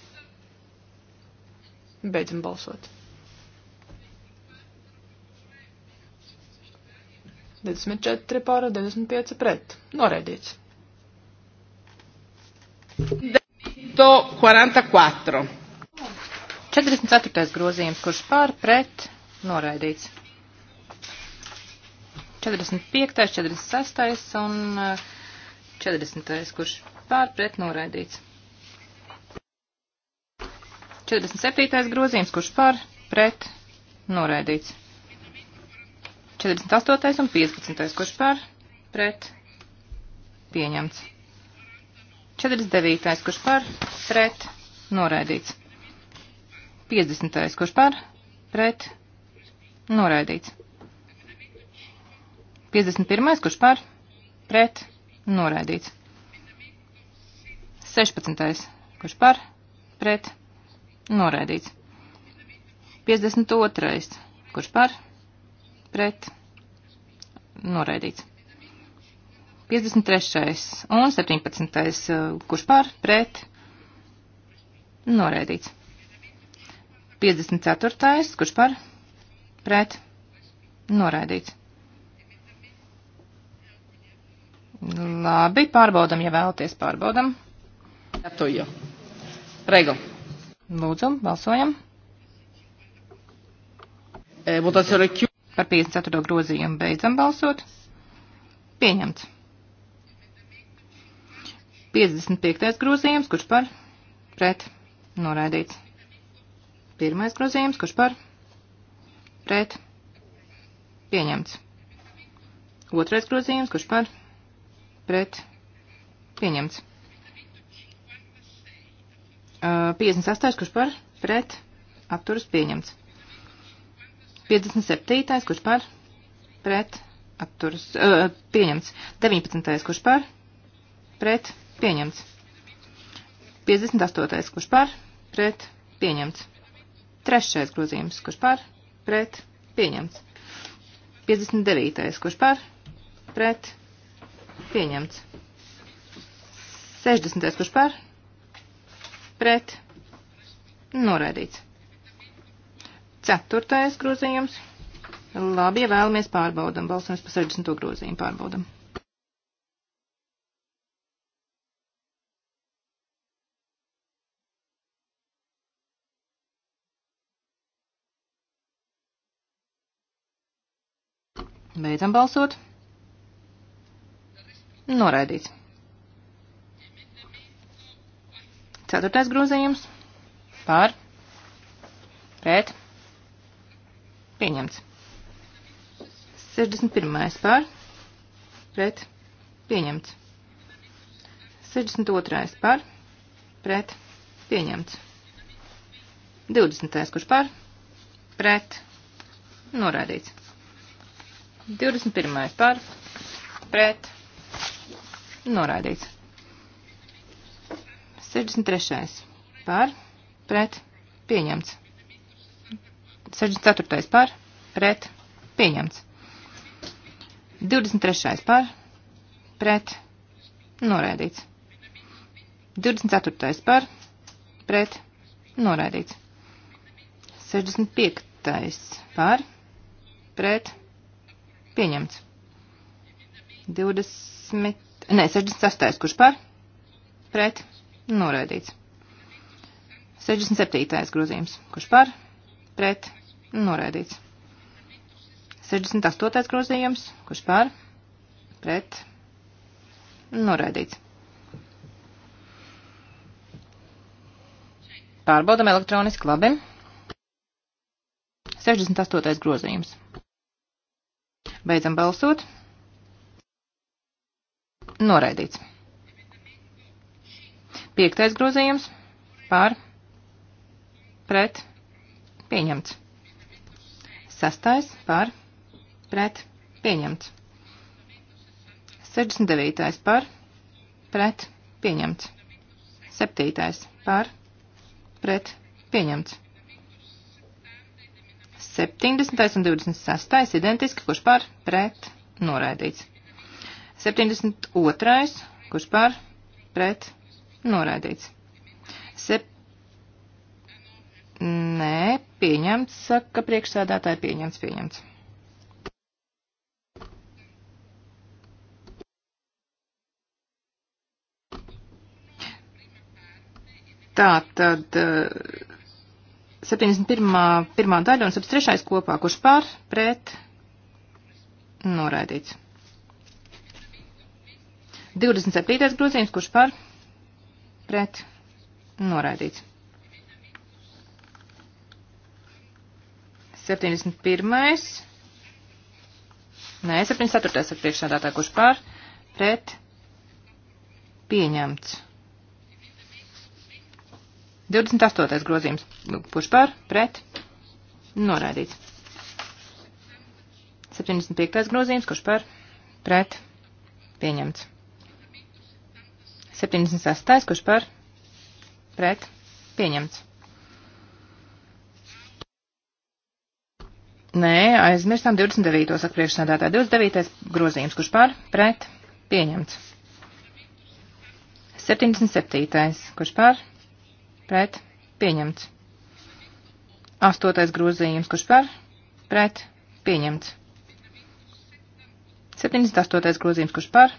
Beidzam balsot. 24 pār 25 pret. Noraidīts. 44. 44. grozījums, kurš pār pret noraidīts. 45., 46. un 40. Eh, kurš pār pret noraidīts. 47. grozījums, kurš par, pret, noraidīts. 48. un 15. kurš par, pret, pieņemts. 49. kurš par, pret, noraidīts. 50. kurš par, pret, noraidīts. 51. kurš par, pret, noraidīts. 16. kurš par, pret, noraidīts. Noraidīts. 52. Kurš par? Pret. Noraidīts. 53. un 17. Kurš par? Pret. Noraidīts. 54. Kurš par? Pret. Noraidīts. Labi, pārbaudam, ja vēlaties pārbaudam. Ja to jau. Rego. Lūdzu, balsojam. Eh, par 54. grozījumu beidzam balsot. Pieņemts. 55. grozījums, kurš par pret noraidīts. Pirmais grozījums, kurš par pret pieņemts. Otrais grozījums, kurš par pret pieņemts. 58. Uh, kurš par pret apturas pieņemts. 57. kurš par pret apturas uh, pieņemts. 19. kurš par pret pieņemts. 58. kurš par pret pieņemts. 3. grozījums, kurš par pret pieņemts. 59. kurš par pret pieņemts. 60. kurš par pret pret noraidīts. Ceturtais grozījums. Labi, ja vēlamies pārbaudam. Balsams par 60. grozījumu pārbaudam. Beidzam balsot. Noraidīts. Ceturtais grozījums par pret pieņemts. 61. par pret pieņemts. 62. par pret pieņemts. 20. kurš par pret norādīts. 21. par pret norādīts. 63. par, pret, pieņemts. 64. par, pret, pieņemts. 23. par, pret, noraidīts. 24. par, pret, noraidīts. 65. par, pret, pieņemts. 20, ne, 68. kurš par, pret, Noraidīts. 67. grozījums. Kurš par? Pret. Noraidīts. 68. grozījums. Kurš par? Pret. Noraidīts. Pārbaudam elektroniski labi. 68. grozījums. Beidzam balsot. Noraidīts. Piektais grozījums par pret pieņemts. Sastais par pret pieņemts. 69. par pret pieņemts. 7. par pret pieņemts. 70. un 26. identiski, kurš par pret noraidīts. 72. kurš par pret Noraidīts. Sep... Nē, pieņemts, saka priekšsēdētāji, pieņemts, pieņemts. Tā, tad 71. Eh, pirmā daļa un 73. kopā, kurš pār, pret, noraidīts. 27. grozījums, kurš pār, pret pret noraidīts. 71. Nē, 74. ir priekšsādātā, kurš pār pret pieņemts. 28. grozījums, kurš pār pret noraidīts. 75. grozījums, kurš pār pret pieņemts. 76. kurš par pret pieņemts. Nē, aizmirstam 29. saka priekšsādātāja. 29. grozījums, kurš par pret pieņemts. 77. kurš par pret pieņemts. 8. grozījums, kurš par pret pieņemts. 78. grozījums, kurš par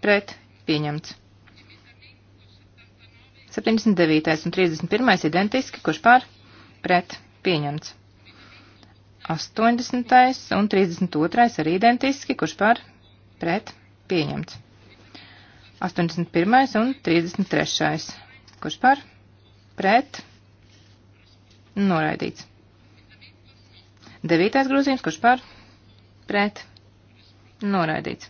pret pieņemts. 79. un 31. identiski, kurš pār pret pieņemts. 80. un 32. arī identiski, kurš pār pret pieņemts. 81. un 33. kurš pār pret noraidīts. 9. grozījums, kurš pār pret noraidīts.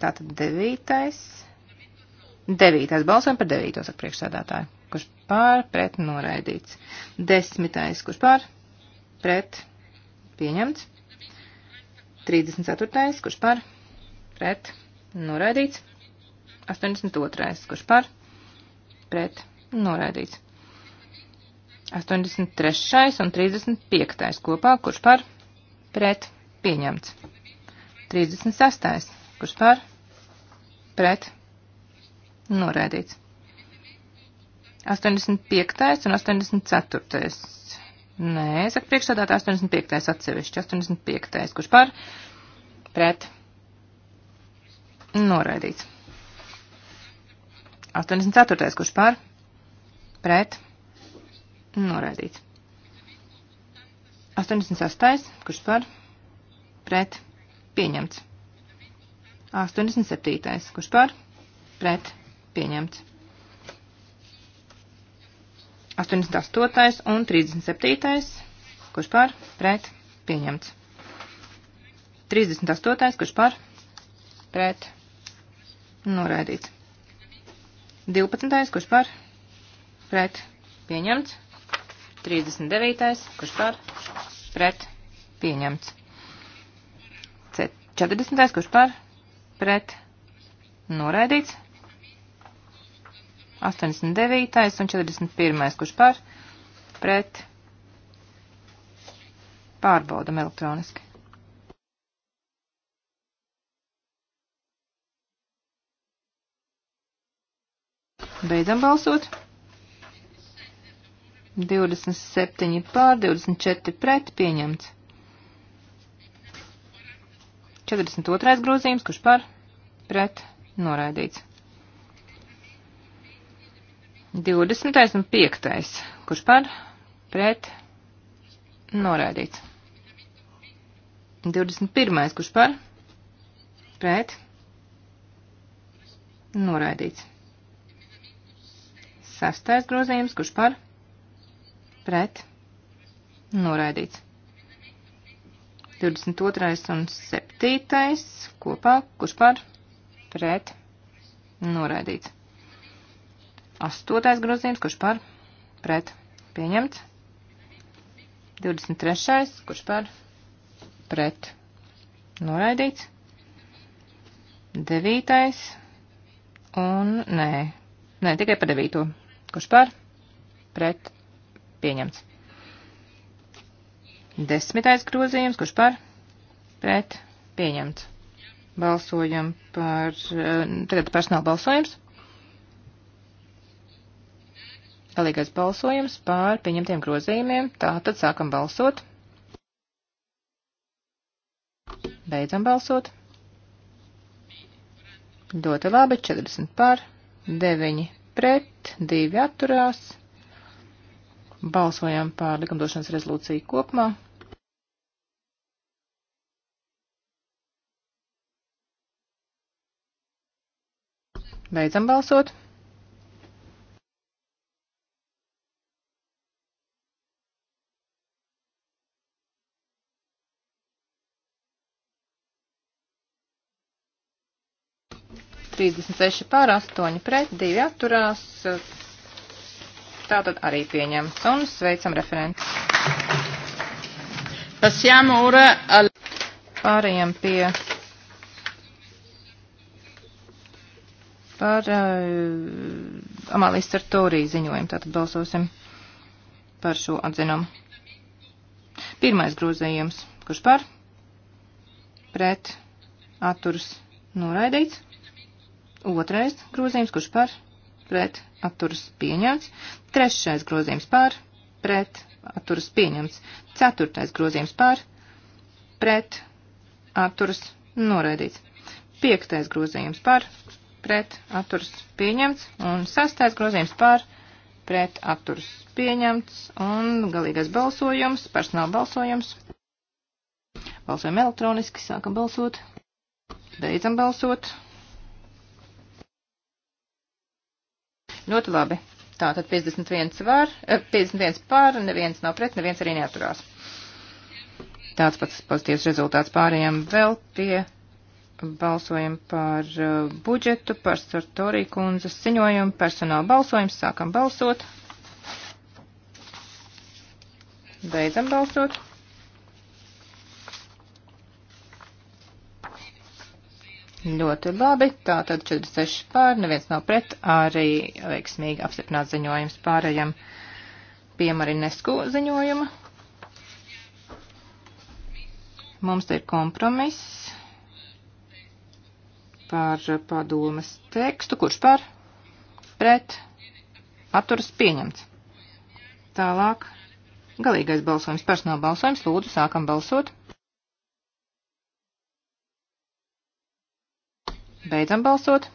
Tātad 9. Devītais balsojam par devīto, saka priekšsēdētāji. Kurš pār, pret, noraidīts. Desmitais, kurš pār, pret, pieņemts. 34. kurš par, pret, noraidīts. 82. kurš par, pret, noraidīts. 83. un 35. kopā, kurš par, pret, pieņemts. 36. kurš par, pret, Noraidīts. 85. un 84. Nē, saka priekšstādātā 85. atsevišķi. 85. kurš par? Pret. Noraidīts. 84. kurš par? Pret. Noraidīts. 86. kurš par? Pret. Pieņemts. 87. kurš par? Pret pieņemts. 88. un 37. kurš par pret pieņemts. 38. kurš par pret noraidīts. 12. kurš par pret pieņemts. 39. kurš par pret pieņemts. 40. kurš par pret noraidīts. 89. un 41. kurš par pret pārbaudam elektroniski. Beidzam balsot. 27 pār, 24 pret pieņemts. 42. grozījums, kurš par pret noraidīts. 20. un 5. Kurš par? Pret? Norādīts. 21. Kurš par? Pret? Norādīts. 6. grozījums. Kurš par? Pret? Norādīts. 22. un 7. kopā. Kurš par? Pret? Norādīts. Astotais grozījums, kurš par pret pieņemts. 23. kurš par pret noraidīts. 9. un nē, nē, tikai par 9. kurš par pret pieņemts. Desmitais grozījums, kurš par pret pieņemts. Balsojam par, eh, tagad personāla balsojums. Palīgais balsojums pār pieņemtiem grozījumiem. Tātad sākam balsot. Beidzam balsot. Ļoti labi, 40 pār, 9 pret, 2 atturās. Balsojam pār likumdošanas rezolūciju kopumā. Beidzam balsot. 36 pār 8 pret 2 atturās. Tātad arī pieņemts. Un sveicam referents. Passiamo ora al... Pārējiem pie par uh, Amalijas Sartorī ziņojumu. Tātad balsosim par šo atzinumu. Pirmais grozējums. Kurš par? Pret. Atturs. Noraidīts. Otrais grozījums, kurš par pret atturas pieņemts. Trešais grozījums par pret atturas pieņemts. Ceturtais grozījums par pret atturas noraidīts. Piektais grozījums par pret atturas pieņemts. Un sastais grozījums par pret atturas pieņemts. Un galīgais balsojums, personāla balsojums. Balsojam elektroniski, sākam balsot, beidzam balsot. Ļoti labi. Tātad 51 var, 51 eh, pār, neviens nav pret, neviens arī neaturās. Tāds pats pozitīvs rezultāts pārējiem vēl pie balsojam par eh, budžetu, par Sartorī kundzes ziņojumu, personāla balsojums, sākam balsot. Beidzam balsot. Ļoti labi. Tātad 46 pār, neviens nav pret, arī veiksmīgi apstiprināt ziņojums pārējiem pie Marinesku ziņojuma. Mums te ir kompromiss par padomas tekstu, kurš par pret atturas pieņemts. Tālāk galīgais balsojums, personāla balsojums, lūdzu, sākam balsot. Beidzam balsot.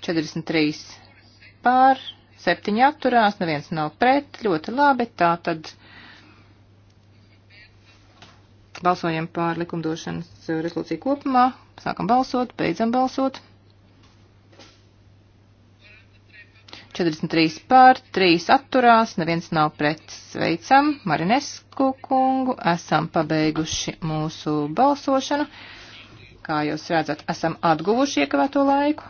43 pār, 7 atturās, neviens nav pret, ļoti labi, tā tad balsojam pār likumdošanas rezolūciju kopumā, sākam balsot, beidzam balsot. 43 pār, 3 atturās, neviens nav pret. Sveicam Marinesku kungu, esam pabeiguši mūsu balsošanu. Kā jūs redzat, esam atguvuši iekavēto laiku.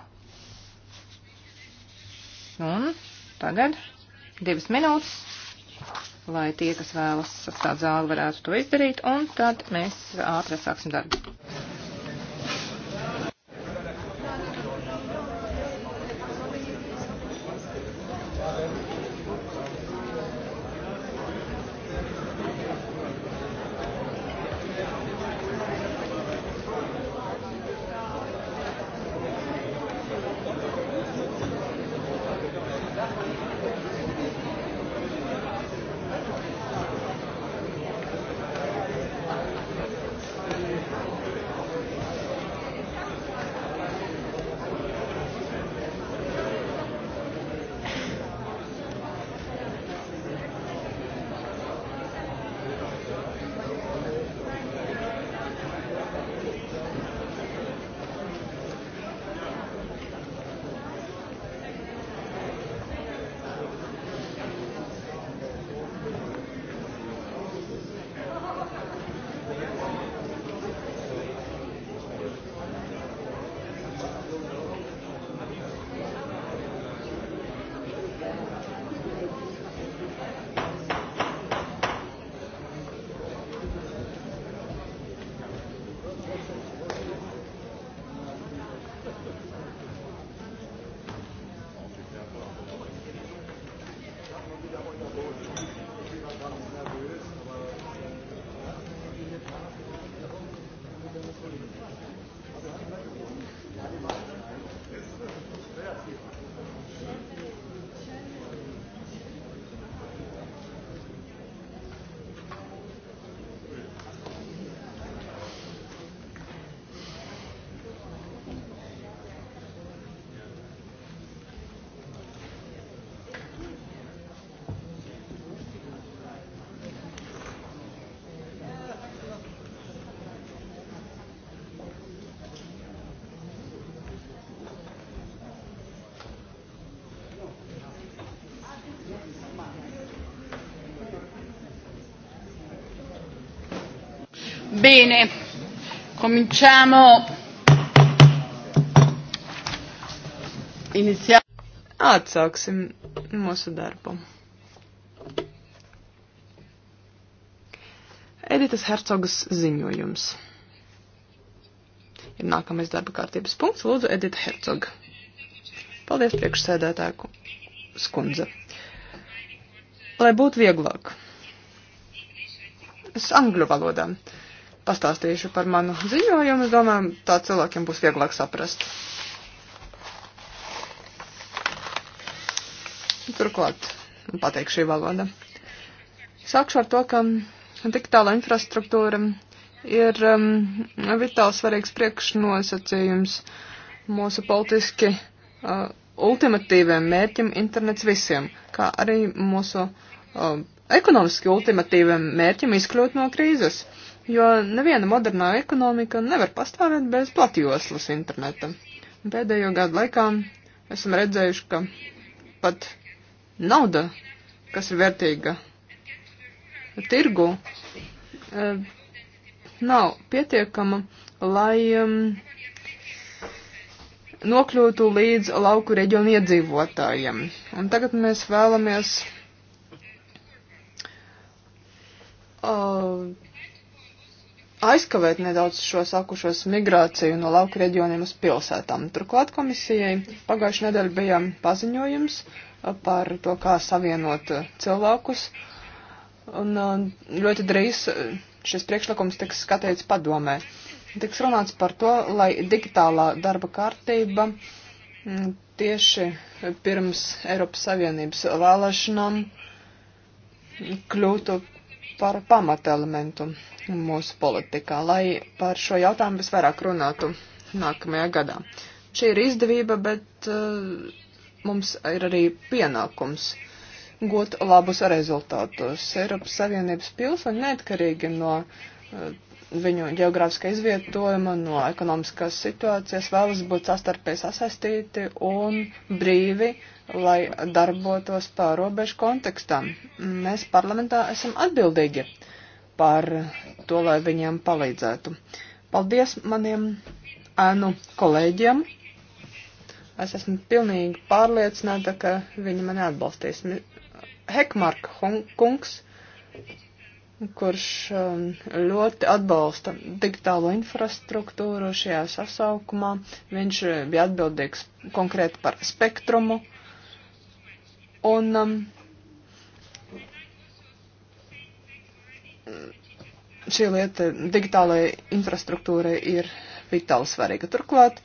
Un tagad divas minūtes, lai tie, kas vēlas atstāt zāli, varētu to izdarīt, un tad mēs ātri sāksim darbu. Bene, cominciamo. Iniziamo. Atsāksim mūsu darbu. Editas Hercogas ziņojums. Ir nākamais darba kārtības punkts. Lūdzu, Edita Hercoga. Paldies, priekšsēdētāju skundze. Lai būtu vieglāk. Es angļu valodā. Uh, pastāstīšu par manu ziņojumu. Domāju, tā cilvēkiem būs vieglāk saprast. Turklāt pateikšu šī valoda. Sākšu ar to, ka digitāla infrastruktūra ir um, vitāli svarīgs priekšnosacījums mūsu politiski uh, ultimatīviem mērķim internets visiem, kā arī mūsu uh, ekonomiski ultimatīviem mērķim izkļūt no krīzes jo neviena modernā ekonomika nevar pastāvēt bez platjoslas interneta. Pēdējo gadu laikā esam redzējuši, ka pat nauda, kas ir vērtīga tirgu, eh, nav pietiekama, lai mm, nokļūtu līdz lauku reģionu iedzīvotājiem. Un tagad mēs vēlamies uh, aizkavēt nedaudz šo sākušos migrāciju no lauka reģioniem uz pilsētām. Turklāt komisijai pagājušajā nedēļā bija paziņojums uh, par to, kā savienot uh, cilvēkus. Un uh, ļoti drīz šis priekšlikums tiks skatīts padomē. Tiks runāts par to, lai digitālā darba kārtība mm, tieši pirms Eiropas Savienības vēlēšanām kļūtu par pamatelementu mūsu politikā, lai par šo jautājumu visvairāk runātu nākamajā gadā. Šī ir izdevība, bet uh, mums ir arī pienākums gūt labus rezultātus. Eiropas Savienības pilsoņi neatkarīgi no uh, viņu geogrāfiskā izvietojuma, no ekonomiskās situācijas vēlas būt sastarpēji sasaistīti un brīvi, lai darbotos pārobežu kontekstam. Mēs parlamentā esam atbildīgi. Uh, par to, lai viņiem palīdzētu. Paldies maniem ēnu kolēģiem. Es esmu pilnīgi pārliecināta, ka viņi mani atbalstīs. Hekmarka kungs, kurš um, ļoti atbalsta digitālo infrastruktūru šajā sasaukumā, viņš uh, bija atbildīgs konkrēti par spektrumu. Un um, šī lieta digitālajai infrastruktūrai ir vitāli svarīga. Turklāt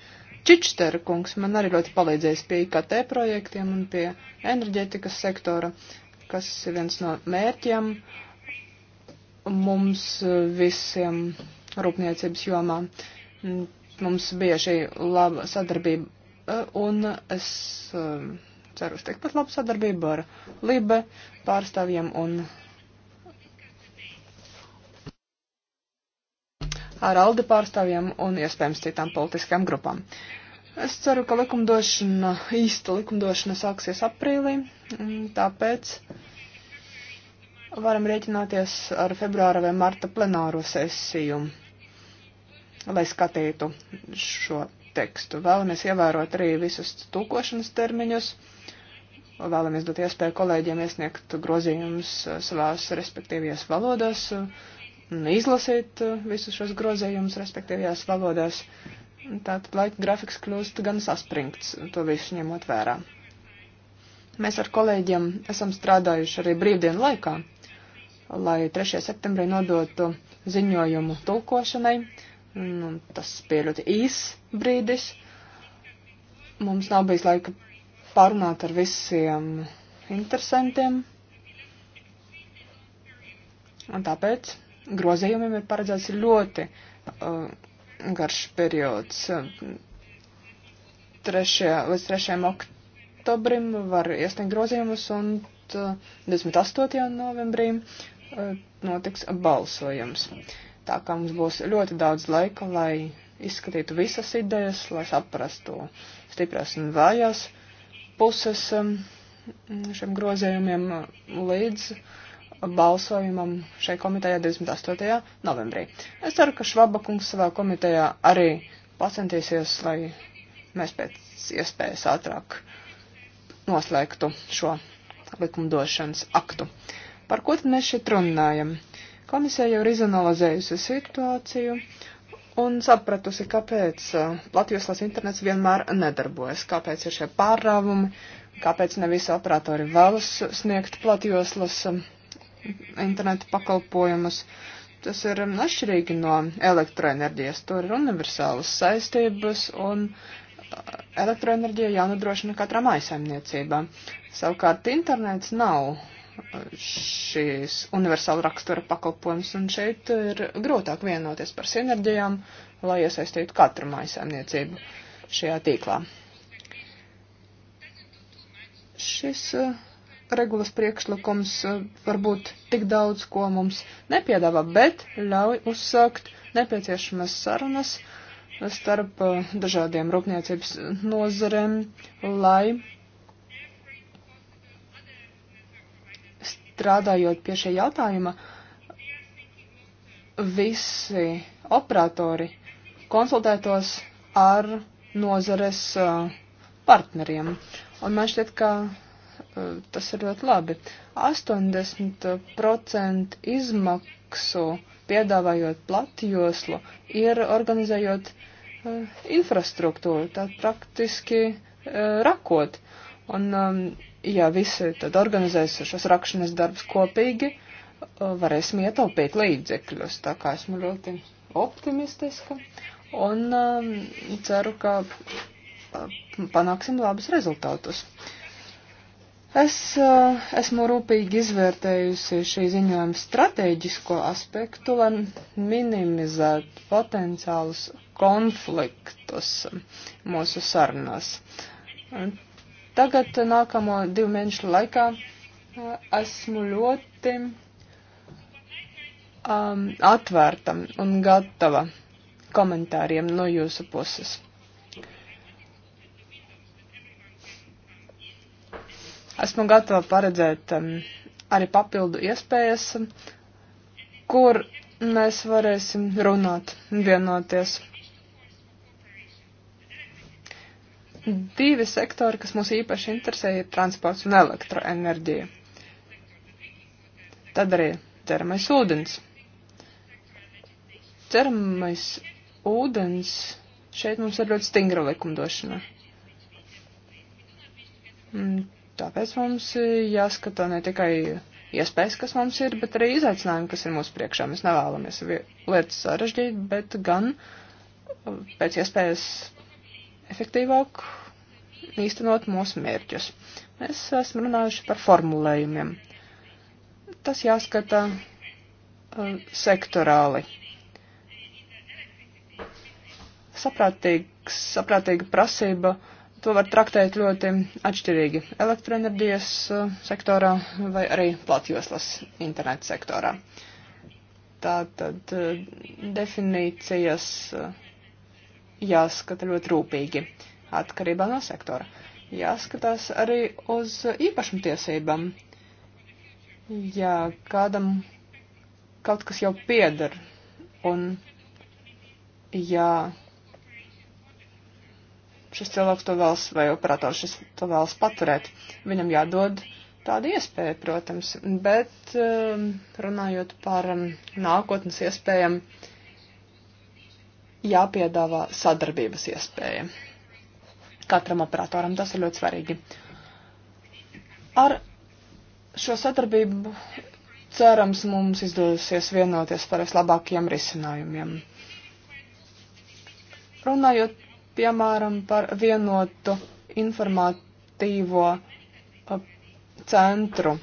Čičtera kungs man arī ļoti palīdzējis pie IKT projektiem un pie enerģētikas sektora, kas ir viens no mērķiem mums visiem rūpniecības jomā. Mums bija šī laba sadarbība un es eh, ceru uz tikpat labu sadarbību ar Libe pārstāvjiem un ar alde pārstāvjiem un iespējams citām politiskām grupām. Es ceru, ka likumdošana, īsta likumdošana sāksies aprīlī, tāpēc varam rēķināties ar februāra vai marta plenāro sesiju, lai skatītu šo tekstu. Vēlamies ievērot arī visus tūkošanas termiņus. Vēlamies dot iespēju kolēģiem iesniegt grozījumus savās respektīvajās valodās. Uh, izlasīt uh, visus šos grozējumus respektīvajās valodās. Tātad laika grafiks kļūst gan saspringts, to visu ņemot vērā. Mēs ar kolēģiem esam strādājuši arī brīvdienu laikā, lai 3. septembrī nodotu ziņojumu tulkošanai. Nu, tas bija ļoti īs brīdis. Mums nav bijis laika pārunāt ar visiem interesantiem. Un tāpēc grozējumiem ir paredzēts ļoti uh, garš periods. 3. līdz 3. oktobrim var iesniegt grozījumus un 28. Uh, novembrī uh, notiks balsojums. Tā kā mums būs ļoti daudz laika, lai izskatītu visas idejas, lai saprastu stiprās un vājās puses um, šiem grozējumiem uh, līdz uh, balsojumam šai komitejā 28. novembrī. Es ceru, ka Švaba kungs savā komitejā arī pacentīsies, lai mēs pēc iespējas ātrāk noslēgtu šo likumdošanas aktu. Par ko tad mēs šeit runājam? Komisija jau ir izanalizējusi situāciju un sapratusi, kāpēc uh, Latvijas internets vienmēr nedarbojas, kāpēc ir šie pārāvumi, kāpēc ne visi operatori vēlas sniegt platjoslas interneta pakalpojumus. Tas ir atšķirīgi no elektroenerģijas. Tur ir universālas saistības un elektroenerģija jānodrošina katrā mājasaimniecībā. Savukārt internets nav šīs universāla rakstura pakalpojums, un šeit ir grūtāk vienoties par sinerģijām, lai iesaistītu katru mājasaimniecību šajā tīklā. Šis uh, regulas priekšlikums eh, varbūt tik daudz, ko mums nepiedāvā, bet ļauj uzsākt nepieciešamas sarunas starp eh, dažādiem rūpniecības nozarēm, lai strādājot pie šī jautājuma, visi operatori konsultētos ar nozares eh, partneriem. Un man šķiet, ka Eh, tas ir ļoti labi. 80% izmaksu piedāvājot platjoslu ir organizējot eh, infrastruktūru, tā praktiski eh, rakot. Un, um, ja visi tad organizēs šos rakšanas darbus kopīgi, varēsim ietaupīt līdzekļus. Tā kā esmu ļoti optimistiska un um, ceru, ka panāksim labus rezultātus. Es esmu rūpīgi izvērtējusi šī ziņojuma stratēģisko aspektu, lai minimizētu potenciālus konfliktus mūsu sarunās. Tagad nākamo divu mēnešu laikā esmu ļoti um, atvērta un gatava komentāriem no jūsu puses. Esmu gatava paredzēt um, arī papildu iespējas, kur mēs varēsim runāt, vienoties. Divi sektori, kas mūs īpaši interesē, ir transports un elektroenerģija. Tad arī dzeramais ūdens. Dzeramais ūdens šeit mums ir ļoti stingra likumdošana. Mm, Tāpēc mums jāskatā ne tikai iespējas, kas mums ir, bet arī izaicinājumi, kas ir mūsu priekšā. Mēs nevēlamies lietas sarežģīt, bet gan uh, pēc iespējas efektīvāk īstenot mūsu mērķus. Mēs esam runājuši par formulējumiem. Tas jāskata uh, sektorāli. Saprātīgs, saprātīga prasība uh, to var traktēt ļoti atšķirīgi elektroenerģijas uh, sektorā vai arī platjoslas interneta sektorā. Tātad uh, definīcijas uh, jāskata ļoti rūpīgi atkarībā no sektora. Jāskatās arī uz īpašumtiesībām. Ja kādam kaut kas jau pieder un ja šis cilvēks to vēlas, vai operators šis to vēlas paturēt. Viņam jādod tāda iespēja, protams, bet um, runājot par um, nākotnes iespējām, jāpiedāvā sadarbības iespēja. Katram operatoram tas ir ļoti svarīgi. Ar šo sadarbību cerams mums izdosies vienoties par vislabākajiem risinājumiem. Runājot piemēram, par vienotu informatīvo centru.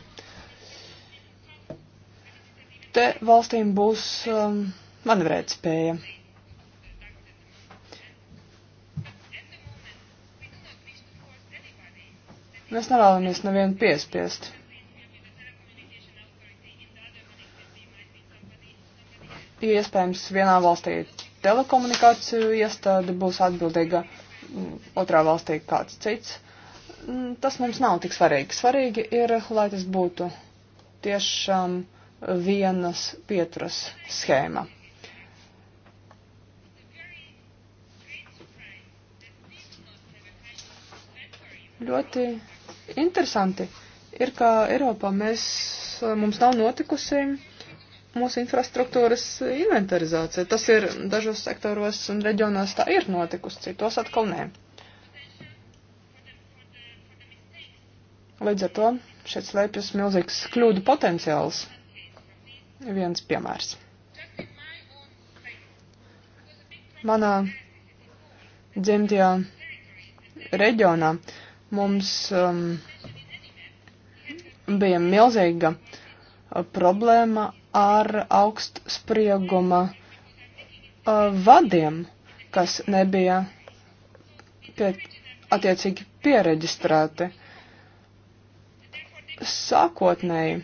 Te valstīm būs um, manevrēt spēja. Mēs nevēlamies nevienu piespiest. Iespējams, vienā valstī telekomunikāciju iestāde būs atbildīga mm, otrā valstī kāds cits. Mm, tas mums nav tik svarīgi. Svarīgi ir, lai tas būtu tiešām vienas pieturas schēma. Ļoti interesanti ir, ka Eiropā mēs, mums nav notikusi uh, mūsu infrastruktūras inventarizācija. Tas ir dažos sektoros un reģionos tā ir notikusi, citos atkal nē. Līdz ar to šeit slēpjas milzīgs kļūdu potenciāls. Viens piemērs. Manā dzimtajā reģionā mums um, bija milzīga uh, problēma ar augstsprieguma uh, vadiem, kas nebija pie, attiecīgi piereģistrēti. Sākotnēji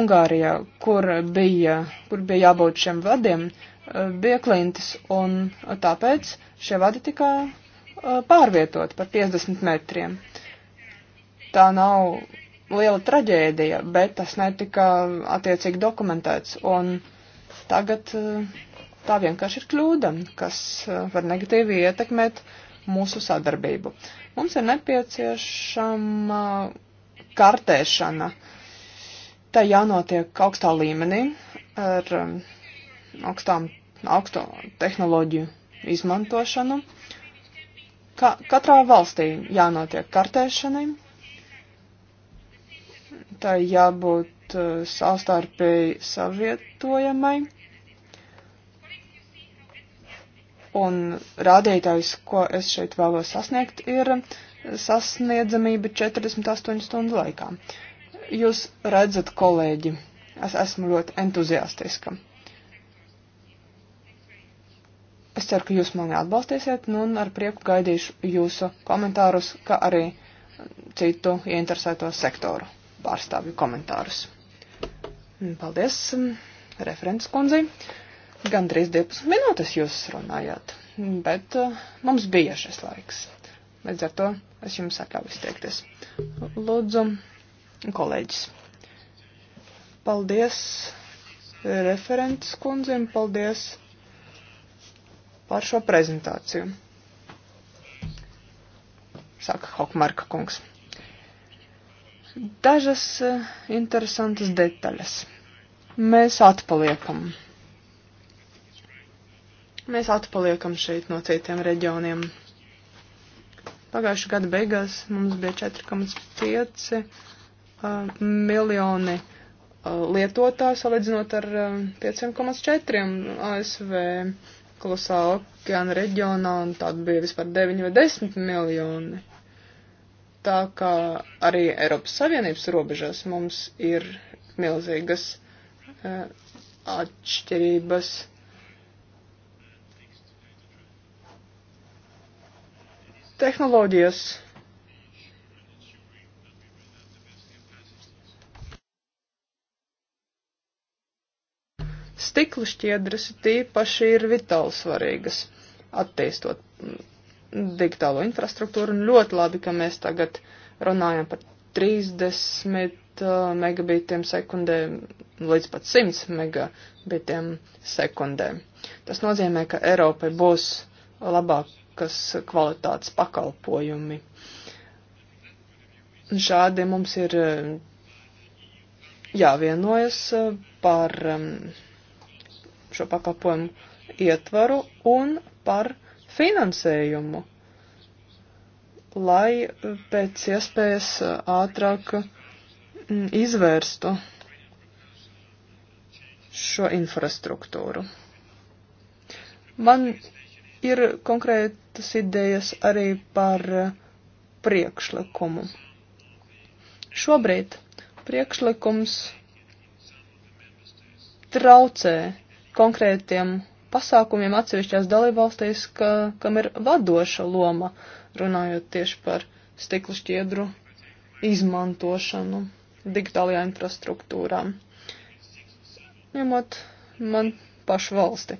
Ungārijā, kur bija, kur bija jābūt šiem vadiem, uh, bija klintis, un tāpēc šie vadi tika uh, pārvietot par 50 metriem. Tā nav liela traģēdija, bet tas netika attiecīgi dokumentēts. Un tagad eh, tā vienkārši ir kļūda, kas eh, var negatīvi ietekmēt mūsu sadarbību. Mums ir nepieciešama kartēšana. Tā jānotiek augstā līmenī ar eh, augstām, augstu tehnoloģiju izmantošanu. Ka, katrā valstī jānotiek kartēšanai tā jābūt eh, savstarpēji savietojamai. Un rādītājs, ko es šeit vēlos sasniegt, ir sasniedzamība 48 stundu laikā. Jūs redzat, kolēģi, es esmu ļoti entuziastiska. Es ceru, ka jūs mani atbalstīsiet, nu un ar prieku gaidīšu jūsu komentārus, kā arī citu ieinteresēto sektoru pārstāvju komentārus. Paldies, um, referents kundzei. Gan 3-12 minūtes jūs runājāt, bet uh, mums bija šis laiks. Līdz ar to es jums atļauju izteikties. Lūdzu, kolēģis. Paldies referents kundzei un paldies par šo prezentāciju. Saka Hokmarka kungs. Dažas eh, interesantas detaļas. Mēs atpaliekam. Mēs atpaliekam šeit no citiem reģioniem. Pagājušā gada beigās mums bija 4,5 uh, eh, miljoni uh, lietotāju, salīdzinot ar uh, 5,4 ASV klusā okeāna reģionā, un tad bija vispār 9 vai 10 miljoni tā kā arī Eiropas Savienības robežās mums ir milzīgas uh, atšķirības. Tehnoloģijas. Stikla šķiedras tīpaši ir vitāli svarīgas attīstot digitālo infrastruktūru, un ļoti labi, ka mēs tagad runājam par 30 uh, megabitiem sekundē līdz pat 100 megabitiem sekundē. Tas nozīmē, ka Eiropai būs labākas kvalitātes pakalpojumi. Šādi mums ir uh, jāvienojas uh, par um, šo pakalpojumu ietvaru un par uh, finansējumu, lai pēc iespējas ātrāk mm, izvērstu šo infrastruktūru. Man ir konkrētas idejas arī par priekšlikumu. Šobrīd priekšlikums traucē konkrētiem pasākumiem atsevišķās dalībvalstīs, ka, kam ir vadoša loma, runājot tieši par stikla šķiedru izmantošanu digitālajā infrastruktūrā. Ņemot man pašu valsti.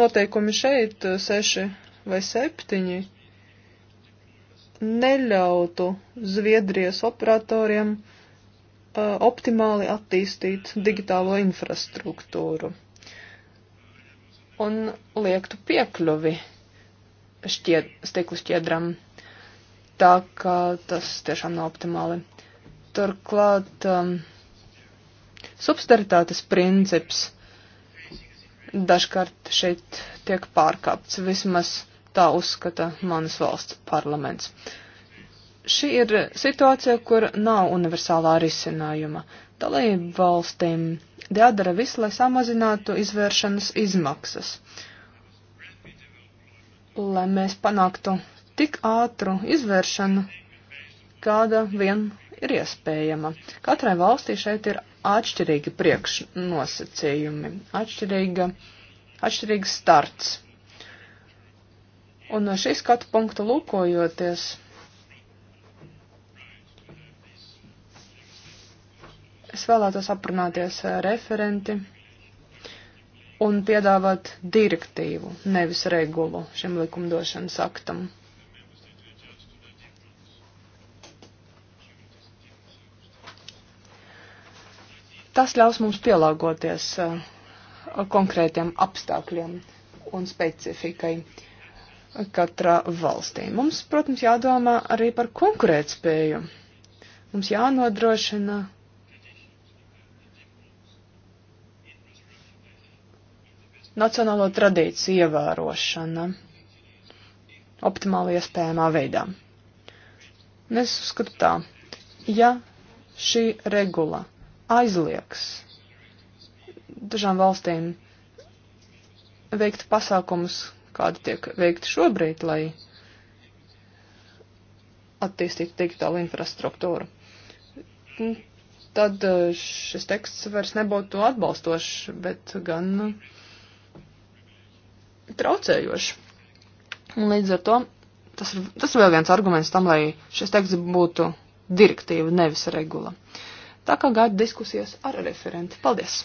Noteikumi šeit, eh, seši vai septiņi, neļautu Zviedrijas operatoriem uh, optimāli attīstīt digitālo infrastruktūru un liektu piekļuvi šķied, stiklu šķiedram, tā ka tas tiešām nav optimāli. Turklāt um, subsidiaritātes princips dažkārt šeit tiek pārkāpts, vismaz tā uzskata manas valsts parlaments. Šī ir situācija, kur nav universālā risinājuma. Dalību valstīm Jādara viss, lai samazinātu izvēršanas izmaksas, lai mēs panāktu tik ātru izvēršanu, kāda vien ir iespējama. Katrai valstī šeit ir atšķirīgi priekšnosacījumi, atšķirīga, atšķirīgs starts. Un no šī skatu punkta lūkojoties Es vēlētos aprunāties referenti un piedāvāt direktīvu, nevis regulu šim likumdošanas aktam. Tas ļaus mums pielāgoties uh, konkrētiem apstākļiem un specifikai katrā valstī. Mums, protams, jādomā arī par konkurētspēju. Mums jānodrošina nacionālo tradīciju ievērošana optimāli iespējamā veidā. Un es uzskatu tā, ja šī regula aizliegs dažām valstīm veikt pasākumus, kādi tiek veikti šobrīd, lai attīstītu digitālu infrastruktūru, tad eh, šis teksts vairs nebūtu atbalstošs, bet gan uh, traucējoši. Un līdz ar to tas ir, tas ir vēl viens arguments tam, lai šis teksts būtu direktīva, nevis regula. Tā kā gaida diskusijas ar referenti. Paldies!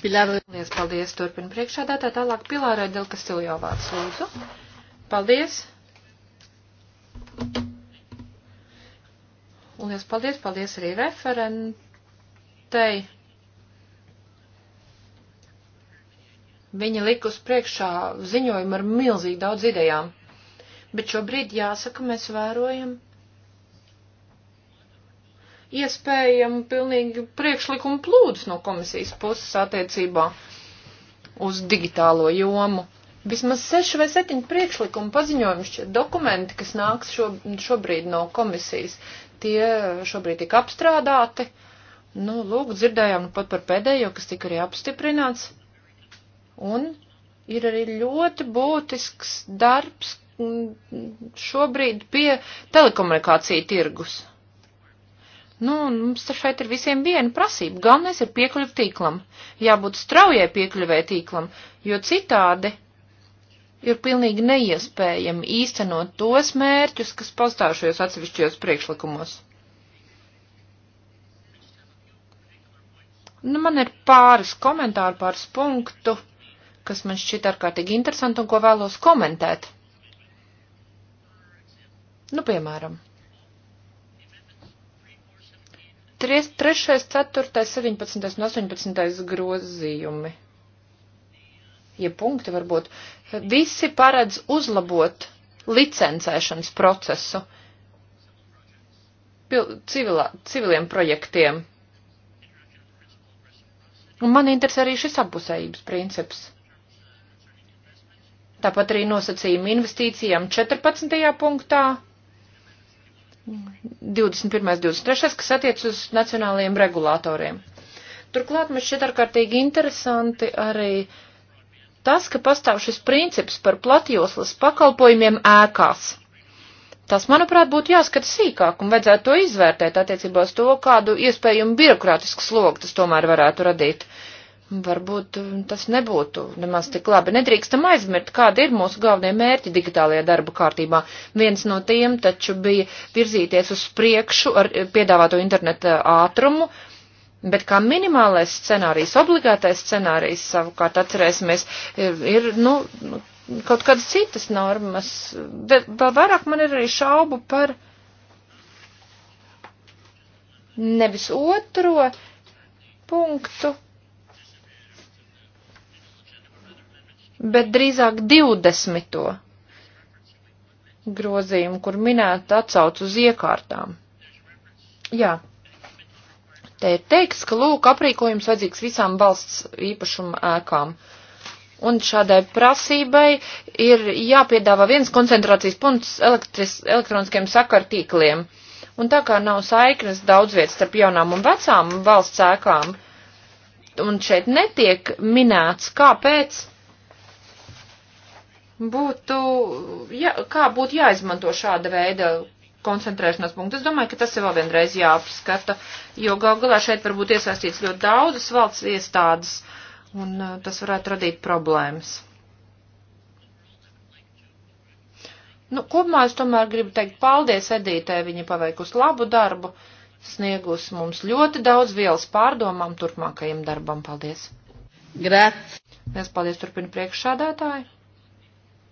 Pilārojies, paldies, turpina priekšādā, tā tālāk Pilārai Delka Stiljovāts lūdzu. Paldies! Lielas paldies, paldies arī referentei. Viņa likus priekšā ziņojumu ar milzīgi daudz idejām. Bet šobrīd, jāsaka, mēs vērojam iespējamu pilnīgi priekšlikumu plūdus no komisijas puses attiecībā uz digitālo jomu. Vismaz seši vai septiņi priekšlikumi paziņojumi šie dokumenti, kas nāks šo, šobrīd no komisijas, tie šobrīd tika apstrādāti. Nu, lūk, dzirdējām nu pat par pēdējo, kas tika arī apstiprināts. Un ir arī ļoti būtisks darbs šobrīd pie telekomunikācija tirgus. Nu, mums te šeit ir visiem viena prasība. Galvenais ir piekļuvi tīklam. Jābūt straujai piekļuvē tīklam, jo citādi ir pilnīgi neiespējami īstenot tos mērķus, kas pastāv šajos atsevišķajos priekšlikumos. Nu, man ir pāris komentāru, pāris punktu kas man šķiet ārkārtīgi interesanti un ko vēlos komentēt. Nu, piemēram, 3, 3, 4, 17 un 18 grozījumi. Ja punkti varbūt. Visi paredz uzlabot licencēšanas procesu civilā, civiliem projektiem. Un man interesē arī šis apusējības princips. Tāpat arī nosacījumi investīcijām 14. punktā. 21. 23. kas attiec uz nacionālajiem regulātoriem. Turklāt mēs šķiet ārkārtīgi interesanti arī tas, ka pastāv šis princips par platjoslas pakalpojumiem ēkās. Tas, manuprāt, būtu jāskata sīkāk un vajadzētu to izvērtēt attiecībā uz to, kādu iespējumu birokrātisku slogu tas tomēr varētu radīt. Uh, Varbūt um, tas nebūtu nemaz tik labi. Nedrīkstam aizmirst, kāda ir mūsu galvenie mērķi digitālajā darba kārtībā. Viens no tiem taču bija virzīties uz priekšu ar eh, piedāvāto interneta eh, ātrumu, bet kā minimālais scenārijs, obligātais scenārijs savukārt atcerēsimies, eh, ir, ir nu, nu, kaut kādas citas normas. Bet vēl vairāk man ir arī šaubu par nevis otro punktu bet drīzāk 20. grozījumu, kur minēta atsauc uz iekārtām. Jā. Te ir teiks, ka lūk, aprīkojums vajadzīgs visām valsts īpašuma ēkām. Un šādai prasībai ir jāpiedāvā viens koncentrācijas punkts elektris, elektroniskiem sakartīkliem. Un tā kā nav saiknes daudz vietas starp jaunām un vecām valsts ēkām, un šeit netiek minēts, kāpēc būtu, jā, kā būtu jāizmanto šāda veida koncentrēšanās punktu. Es domāju, ka tas ir vēl vienreiz jāapskata, jo gal galā šeit var būt iesaistīts ļoti daudzas valsts iestādes, un uh, tas varētu radīt problēmas. Nu, kopumā es tomēr gribu teikt paldies Edītē, viņa paveikusi labu darbu, sniegus mums ļoti daudz vielas pārdomām turpmākajam darbam. Paldies! Grēc! Mēs paldies turpina priekšsādātāji!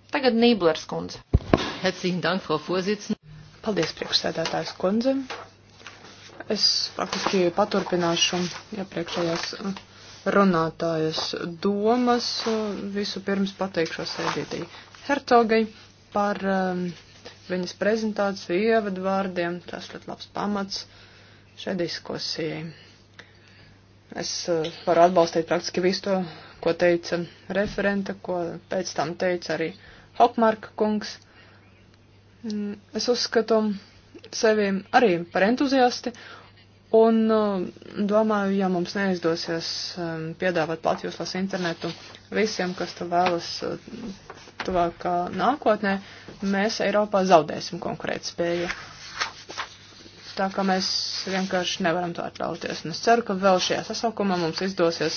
Tagad Nīblers kundze. Herzlichen Dank, Frau Vorsitzende. Paldies, priekšsēdētājs kundze. Es faktiski paturpināšu iepriekšējās runātājas domas. Visu pirms pateikšos Editī Hercogai par um, viņas prezentāciju ievadvārdiem. Tas ļoti labs pamats šai diskusijai. Es uh, varu atbalstīt praktiski visu to, ko teica referenta, ko pēc tam teica arī uh, Hokmarka kungs. Mm, es uzskatu sevi arī par entuziasti un mm, domāju, ja mums neizdosies mm, piedāvāt platjūslas internetu visiem, kas to vēlas tuvākā nākotnē, mēs Eiropā zaudēsim konkurētspēju. Tā kā mēs vienkārši nevaram to atļauties. Un es ceru, ka vēl šajā sasaukumā mums izdosies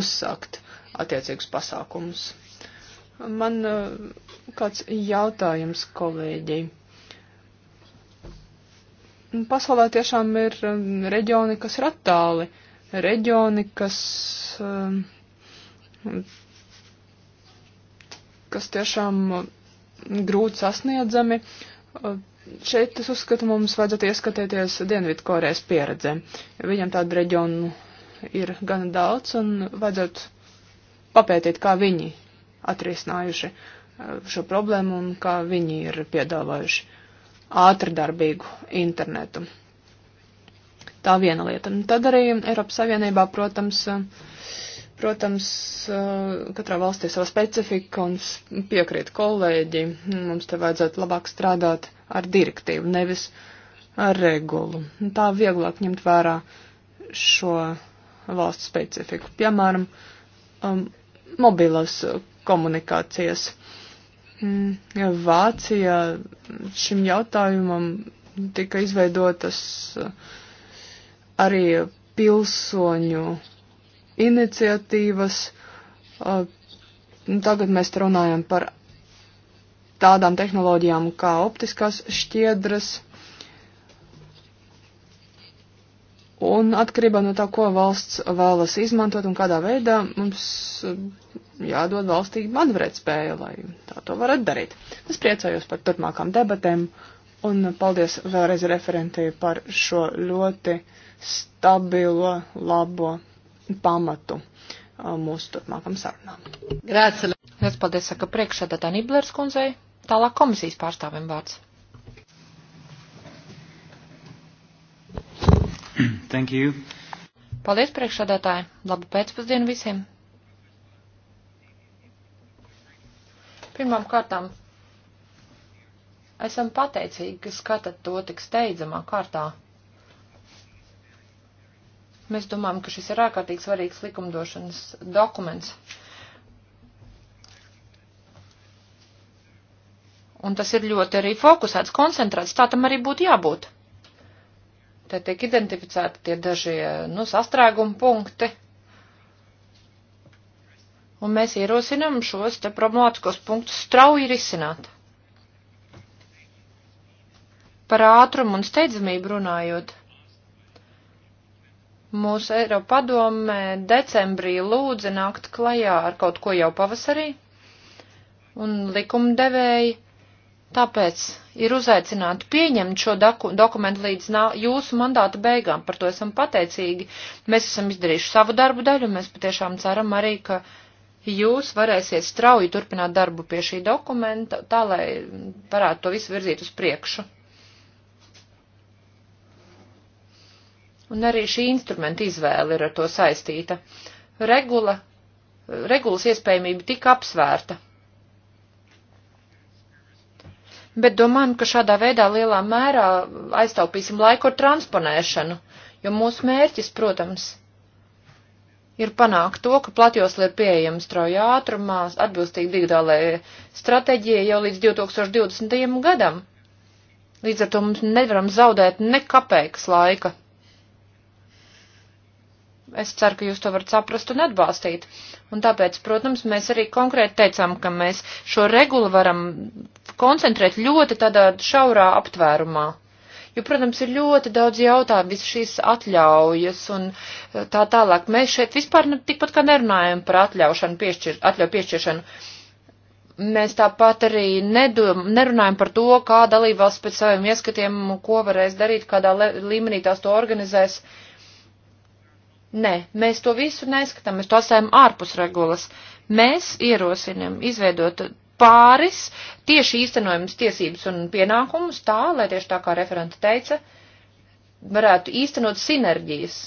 uzsākt attiecīgus pasākumus. Man eh, kāds jautājums kolēģi. Pasaulē tiešām ir eh, reģioni, kas ir attāli, reģioni, kas, eh, kas tiešām grūti sasniedzami. Šeit es uzskatu, mums vajadzētu ieskatīties Dienvidkorejas pieredzē. Viņam tādu reģionu ir gana daudz un vajadzētu papētīt, kā viņi atrisinājuši eh, šo problēmu un kā viņi ir piedāvājuši ātrdarbīgu internetu. Tā viena lieta. Un tad arī Eiropas Savienībā, protams, eh, protams, eh, katrā valstī sava specifika un piekrīt kolēģi, mums te vajadzētu labāk strādāt ar direktīvu, nevis ar regulu. Tā vieglāk ņemt vērā šo valstu specifiku. Piemēram, um, mobilās komunikācijas. Mm, Vācija šim jautājumam tika izveidotas uh, arī pilsoņu iniciatīvas. Uh, tagad mēs runājam par tādām tehnoloģijām kā optiskās šķiedras Un atkarībā no tā, ko valsts vēlas izmantot un kādā veidā, mums eh, jādod valstī manvarētspēja, lai tā to varētu darīt. Es priecājos par turpmākām debatēm un paldies vēlreiz referentei par šo ļoti stabilo, labo pamatu eh, mūsu turpmākam sarunām. Grāci. Mēs paldies, saka priekšsēdētā Niblers kundzei, tālāk komisijas pārstāvim vārds. Thank you. Paldies, priekšsādātāji. Labu pēcpusdienu visiem. Pirmām kārtām esam pateicīgi, ka skatāt to tik steidzamā kārtā. Mēs domājam, ka šis ir ārkārtīgi svarīgs likumdošanas dokuments. Un tas ir ļoti arī fokusēts, koncentrēts, tā tam arī būtu jābūt. Te tiek identificēti tie dažie, nu, sastrēguma punkti. Un mēs ierosinam šos te problemātiskos punktus strauji risināt. Par ātrumu un steidzamību runājot. Mūsu Eiropa padome decembrī lūdza nākt klajā ar kaut ko jau pavasarī, un likumdevēji Tāpēc ir uzaicināti pieņemt šo doku, dokumentu līdz nā, jūsu mandāta beigām. Par to esam pateicīgi. Mēs esam izdarījuši savu darbu daļu, un mēs patiešām ceram arī, ka jūs varēsiet strauji turpināt darbu pie šī dokumenta, tā lai varētu to visu virzīt uz priekšu. Un arī šī instrumenta izvēle ir ar to saistīta. Regula, regulas iespējamība tika apsvērta bet domājam, ka šādā veidā lielā mērā aiztaupīsim laiku ar transponēšanu, jo mūsu mērķis, protams, ir panākt to, ka platjosla ir pieejama straujā ātrumā, atbilstīgi digitālajai stratēģijai jau līdz 2020. gadam. Līdz ar to mums nevaram zaudēt nekapēks laika. Es ceru, ka jūs to varat saprast un atbalstīt. Un tāpēc, protams, mēs arī konkrēti teicām, ka mēs šo regulu varam koncentrēt ļoti tādā šaurā aptvērumā. Jo, protams, ir ļoti daudz jautājumu, visas šīs atļaujas un eh, tā tālāk. Mēs šeit vispār ne, tikpat kā nerunājam par atļaušanu, piešķir, atļauju piešķiršanu. Mēs tāpat arī nedom, nerunājam par to, kā dalībvalsts pēc saviem ieskatiem, ko varēs darīt, kādā le, līmenī tās to organizēs. Uh, Nē, mēs to visu neskatām, mēs to esam ārpus regulas. Mēs ierosinam izveidot pāris tieši īstenojums tiesības un pienākumus tā, lai tieši tā kā referenta teica, varētu īstenot sinerģijas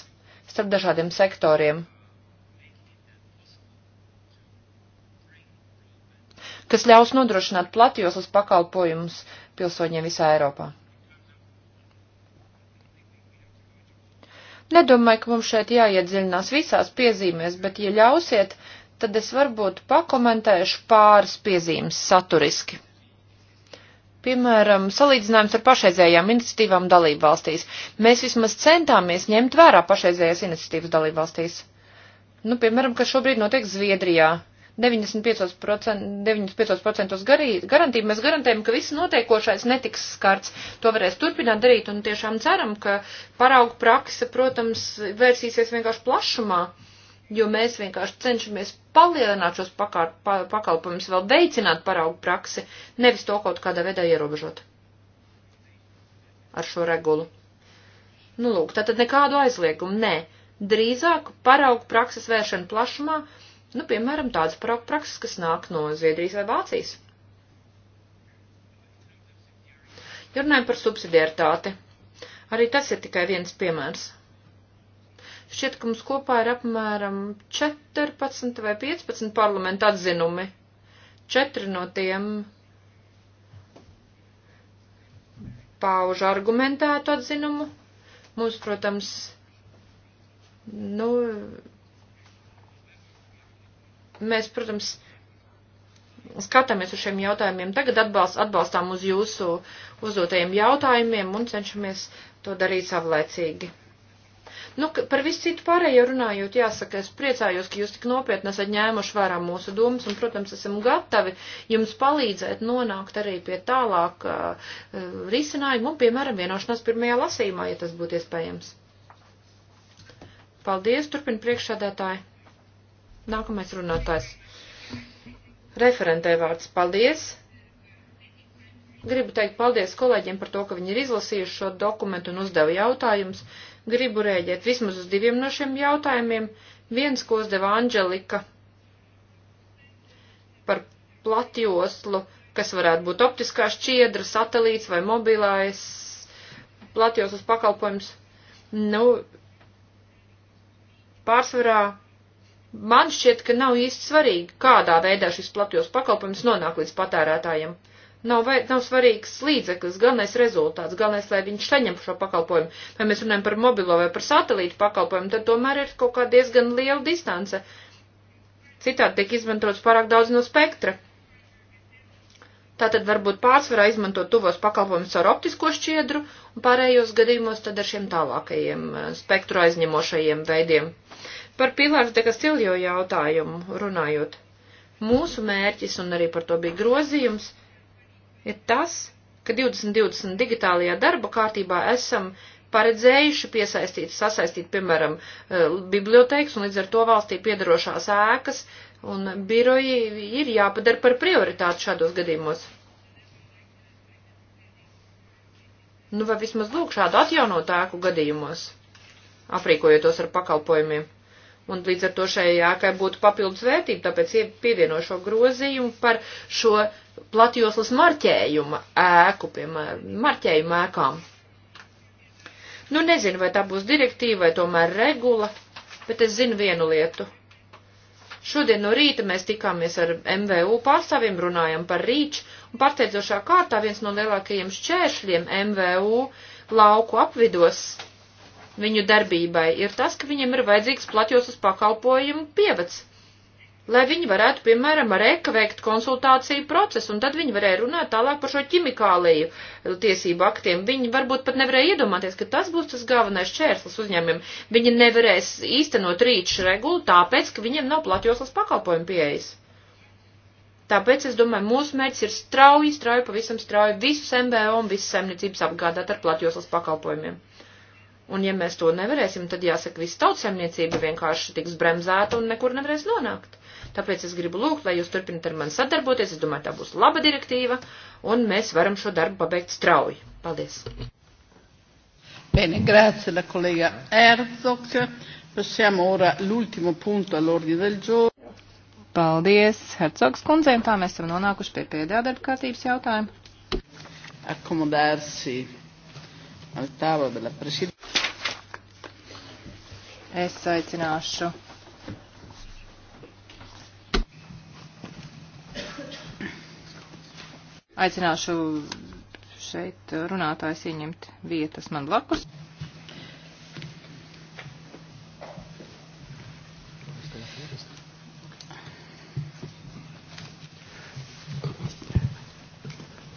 starp dažādiem sektoriem. kas ļaus nodrošināt platjoslas pakalpojumus pilsoņiem visā Eiropā. Nedomāju, ka mums šeit jāiedziļinās visās piezīmēs, bet, ja ļausiet, tad es varbūt pakomentēšu pāris piezīmes saturiski. Piemēram, salīdzinājums ar pašreizējām iniciatīvām dalību valstīs. Mēs vismaz centāmies ņemt vērā pašreizējās iniciatīvas dalību valstīs. Nu, piemēram, kas šobrīd notiek Zviedrijā. 95%, 95% garī, garantību mēs garantējam, ka viss notiekošais netiks skarts. To varēs turpināt darīt un tiešām ceram, ka paraugu prakse, protams, vērsīsies vienkārši plašumā, jo mēs vienkārši cenšamies palielināt šos pakār, pa, pakalpumus, vēl veicināt paraugu praksi, nevis to kaut kādā veidā ierobežot ar šo regulu. Nu, lūk, tātad nekādu aizliegumu, nē. Drīzāk paraugu prakses vēršana plašumā, uh, Nu, piemēram, tādas prakses, kas nāk no Zviedrijas vai Vācijas. Ja runājam par subsidiaritāti, arī tas ir tikai viens piemērs. Šķiet, ka mums kopā ir apmēram 14 vai 15 parlamentu atzinumi. Četri no tiem pauž argumentētu atzinumu. Mums, protams, nu, Mēs, protams, skatāmies uz šiem jautājumiem. Tagad atbalst, atbalstām uz jūsu uzdotajiem jautājumiem un cenšamies to darīt savlaicīgi. Nu, par visu citu pārējo runājot, jāsaka, es priecājos, ka jūs tik nopietni esat ņēmuši vērā mūsu domas un, protams, esam gatavi jums palīdzēt nonākt arī pie tālāk uh, risinājumu un, piemēram, vienošanās pirmajā lasījumā, ja tas būtu iespējams. Paldies, turpina priekšsādātāji. Nākamais runātājs. Referentē vārds paldies. Gribu teikt paldies kolēģiem par to, ka viņi ir izlasījuši šo dokumentu un uzdeva jautājumus. Gribu rēģēt vismaz uz diviem no šiem jautājumiem. Viens, ko uzdeva Anģelika par platjoslu, kas varētu būt optiskā šķiedra, satelīts vai mobilais platjoslas pakalpojums. Nu, pārsvarā Man šķiet, ka nav īsti svarīgi, kādā veidā šis platjos pakalpojums nonāk līdz patērētājiem. Nav, vai, nav svarīgs līdzeklis, galvenais rezultāts, galvenais, lai viņš saņem šo pakalpojumu. Vai mēs runājam par mobilo vai par satelītu pakalpojumu, tad tomēr ir kaut kā diezgan liela distance. Citādi tiek izmantots pārāk daudz no spektra. Tātad varbūt pārsvarā izmantot tuvos pakalpojumus ar optisko šķiedru un pārējos gadījumos tad ar šiem tālākajiem eh, spektru aizņemošajiem veidiem. Uh, Par Pilāru de Kastiljo jautājumu runājot, mūsu mērķis, un arī par to bija grozījums, ir tas, ka 2020 digitālajā darba kārtībā esam paredzējuši piesaistīt, sasaistīt, piemēram, eh, bibliotēkas un līdz ar to valstī piedarošās ēkas un biroji ir jāpadara par prioritāti šādos gadījumos. Nu, vai vismaz lūk šādu atjaunot ēku gadījumos, aprīkojot tos ar pakalpojumiem. Un līdz ar to šai ēkai būtu papildus vērtība, tāpēc pievienošo grozījumu par šo platjoslas marķējuma ēku, piemēram, marķējuma ēkām. Nu, nezinu, vai tā būs direktīva vai tomēr regula, bet es zinu vienu lietu. Šodien no rīta mēs tikāmies ar MVU pārstāvjiem, runājam par rīču, un pārsteidzošā kārtā viens no lielākajiem šķēršļiem MVU lauku apvidos viņu darbībai, ir tas, ka viņiem ir vajadzīgs platjoslas pakalpojumu pievads, lai viņi varētu, piemēram, ar eka veikt konsultāciju procesu, un tad viņi varēja runāt tālāk par šo ķimikāliju tiesību aktiem. Viņi varbūt pat nevarēja iedomāties, ka tas būs tas galvenais čērslis uzņēmumiem. Viņi nevarēs īstenot rīču regulu, tāpēc, ka viņiem nav platjoslas pakalpojumu pieejas. Tāpēc es domāju, mūsu mērķis ir strauji, strauji, pavisam strauji visus MBO un visas saimniecības apgādāt ar platjoslas pakalpojumiem. Un ja mēs to nevarēsim, tad jāsaka, visa tautsēmniecība vienkārši tiks bremzēta un nekur nevarēs nonākt. Tāpēc es gribu lūgt, lai jūs turpinat ar mani sadarboties. Es domāju, tā būs laba direktīva, un mēs varam šo darbu pabeigt strauji. Paldies! Bene, grazie la collega Herzog. Passiamo ora all'ultimo punto all'ordine del giorno. Paldies, Hercogs kundzei, un tā mēs esam nonākuši pie pēdējā darba kārtības jautājuma. Accomodarsi al tavolo della Presidenza es aicināšu. Aicināšu šeit runātājs ieņemt vietas man blakus.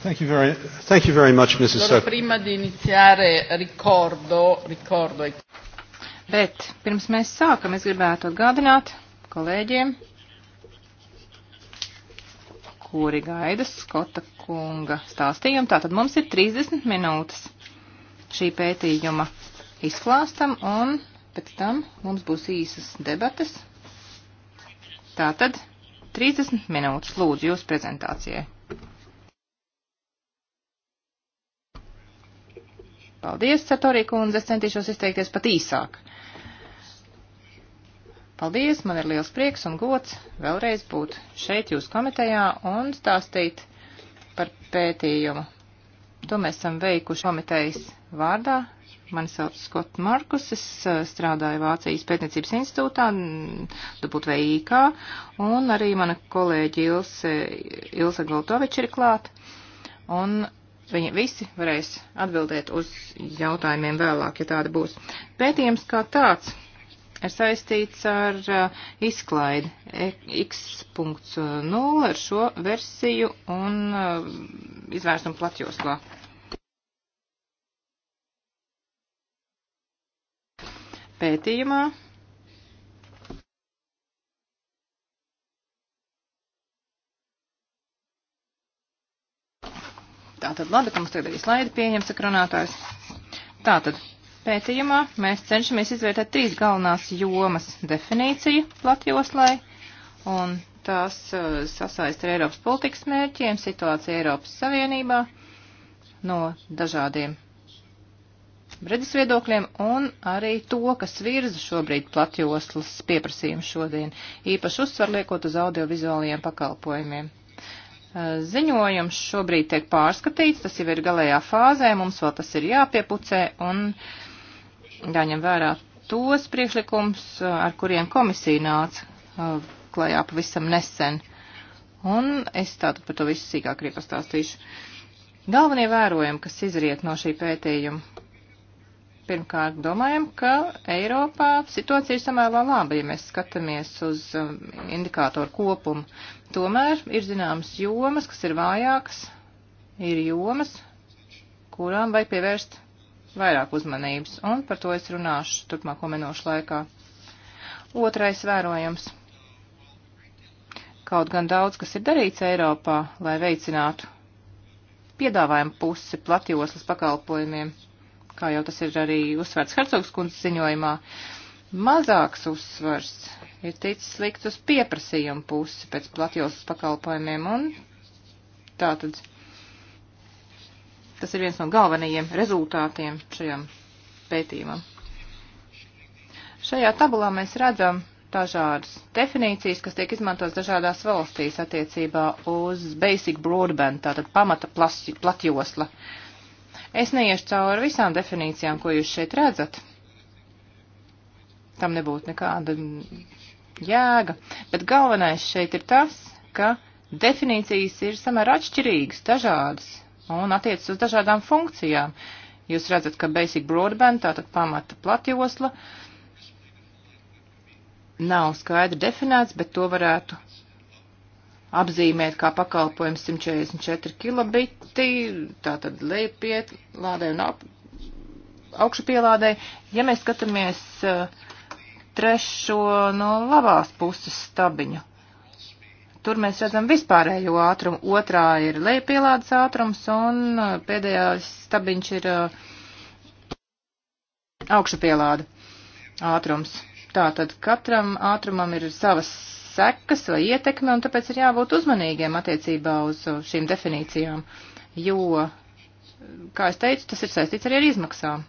Thank you very, thank you very much, Mrs. Allora, prima di iniziare ricordo, ricordo ai Bet pirms mēs sākam, es gribētu atgādināt kolēģiem, kuri gaida Skota kunga stāstījumu. Tātad mums ir 30 minūtes šī pētījuma izklāstam un pēc tam mums būs īsas debatas. Tātad 30 minūtes lūdzu jūsu prezentācijai. Paldies, Satorī kundze, es centīšos izteikties pat īsāk. Paldies, man ir liels prieks un gods vēlreiz būt šeit jūs komitejā un stāstīt par pētījumu. To mēs esam veikuši komitejas vārdā. Mani sauc Skot Markus, es eh, strādāju Vācijas pētniecības institūtā, WIK, un arī mana kolēģi Ilse, Ilse Goltovič ir klāt. Un Viņi visi varēs atbildēt uz jautājumiem vēlāk, ja tāda būs. Pētījums kā tāds ir saistīts ar uh, izklaidi e, X.0 uh, ar šo versiju un uh, izvērstumu platjoslā. Pētījumā Tātad labi, ka mums tagad arī slaidi pieņems, saka runātājs. Tātad pētījumā mēs cenšamies izvērtēt trīs galvenās jomas - definīciju platjoslai un tās uh, sasaist ar Eiropas politikas mērķiem, situāciju Eiropas Savienībā no dažādiem redzes viedokļiem un arī to, kas virza šobrīd platjoslas pieprasījumu šodien, īpaši uzsvar liekot uz audiovizuālajiem pakalpojumiem. Eh, ziņojums šobrīd tiek pārskatīts, tas jau ir galējā fāzē, mums vēl tas ir jāpiepucē un uh, jāņem vērā tos priekšlikums, ar kuriem komisija nāca uh, klajā pavisam nesen. Un es tātad par to visu sīkāk arī pastāstīšu. Galvenie vērojumi, kas izriet no šī pētījuma. Pirmkārt, domājam, ka Eiropā situācija ir samērā laba, ja mēs skatāmies uz um, indikātoru kopumu. Tomēr ir zināmas jomas, kas ir vājākas, ir jomas, kurām vajag pievērst vairāk uzmanības, un par to es runāšu turpmāko menošu laikā. Otrais vērojums. Kaut gan daudz, kas ir darīts Eiropā, lai veicinātu piedāvājumu pusi platjoslas pakalpojumiem, kā jau tas ir arī uzsvērts Hercogskundas ziņojumā, mazāks uzsvars ir ticis likt uz pieprasījumu pusi pēc platjoslas pakalpojumiem, un tātad Tas ir viens no galvenajiem rezultātiem šajam pētījumam. Šajā tabulā mēs redzam dažādas definīcijas, kas tiek izmantotas dažādās valstīs attiecībā uz basic broadband, tātad pamata platjosla. Es neiešu cauri visām definīcijām, ko jūs šeit redzat. Tam nebūtu nekāda jēga. Bet galvenais šeit ir tas, ka definīcijas ir samērā atšķirīgas, dažādas un attiecas uz dažādām funkcijām. Jūs redzat, ka basic broadband, tātad pamata platjosla, nav skaidri definēts, bet to varētu apzīmēt kā pakalpojums 144 kilobiti, tātad lejupiet, lādē un ap, augšupielādē. Ja mēs skatāmies uh, trešo no labās puses stabiņu, tur mēs redzam vispārējo ātrumu. Otrā ir lejupielādes ātrums un uh, pēdējā stabiņš ir uh, augšupielāde ātrums. Tātad katram ātrumam ir savas sekas vai ietekme, un tāpēc ir jābūt uzmanīgiem attiecībā uz uh, šīm definīcijām, jo, kā es teicu, tas ir saistīts arī ar izmaksām.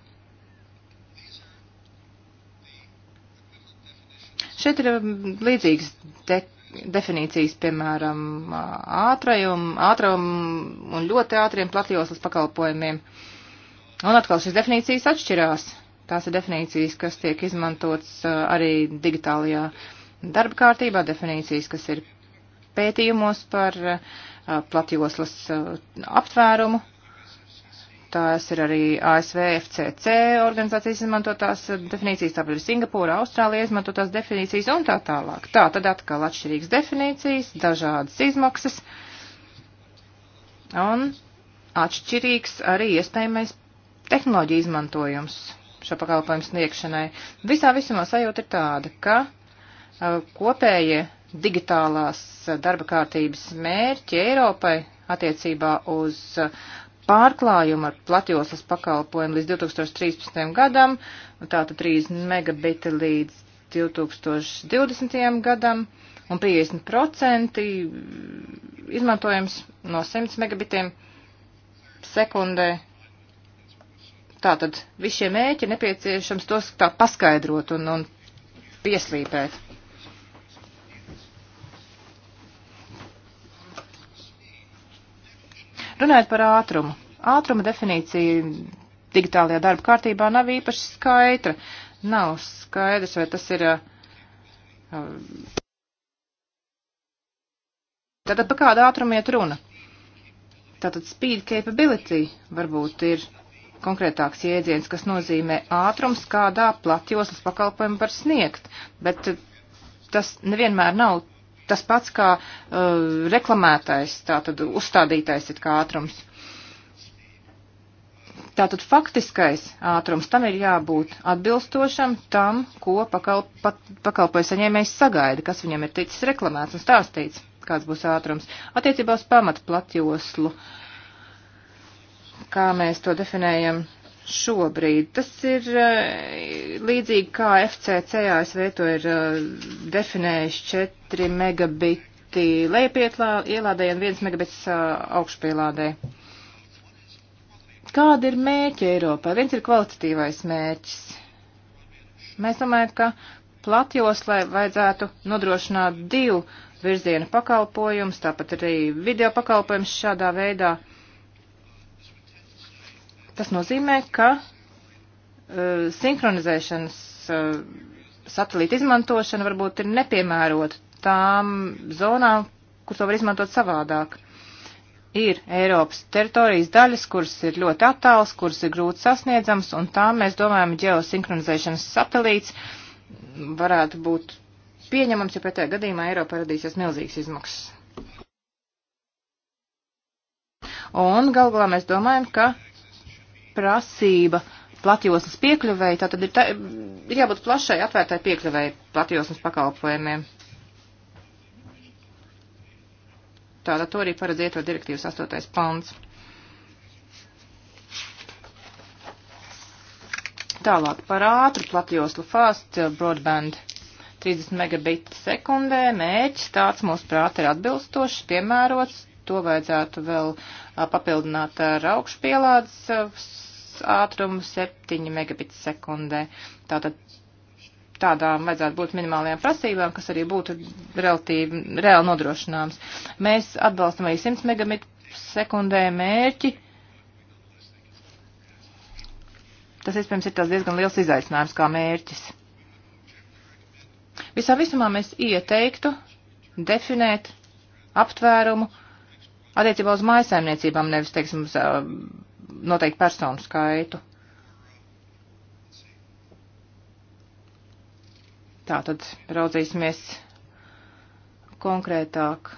Šeit ir um, līdzīgas de definīcijas, piemēram, ātram, ātram un ļoti ātriem platjoslas pakalpojumiem. Un atkal šīs definīcijas atšķirās. Tās ir definīcijas, kas tiek izmantotas arī digitālajā darba kārtībā, definīcijas, kas ir pētījumos par platjoslas aptvērumu. Tās ir arī ASV FCC organizācijas izmantotās definīcijas, tāpat ir Singapūra, Austrālija izmantotās definīcijas un tā tālāk. Tā tad atkal atšķirīgas definīcijas, dažādas izmaksas un atšķirīgs arī iespējamais tehnoloģija izmantojums šo pakalpojumu sniegšanai. Visā visumā sajūta ir tāda, ka kopējie digitālās darba kārtības mērķi Eiropai attiecībā uz pārklājumu ar platjoslas pakalpojumu līdz 2013. gadam, tātad 3 megabiti līdz 2020. gadam un 50% izmantojums no 100 megabitiem sekundē. Tātad visiem mēķi nepieciešams tos tā paskaidrot un, un pieslīpēt. Runājot par ātrumu. Ātruma definīcija digitālajā darba kārtībā nav īpaši skaidra. Nav skaidrs, vai tas ir. Uh, uh, Tātad par kādu ātrumu iet runa? Tātad speed capability varbūt ir konkrētāks jēdziens, kas nozīmē ātrums, kādā platjoslas pakalpojumu var sniegt, bet tas nevienmēr nav tas pats kā uh, reklamētais, tātad uzstādītais ir kā ātrums. Tātad faktiskais ātrums tam ir jābūt atbilstošam tam, ko pakalp, pakalpoja saņēmējs sagaida, kas viņam ir ticis reklamēts un stāstīts, kāds būs ātrums. Attiecībā uz pamatu platjoslu, kā mēs to definējam šobrīd. Tas ir eh, līdzīgi kā FCC ASV to ir eh, definējis 4 megabiti lejupielādē un 1 megabits eh, augšpielādē. Kāda ir mērķa Eiropā? Viens ir kvalitatīvais mērķis. Mēs domājam, ka platjoslai vajadzētu nodrošināt divu virzienu pakalpojumus, tāpat arī video pakalpojumus šādā veidā. Uh, Tas nozīmē, ka uh, sinhronizēšanas uh, satelīta izmantošana varbūt ir nepiemērota tām zonām, kur to var izmantot savādāk. Ir Eiropas teritorijas daļas, kuras ir ļoti attāls, kuras ir grūti sasniedzams, un tām mēs domājam, ģeosinhronizēšanas satelīts varētu būt pieņemams, jo pretējā gadījumā Eiropā radīsies milzīgas izmaksas. Un galvā mēs domājam, ka prasība platjoslas piekļuvēji, tātad ir, tā, ir jābūt plašai atvērtai piekļuvēji platjoslas pakalpojumiem. Tātad to arī paredz ietver direktīvas 8. pants. Tālāk par ātru platjoslu fast broadband 30 megabit sekundē mērķis tāds mūsu prāti ir atbilstošs, piemērots, to vajadzētu vēl papildināt ar augšpielādes ātrumu 7 megabits sekundē. Tātad tādām vajadzētu būt minimālajām prasībām, kas arī būtu relatīvi, reāli nodrošināms. Mēs atbalstam arī 100 megabits sekundē mērķi. Tas, iespējams, ir tās diezgan liels izaicinājums kā mērķis. Visā visumā mēs ieteiktu definēt aptvērumu attiecībā uz mājasaimniecībām, nevis, teiksim, uz noteikti personu skaitu. Tā tad raudzīsimies konkrētāk.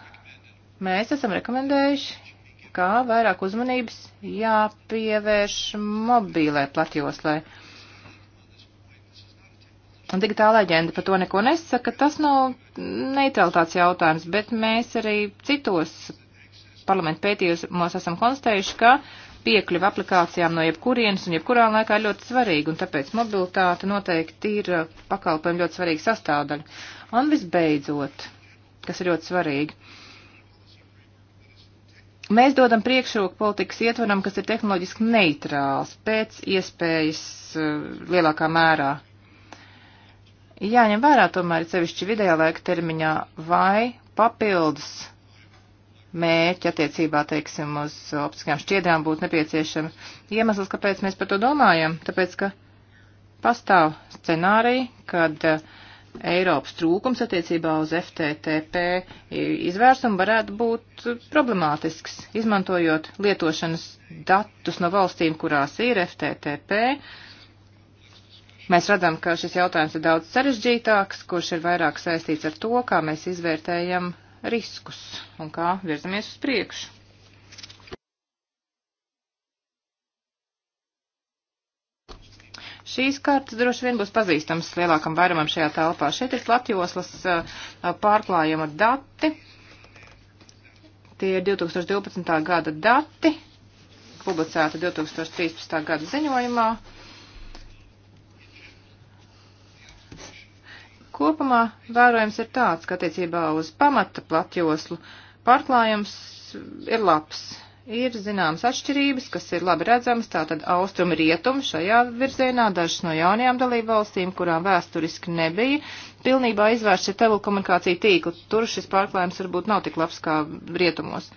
Mēs esam rekomendējuši, kā vairāk uzmanības jāpievērš mobīlē platjoslē. Un digitāla aģenda par to neko nesaka, tas nav neutralitāts jautājums, bet mēs arī citos parlamentu pētījumos esam konstatējuši, ka uh, piekļuva aplikācijām no jebkurienes un jebkurā laikā ir ļoti svarīga, un tāpēc mobilitāte noteikti ir uh, pakalpojumi ļoti svarīga sastāvdaļa. Un visbeidzot, kas ir ļoti svarīgi, mēs dodam priekšroku politikas ietvaram, kas ir tehnoloģiski neitrāls pēc iespējas uh, lielākā mērā. Jāņem vērā tomēr sevišķi vidējā laika termiņā vai papildus mērķi attiecībā, teiksim, uz optiskajām šķiedrām būtu nepieciešama. Iemesls, kāpēc mēs par to domājam, tāpēc, ka pastāv scenārija, kad eh, Eiropas trūkums attiecībā uz FTTP izvērsumu varētu būt problemātisks, izmantojot lietošanas datus no valstīm, kurās ir FTTP. Mēs redzam, ka šis jautājums ir daudz sarežģītāks, kurš ir vairāk saistīts ar to, kā mēs izvērtējam riskus un kā virzamies uz priekšu. Šīs kartas droši vien būs pazīstamas lielākam vairumam šajā telpā. Šeit ir Latvijoslas eh, pārklājuma dati. Tie ir 2012. gada dati, publicēta 2013. gada ziņojumā. Kopumā vērojums ir tāds, ka attiecībā uz pamata platjoslu pārklājums ir labs. Ir zināmas atšķirības, kas ir labi redzamas, tātad austrumi rietumi šajā virzienā, dažas no jaunajām dalībvalstīm, kurām vēsturiski nebija, pilnībā izvērsta telekomunikācija tīkla. Tur šis pārklājums varbūt nav tik labs kā rietumos.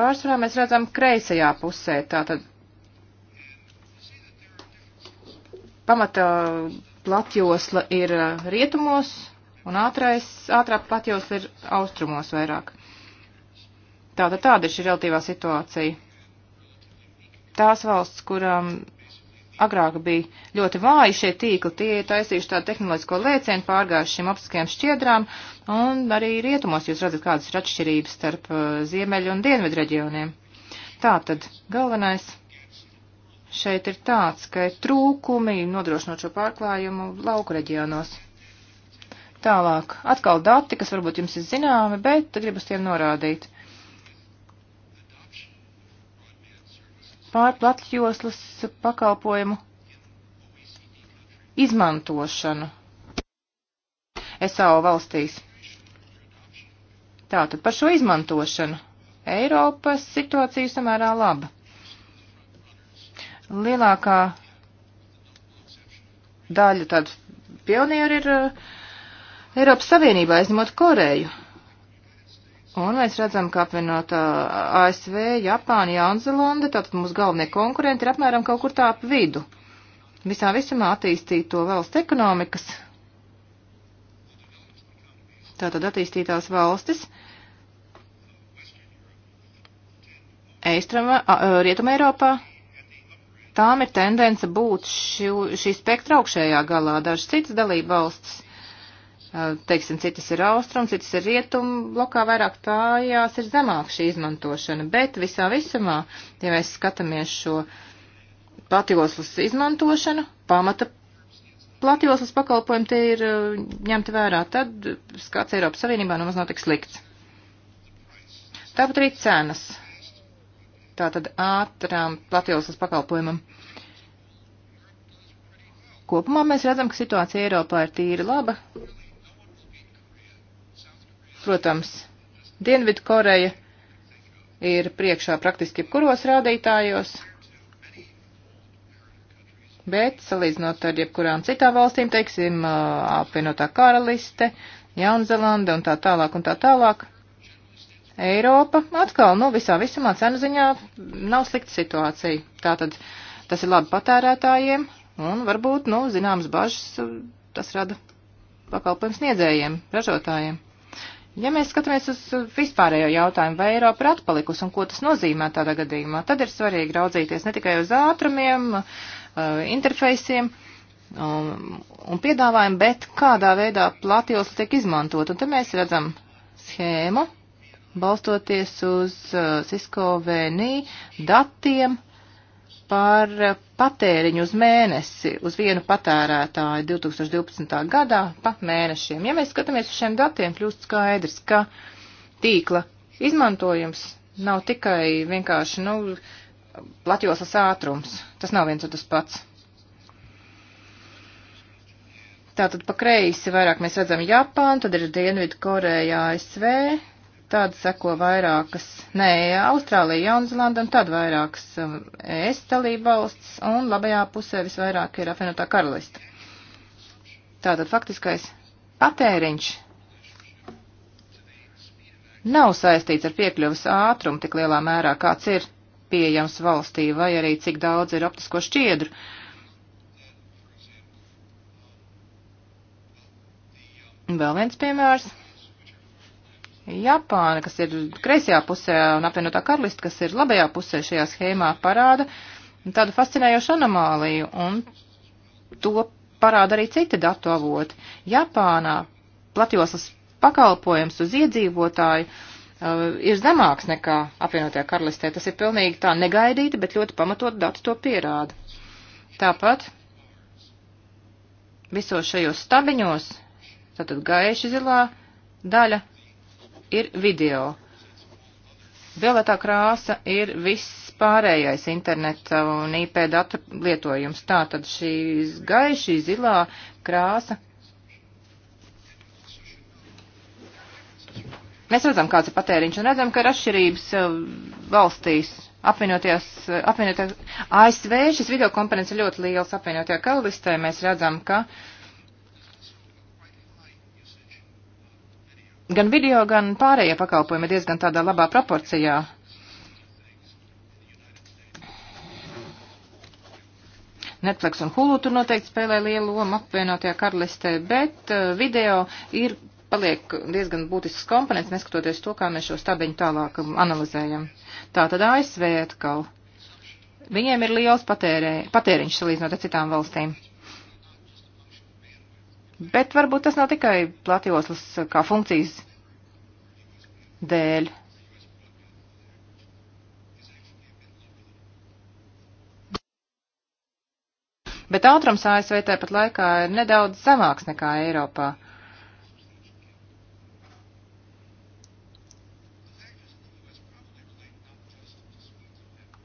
Pārsvarā mēs redzam kreisajā pusē, tātad pamata platjosla ir uh, rietumos un ātrais, ātrā platjosla ir austrumos vairāk. Tātad tāda ir šī relatīvā situācija. Tās valsts, kurām agrāk bija ļoti vāji šie tīkli, tie taisījuši tādu tehnoloģisko lēcienu, pārgājuši šīm optiskajām šķiedrām, un arī rietumos jūs redzat, kādas ir atšķirības starp uh, ziemeļu un dienvidu reģioniem. Tātad galvenais šeit ir tāds, ka ir trūkumi nodrošinot šo pārklājumu lauku reģionos. Tālāk, atkal dati, kas varbūt jums ir zināmi, bet gribu uz tiem norādīt. Pārplatjoslas pakalpojumu izmantošanu SAO valstīs. Tātad par šo izmantošanu Eiropas situācija samērā laba. Lielākā daļa tādu pionieru ir eh, Eiropas Savienībā, aizņemot Koreju. Un mēs redzam, ka apvienotā ASV, Japāna, Jaunzelanda, tātad mūsu galvenie konkurenti ir apmēram kaut kur tā ap vidu. Visā visumā attīstīto valstu ekonomikas, tātad attīstītās valstis, Eistrama, Rietuma Eiropā tām ir tendence būt šiu, šī spektra augšējā galā. Dažas citas dalība valsts, teiksim, citas ir austrum, citas ir rietum, blokā vairāk tājās ir zemāk šī izmantošana, bet visā visumā, ja mēs skatāmies šo platjoslas izmantošanu, pamata platjoslas pakalpojumi tie ir ņemti vērā, tad skats Eiropas Savienībā nemaz nav tik slikts. Tāpat arī cenas tātad ātrām platjoslas pakalpojumam. Kopumā mēs redzam, ka situācija Eiropā ir tīri laba. Protams, Dienvidu Koreja ir priekšā praktiski jebkuros rādītājos, bet salīdzinot ar jebkurām citām valstīm, teiksim, apvienotā karaliste, Jaunzelanda un tā tālāk un tā tālāk, Eiropa atkal, nu, visā visumā cenu ziņā nav slikta situācija. Tātad tas ir labi patērētājiem un varbūt, nu, zināmas bažas uh, tas rada pakalpojums niedzējiem, ražotājiem. Ja mēs skatāmies uz vispārējo jautājumu, vai Eiropa ir atpalikusi un ko tas nozīmē tādā gadījumā, tad ir svarīgi raudzīties ne tikai uz ātrumiem, uh, interfejsiem, un, um, un piedāvājumu, bet kādā veidā platījums tiek izmantot. Un te mēs redzam schēmu, balstoties uz eh, Cisco VNI datiem par eh, patēriņu uz mēnesi, uz vienu patērētāju 2012. gadā pa mēnešiem. Ja mēs skatāmies uz šiem datiem, kļūst skaidrs, ka tīkla izmantojums nav tikai vienkārši, nu, platjoslas ātrums. Tas nav viens un tas pats. Tātad pa kreisi vairāk mēs redzam Japānu, tad ir Dienvidu Koreja, ASV, tad seko vairākas, nē, Austrālija, Jaunzēlanda un tad vairākas um, ES dalība valsts, un labajā pusē visvairāk ir apvienotā karalista. Tātad faktiskais patēriņš nav saistīts ar piekļuvas ātrumu tik lielā mērā, kāds ir pieejams valstī, vai arī cik daudz ir optisko šķiedru. Vēl viens piemērs. Japāna, kas ir kreisajā pusē, un apvienotā karalista, kas ir labajā pusē šajā schēmā, parāda tādu fascinējošu anomāliju, un to parāda arī citi datu avoti. Japānā platjoslas pakalpojums uz iedzīvotāju uh, ir zemāks nekā apvienotajā karalistē. Tas ir pilnīgi tā negaidīti, bet ļoti pamatot dati to pierāda. Tāpat visos šajos stabiņos, tātad gaiši zilā daļa ir video. Violetā krāsa ir viss pārējais interneta un IP datu lietojums. Tā tad šī gaišī zilā krāsa. Mēs redzam, kāds ir patēriņš un redzam, ka ir atšķirības eh, valstīs. Apvienoties, apvienoties ASV šis video komponents ir ļoti liels apvienotajā karalistē. Mēs redzam, ka uh, Gan video, gan pārējie pakalpojumi ir diezgan tādā labā proporcijā. Netflix un Hulu tur noteikti spēlē lielu lomu apvienotajā karalistē, bet eh, video ir paliek diezgan būtisks komponents, neskatoties to, kā mēs šo stabiņu tālāk um, analizējam. Tā tad ASV atkal. Viņiem ir liels patērē, patēriņš salīdzinot ar citām valstīm. Bet varbūt tas nav tikai platjoslas kā funkcijas dēļ. Bet ātrums ASV tāpat laikā ir nedaudz zemāks nekā Eiropā.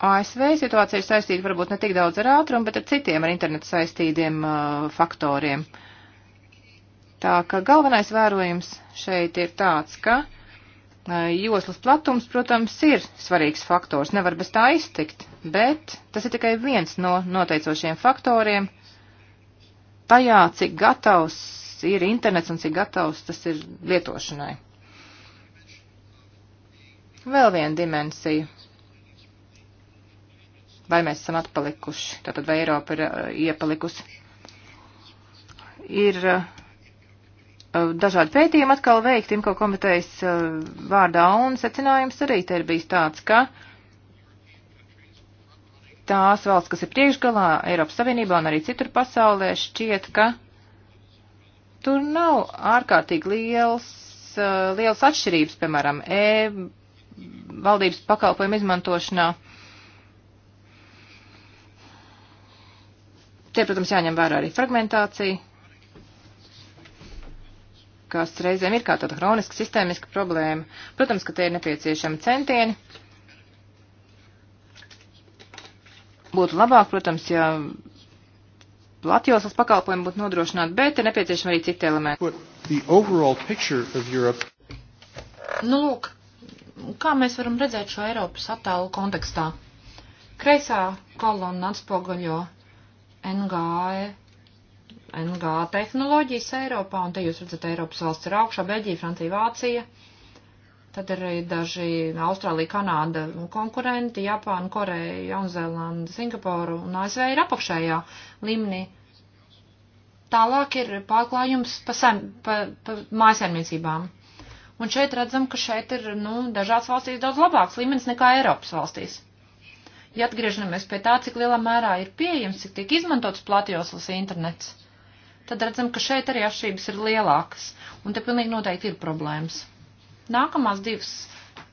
ASV situācija ir saistīta varbūt ne tik daudz ar ātrumu, bet ar citiem ar internetu saistītiem uh, faktoriem. Uh, Tā ka galvenais vērojums šeit ir tāds, ka e, joslas platums, protams, ir svarīgs faktors, nevar bez tā iztikt, bet tas ir tikai viens no noteicošiem faktoriem tajā, cik gatavs ir internets un cik gatavs tas ir lietošanai. Vēl viena dimensija. Vai mēs esam atpalikuši? Tātad vai Eiropa ir uh, iepalikusi? Ir uh, Eh, dažādi pētījumi atkal veikti Imko komitejas eh, vārdā, un secinājums arī te ir bijis tāds, ka tās valsts, kas ir priekšgalā Eiropas Savienībā un arī citur pasaulē, šķiet, ka tur nav ārkārtīgi liels, eh, liels atšķirības, piemēram, e valdības pakalpojumu izmantošanā. Te, protams, jāņem vērā arī fragmentācija kas reizēm ir kā tāda hroniska sistēmiska problēma. Protams, ka te ir nepieciešami centieni. Būtu labāk, protams, ja platjoslas pakalpojumi būtu nodrošināti, bet ir nepieciešami arī citi elementi. Nu, lūk, kā mēs varam redzēt šo Eiropas attēlu kontekstā? Kreisā kolonna atspoguļo NGE NG tehnoloģijas Eiropā, un te jūs redzat, Eiropas valsts ir augšā, Beļģija, Francija, Vācija. Tad ir arī daži Austrālija, Kanāda konkurenti, Japāna, Koreja, Jaunzēlanda, Singapūra un ASV ir apakšējā līmenī. Tālāk ir pārklājums pa, sem, pa, pa mājasēmniecībām. Un šeit redzam, ka šeit ir, nu, dažās valstīs daudz labāks līmenis nekā Eiropas valstīs. Ja atgriežamies pie tā, cik lielā mērā ir pieejams, cik tiek izmantots platjoslas internets, tad redzam, ka šeit arī atšķirības ir lielākas, un te pilnīgi noteikti ir problēmas. Nākamās divas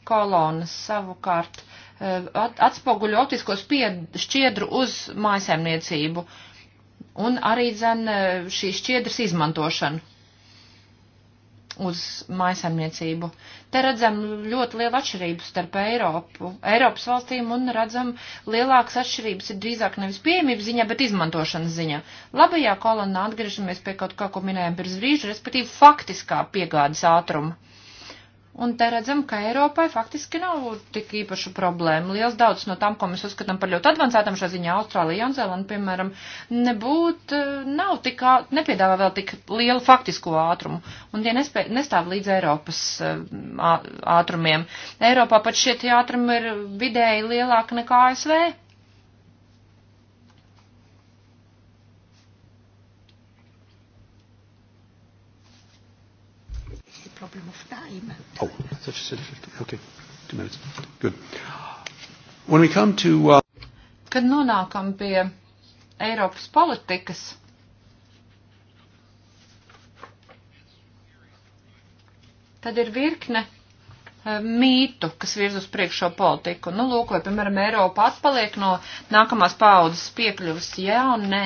kolonas savukārt e, at, atspoguļo optisko spied, šķiedru uz mājasēmniecību un arī dzen e, šīs šķiedras izmantošanu uz maisaimniecību. Te redzam ļoti lielu atšķirību starp Eiropu, Eiropas valstīm un redzam lielākas atšķirības ir drīzāk nevis pieejamības ziņā, bet izmantošanas ziņā. Labajā kolonā atgriežamies pie kaut kā, ko minējām pirms brīža, respektīvi faktiskā piegādes ātruma. Un te redzam, ka Eiropai faktiski nav tik īpašu problēmu. Liels daudz no tām, ko mēs uzskatām par ļoti advancētām šā ziņā, Austrālija, Jaunzēlanda, piemēram, nebūt, nav tik, nepiedāvā vēl tik lielu faktisko ātrumu. Un tie nespēj, nestāv līdz Eiropas ātrumiem. Eiropā pat šie ātrumi ir vidēji lielāki nekā ASV. problem of time. Oh, so she said 50. Okay, two minutes. Good. When we come to... Uh... Kad nonākam pie Eiropas politikas, tad ir virkne e, mītu, kas virz uz priekšo politiku. Nu, lūk, vai, piemēram, Eiropa atpaliek no nākamās paaudzes piekļuvas, jā un nē.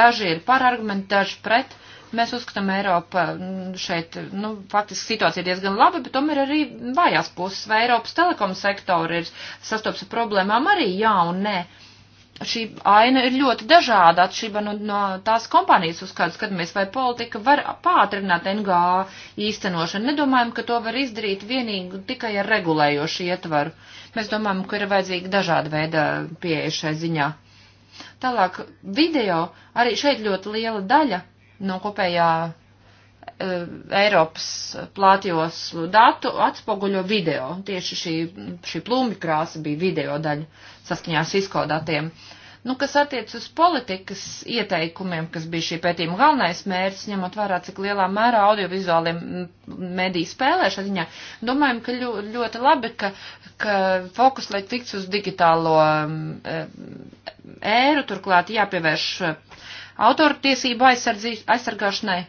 Daži ir par argumentu, daži pret. Uh, Mēs uzskatām Eiropa mm, šeit, nu, faktiski situācija ir diezgan laba, bet tomēr arī vājās puses, vai Eiropas telekom sektori ir sastops ar problēmām arī jā un nē šī aina ir ļoti dažāda atšķirībā no, no tās kompānijas, uz kādu skatāmies, vai politika var pātrināt NGA īstenošanu. Nedomājam, ka to var izdarīt vienīgi tikai ar regulējošu ietvaru. Mēs domājam, ka ir vajadzīga dažāda veida pieeja šai ziņā. Tālāk video arī šeit ļoti liela daļa no kopējā e, Eiropas plātjos datu atspoguļo video. Tieši šī, šī plūmi krāsa bija video daļa saskaņā ar Cisco datiem. Nu, kas attiec uz politikas ieteikumiem, kas bija šī pētījuma galvenais mērķis, ņemot vērā, cik lielā mērā audiovizuāliem mediju spēlē šā ziņā, domājam, ka ļo, ļoti labi, ka, ka fokus, lai tikts uz digitālo mm, e, ēru, turklāt jāpievērš autortiesību aizsargāšanai.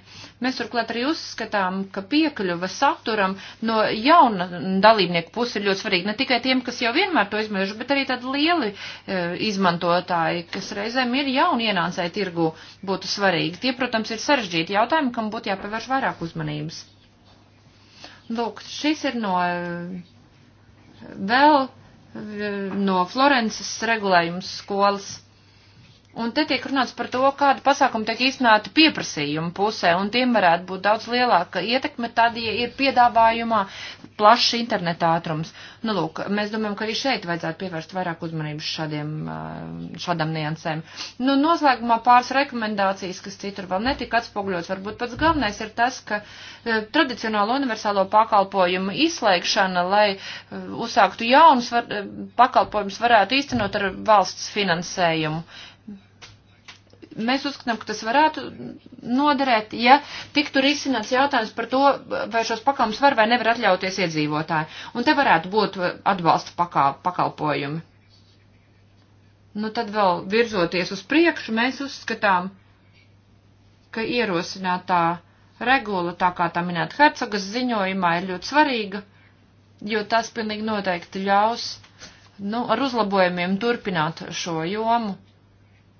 Mēs turklāt arī uzskatām, ka piekļuva saturam no jauna dalībnieku puses ir ļoti svarīga. Ne tikai tiem, kas jau vienmēr to izmantojuši, bet arī tādi lieli e, izmantotāji, kas reizēm ir jauni ienācēji tirgu, būtu svarīgi. Tie, protams, ir sarežģīti jautājumi, kam būtu jāpievērš vairāk uzmanības. Lūk, šis ir no e, vēl e, no Florences regulējums skolas. Un te tiek runāts par to, kāda pasākuma tiek īstenāta pieprasījuma pusē, un tiem varētu būt daudz lielāka ietekme, tad, ja ir piedāvājumā plašs interneta ātrums. Nu, lūk, mēs domājam, ka arī šeit vajadzētu pievērst vairāk uzmanības šādiem, šādām niansēm. Nu, noslēgumā pāris rekomendācijas, kas citur vēl netika atspoguļots, varbūt pats galvenais ir tas, ka tradicionālo universālo pakalpojumu izslēgšana, lai uzsāktu jaunus var, pakalpojumus, varētu īstenot ar valsts finansējumu mēs uzskatām, ka tas varētu noderēt, ja tiktu risināts jautājums par to, vai šos pakalpojumus var vai nevar atļauties iedzīvotāji. Un te varētu būt atbalsta pakā, pakalpojumi. Nu tad vēl virzoties uz priekšu, mēs uzskatām, ka ierosinātā regula, tā kā tā minēta Hercogas ziņojumā, ir ļoti svarīga, jo tas pilnīgi noteikti ļaus nu, ar uzlabojumiem turpināt šo jomu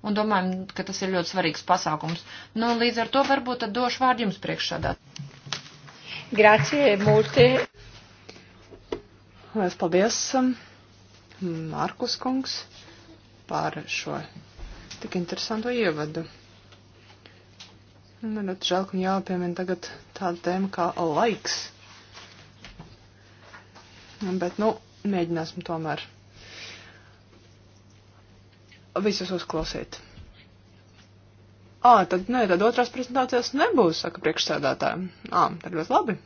un domājam, ka tas ir ļoti svarīgs pasākums. Nu, līdz ar to varbūt tad došu vārdu jums priekšādā. Grācie, multi. Lielas paldies, Mārkus um, kungs, par šo tik interesanto ievadu. Man nu, ļoti žēl, ka jāpiemina tagad tāda tēma kā laiks. Bet, nu, mēģināsim tomēr visus uzklausīt. Ā, tad nē, nu, tad otrās prezentācijas nebūs, saka priekšsēdētāji. Ā, tad ļoti labi.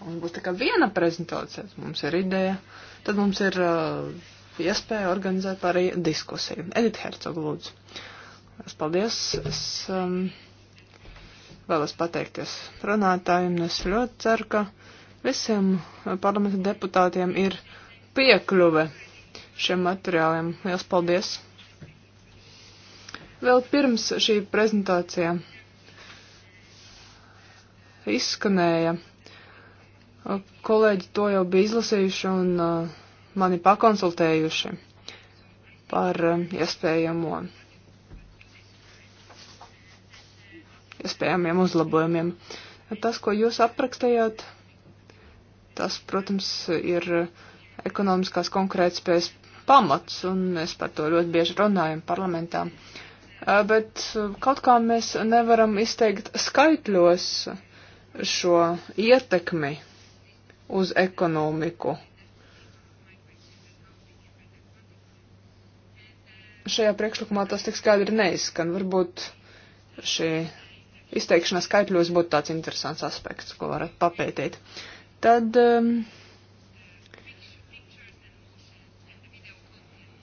Mums būs tikai viena prezentācija, mums ir ideja, tad mums ir uh, iespēja organizēt arī diskusiju. Edita Hercoga lūdzu. Es paldies, es um, vēlos pateikties runātājiem, es ļoti ceru, ka visiem parlamenta deputātiem ir piekļuve šiem materiāliem. Liels paldies! Vēl pirms šī prezentācija izskanēja, kolēģi to jau bija izlasījuši un uh, mani pakonsultējuši par uh, iespējamo, iespējamiem uzlabojumiem. Tas, ko jūs aprakstījāt, tas, protams, ir ekonomiskās konkurētspējas pamats, un mēs par to ļoti bieži runājam parlamentā. Uh, bet kaut kā mēs nevaram izteikt skaitļos šo ietekmi uz ekonomiku. Šajā priekšlikumā tas tik skaidri neizskan. Varbūt šī izteikšanās skaitļos būtu tāds interesants aspekts, ko varat papētīt. Tad um,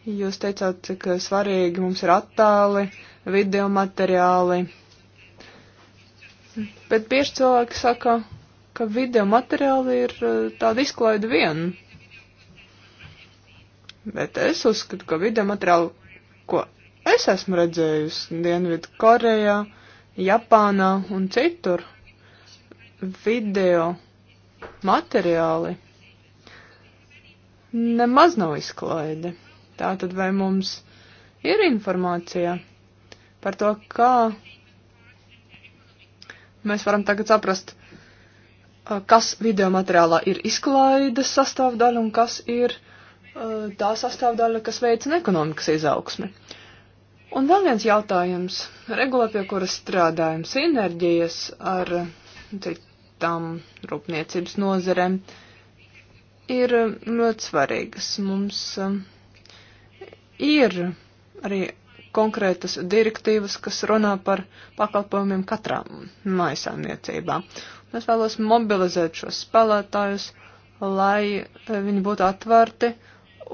Jūs teicāt, cik svarīgi mums ir attēli, video materiāli. Bet bieži cilvēki saka, ka video materiāli ir eh, tāda izklaida viena. Bet es uzskatu, ka video materiāli, ko es esmu redzējusi Dienvidu Korejā, Japānā un citur, video materiāli nemaz nav izklaidi. Tātad vai mums ir informācija par to, kā mēs varam tagad saprast, kas video materiālā ir izklaides sastāvdaļa un kas ir tā sastāvdaļa, kas veicina ekonomikas izaugsmi. Un vēl viens jautājums. Regula, pie kuras strādājam, sinerģijas ar citām rūpniecības nozerēm ir ļoti svarīgas. Mums uh, ir arī konkrētas direktīvas, kas runā par pakalpojumiem katrā maisaimniecībā. Es vēlos mobilizēt šos spēlētājus, lai eh, viņi būtu atverti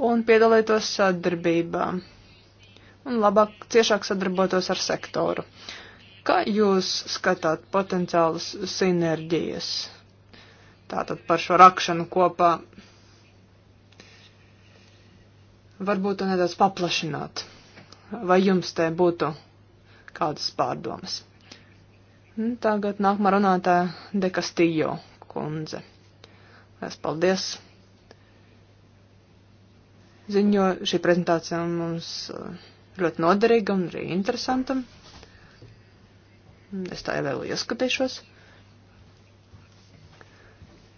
un piedalītos sadarbībā un labāk, ciešāk sadarbotos ar sektoru. Kā jūs skatāt potenciālas sinerģijas? Tātad par šo rakšanu kopā varbūt to nedaudz paplašināt. Vai jums te būtu kādas pārdomas? Nu, tagad nākamā runātāja Dekastījo kundze. Es paldies. Ziņo, šī prezentācija mums uh, ļoti noderīga un arī interesanta. Es tā jau vēl ieskatīšos.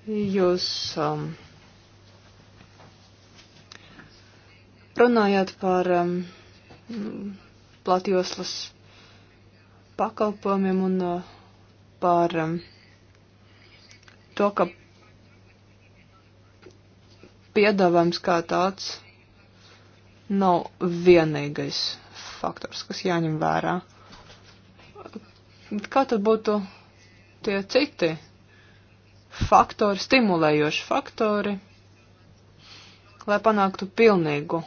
Jūs um, Runājot par um, platjoslas pakalpojumiem un uh, par um, to, ka piedāvājums kā tāds nav vienīgais faktors, kas jāņem vērā. Kā tad būtu tie citi faktori, stimulējoši faktori, lai panāktu pilnīgu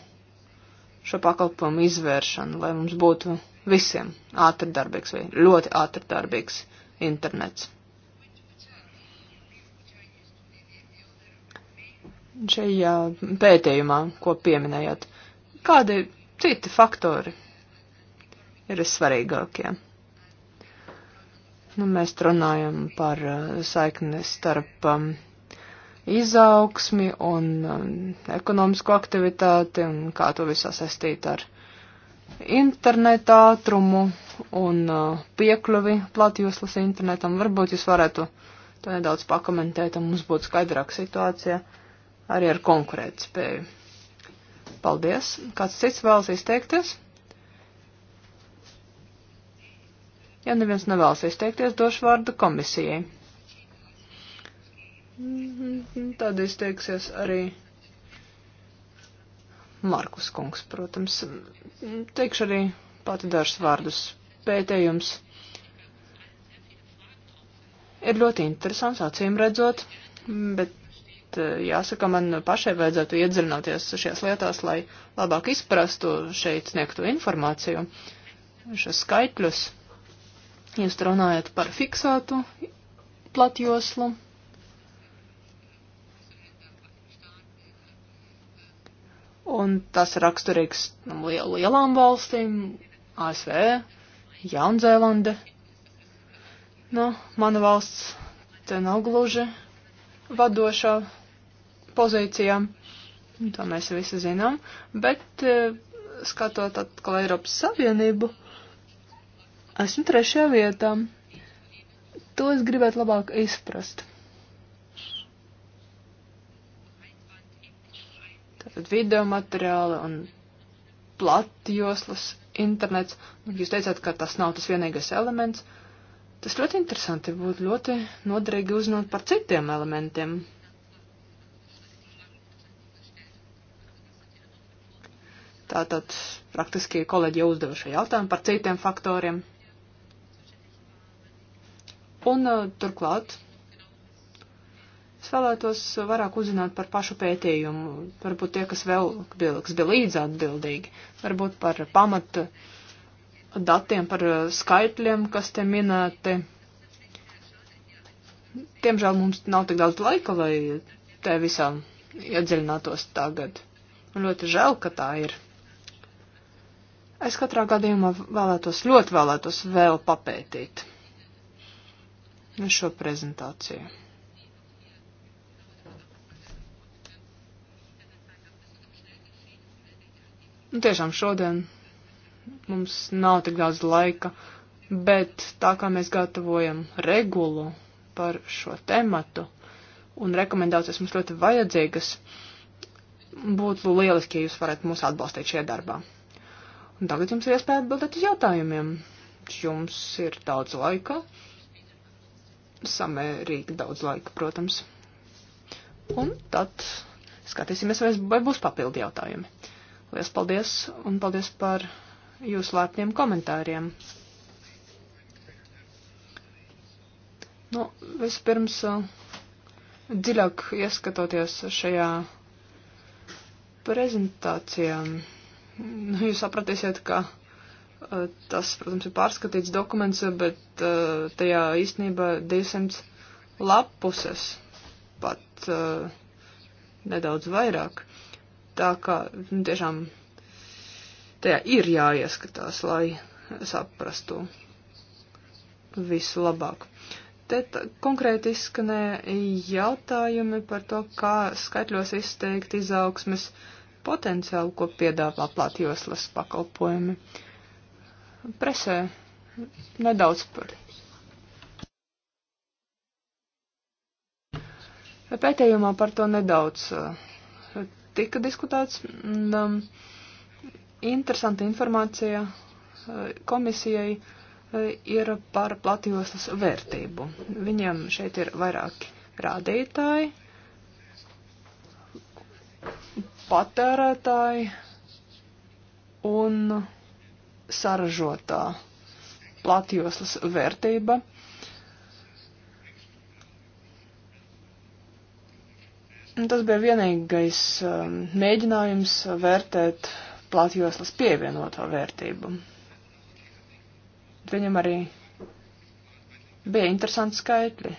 šo pakalpojumu izvēršanu, lai mums būtu visiem ātri darbīgs vai ļoti ātri darbīgs internets. Šajā pētījumā, ko pieminējāt, kādi citi faktori ir svarīgākie? Nu, mēs runājam par uh, saikni starp um, izaugsmi un um, ekonomisko aktivitāti un kā to visu sasaistīt ar internetu ātrumu un uh, piekļuvi platjoslas internetam. Varbūt jūs varētu to nedaudz pakomentēt un mums būtu skaidrāka situācija arī ar konkurētspēju. Paldies. Kāds cits vēlas izteikties? Ja neviens nevēlas izteikties, došu vārdu komisijai. Mhm, tad izteiksies arī Markus Kungs, protams. Teikšu arī pati dažus vārdus. Pētējums ir ļoti interesants, acīm redzot, bet e, jāsaka, man pašai vajadzētu iedziļināties šajās lietās, lai labāk izprastu šeit sniegto informāciju, šos skaitļus. Jūs runājat par fiksētu platjoslu un tas raksturīgs lielām valstīm, ASV, Jaunzēlande. Nu, mana valsts te nav gluži vadošā pozīcijā, to mēs visi zinām, bet e, skatot atkal Eiropas Savienību, esmu trešajā vietā. To es gribētu labāk izprast. tad video materiāli un platjoslas internets. Jūs teicāt, ka tas nav tas vienīgais elements. Tas ļoti interesanti. Būtu ļoti noderīgi uzzināt par citiem elementiem. Tātad praktiski kolēģi jau uzdeva šo jautājumu par citiem faktoriem. Un eh, turklāt Es vēlētos vairāk uzzināt par pašu pētījumu, varbūt tie, kas vēl, kas bija līdz atbildīgi, varbūt par pamata datiem, par skaitļiem, kas te minēti. Tiemžēl mums nav tik daudz laika, lai te visām iedziļinātos tagad. Un ļoti žēl, ka tā ir. Es katrā gadījumā vēlētos, ļoti vēlētos vēl papētīt šo prezentāciju. Un nu, tiešām šodien mums nav tik daudz laika, bet tā kā mēs gatavojam regulu par šo tematu un rekomendācijas mums ļoti vajadzīgas, būtu lieliski, ja jūs varētu mūs atbalstīt šajā darbā. Un tagad jums ir iespēja atbildēt uz jautājumiem. Jums ir daudz laika, samērīgi daudz laika, protams. Un tad skatīsimies, vai būs papildi jautājumi. Lielas paldies un paldies par jūsu lēpniem komentāriem. Nu, vispirms uh, dziļāk ieskatoties šajā prezentācijā, nu, jūs sapratīsiet, ka uh, tas, protams, ir pārskatīts dokuments, bet uh, tajā īstenībā 200 lapuses pat nedaudz vairāk. Tā kā nu, tiešām tajā ir jāieskatās, lai saprastu visu labāk. Te konkrēti izskanēja jautājumi par to, kā skaitļos izteikt izaugsmes potenciālu, ko piedāvā platjoslas pakalpojumi. Presē nedaudz par. Pētījumā par to nedaudz uh, tika diskutēts. Un, um, interesanta informācija uh, komisijai uh, ir par platījoslas vērtību. Viņiem šeit ir vairāki rādītāji, patērētāji un saražotā platījoslas vērtība. Uh, Tas bija vienīgais um, mēģinājums vērtēt platjoslas pievienoto vērtību. Viņam arī bija interesanti skaitļi.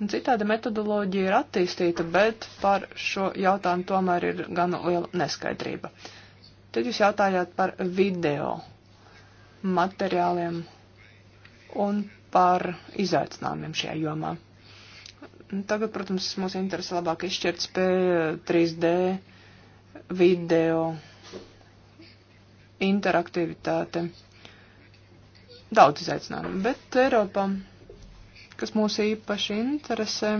Un citādi metodoloģija ir attīstīta, bet par šo jautājumu tomēr ir gan liela neskaidrība. Tad jūs jautājāt par video materiāliem un par izaicinājumiem šajā jomā. Tagad, protams, mūs interesē labāk izšķirt spēju 3D video interaktivitāte. Daudz izaicinājumu, bet Eiropā, kas mūs īpaši interesē,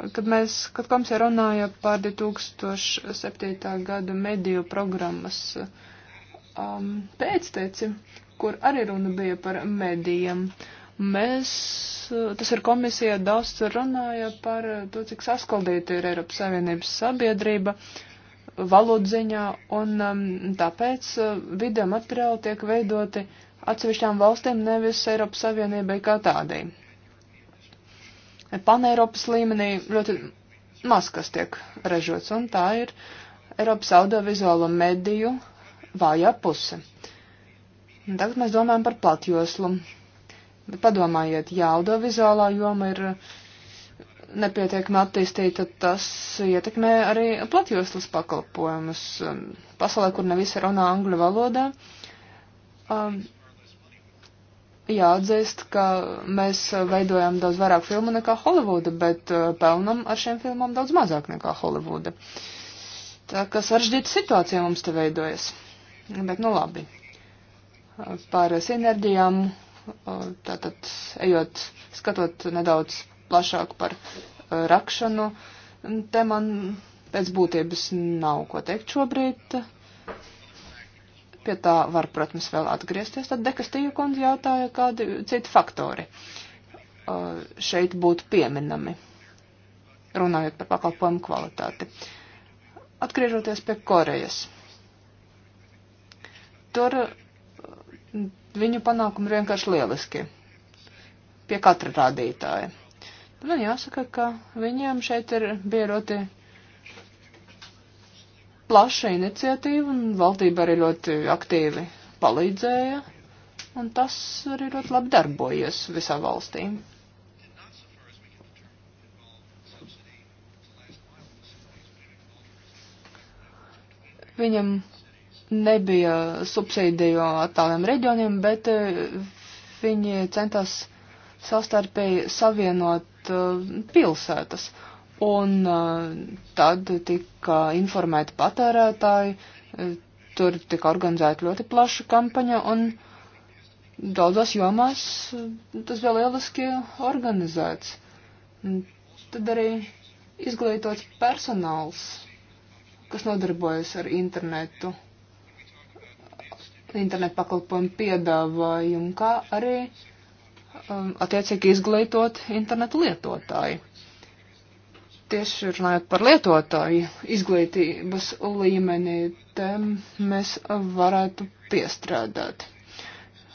kad mēs, kad komisija runāja par 2007. gada mediju programmas um, pēcteci, kur arī runa bija par medijiem. Uh, Mēs, tas ir komisija, daudz runāja par to, cik saskaldīta ir Eiropas Savienības sabiedrība valodziņā, un um, tāpēc uh, video materiāli tiek veidoti atsevišķām valstīm, nevis Eiropas Savienībai kā tādai. Paneiropas līmenī ļoti maz kas tiek ražots, un tā ir Eiropas audiovizuālo mediju vājā puse. Tagad mēs domājam par platjoslu Padomājiet, ja audiovizuālā joma ir nepietiekami attīstīta, tas ietekmē arī platjoslas pakalpojumus um, pasaulē, kur nevis runā angļu valodā. Um, jāatzīst, ka mēs veidojam daudz vairāk filmu nekā Holivuda, bet uh, pelnam ar šiem filmām daudz mazāk nekā Holivuda. Tā kā saržģīta situācija mums te veidojas. Bet nu labi. Par sinerģijām tātad ejot, skatot nedaudz plašāk par e, rakšanu, te man pēc būtības nav ko teikt šobrīd. Pie tā var, protams, vēl atgriezties. Tad Dekastīja kundze jautāja, kādi citi faktori e, šeit būtu pieminami, runājot par pakalpojumu kvalitāti. Atgriežoties pie Korejas. Tur Viņu panākumi ir vienkārši lieliski pie katra rādītāja. Man jāsaka, ka viņiem šeit ir bija ļoti plaša iniciatīva, un valdība arī ļoti aktīvi palīdzēja, un tas arī ļoti labi darbojies visā valstī. Viņam nebija subsīdiju attāliem reģioniem, bet eh, viņi centās savstarpēji savienot eh, pilsētas. Un eh, tad tika informēti patērētāji, tur tika organizēta ļoti plaša kampaņa, un daudzās jomās tas bija lieliski organizēts. Tad arī izglītots personāls, kas nodarbojas ar internetu internetu pakalpojumu piedāvājumu, kā arī um, attiecīgi izglītot internetu lietotāju. Tieši runājot par lietotāju izglītības līmenī, te mēs varētu piestrādāt.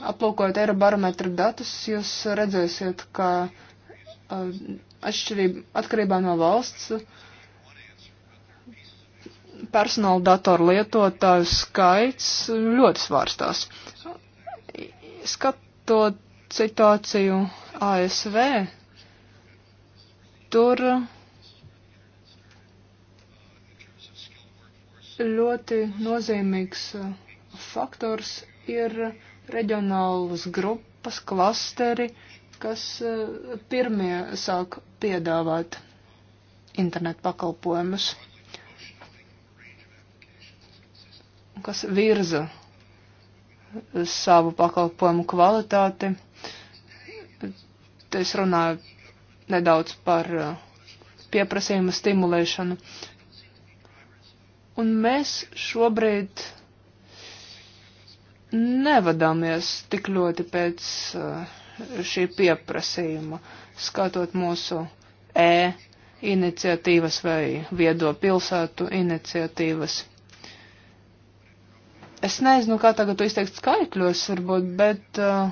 Aplūkojot Eirobarometra datus, jūs redzēsiet, ka uh, atšķirība atkarībā no valsts uh, personāla datoru lietotāju skaits ļoti svārstās. Skatot situāciju ASV, tur ļoti nozīmīgs uh, faktors ir reģionālas grupas, klasteri, kas uh, pirmie sāk piedāvāt internetu pakalpojumus. kas virza savu pakalpojumu kvalitāti. Te es runāju nedaudz par uh, pieprasījuma stimulēšanu. Un mēs šobrīd nevadāmies tik ļoti pēc uh, šī pieprasījuma, skatot mūsu e iniciatīvas vai viedo pilsētu iniciatīvas. Es nezinu, kā tagad to izteikt skaitļos, varbūt, bet uh,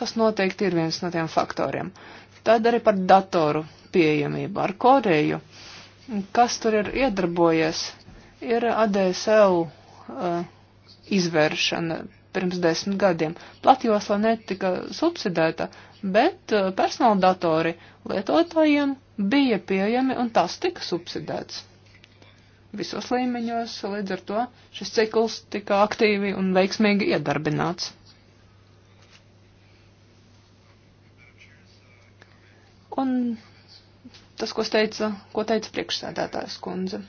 tas noteikti ir viens no tiem faktoriem. Tad arī par datoru pieejamību ar Koreju. Kas tur ir iedarbojies? Ir ADSL uh, eh, izvēršana pirms desmit gadiem. Platjosla netika subsidēta, bet uh, personāla datori lietotājiem bija pieejami un tas tika subsidēts visos līmeņos, līdz ar to šis cikls tika aktīvi un veiksmīgi iedarbināts. Un tas, ko teica, ko teica priekšsēdētājs kundze.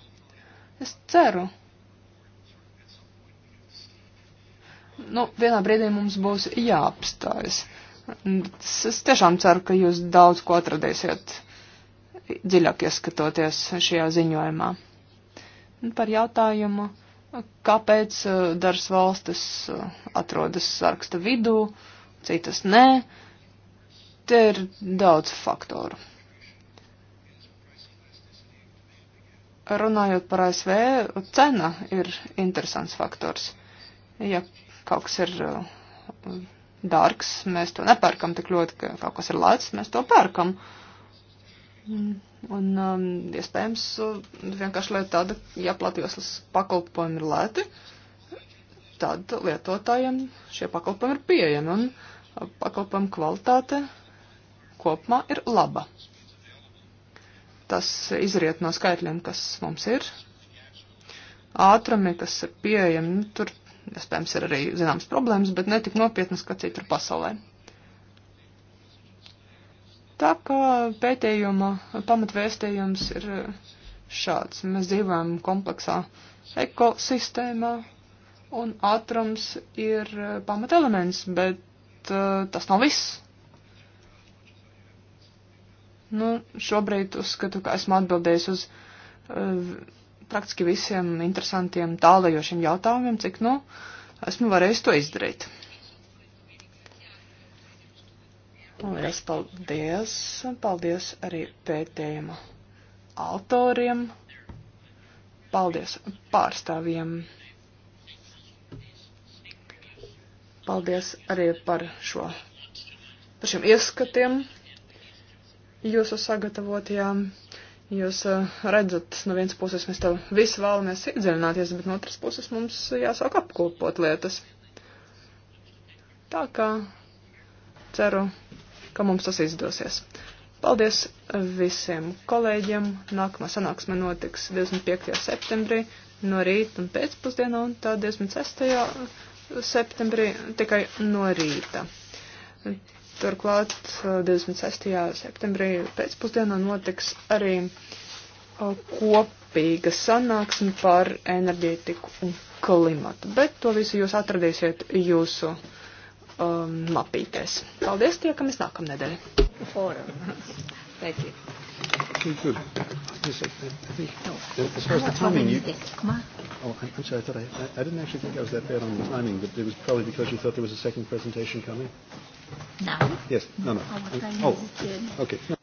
Es ceru. Nu, vienā brīdī mums būs jāapstājas. Es tiešām ceru, ka jūs daudz ko atradīsiet dziļāk ieskatoties šajā ziņojumā. Nu, par jautājumu, kāpēc eh, dažas valstis eh, atrodas saraksta vidū, citas nē. Te ir daudz faktoru. Runājot par ASV, cena ir interesants faktors. Ja kaut kas ir eh, dārgs, mēs to nepērkam tik ļoti, ka kaut kas ir lēts, mēs to pērkam. Mm Un um, iespējams uh, vienkārši lieta tāda, ja platjoslas pakalpojumi ir lēti, tad lietotājiem šie pakalpojumi ir pieejami un uh, pakalpojumu kvalitāte kopumā ir laba. Tas izriet no skaitļiem, kas mums ir, ātrumi, kas ir pieejami, tur, iespējams, ir arī zināmas problēmas, bet netik nopietnas, kā citur pasaulē. Tā kā pētījuma pamatvēstījums ir eh, šāds. Mēs dzīvojam kompleksā ekosistēmā, un ātrums ir eh, pamatelements, bet uh, tas nav viss. Nu, šobrīd uzskatu, ka esmu atbildējis uz uh, praktiski visiem interesantiem tālajošiem jautājumiem, cik nu esmu varējis to izdarīt. Vēlreiz paldies. Paldies arī pētījuma autoriem. Paldies pārstāvjiem. Paldies arī par šo, par šiem ieskatiem jūsu sagatavotajā. Jūs eh, redzat, no vienas puses mēs tev visu vēlamies iedziļināties, bet no otras puses mums jāsāk apkopot lietas. Tā kā ceru, ka mums tas izdosies. Paldies visiem kolēģiem. Nākamā sanāksme notiks 25. septembrī no rīta un pēcpusdienā un tā 26. septembrī tikai no rīta. Turklāt 26. Eh, septembrī pēcpusdienā notiks arī eh, kopīga sanāksme par enerģētiku un klimatu. Bet to visu jūs atradīsiet jūsu um, lapītēs. Paldies, tiekamies nākamnedēļ. Forum. Thank you. Good. Yes, I, I think, no. As far as the timing, you, oh, I'm, I'm sorry. I thought I, I didn't actually think I was that bad on the timing, but it was probably because you thought there was a second presentation coming. No. Yes. No. No. Oh, I, oh okay. No.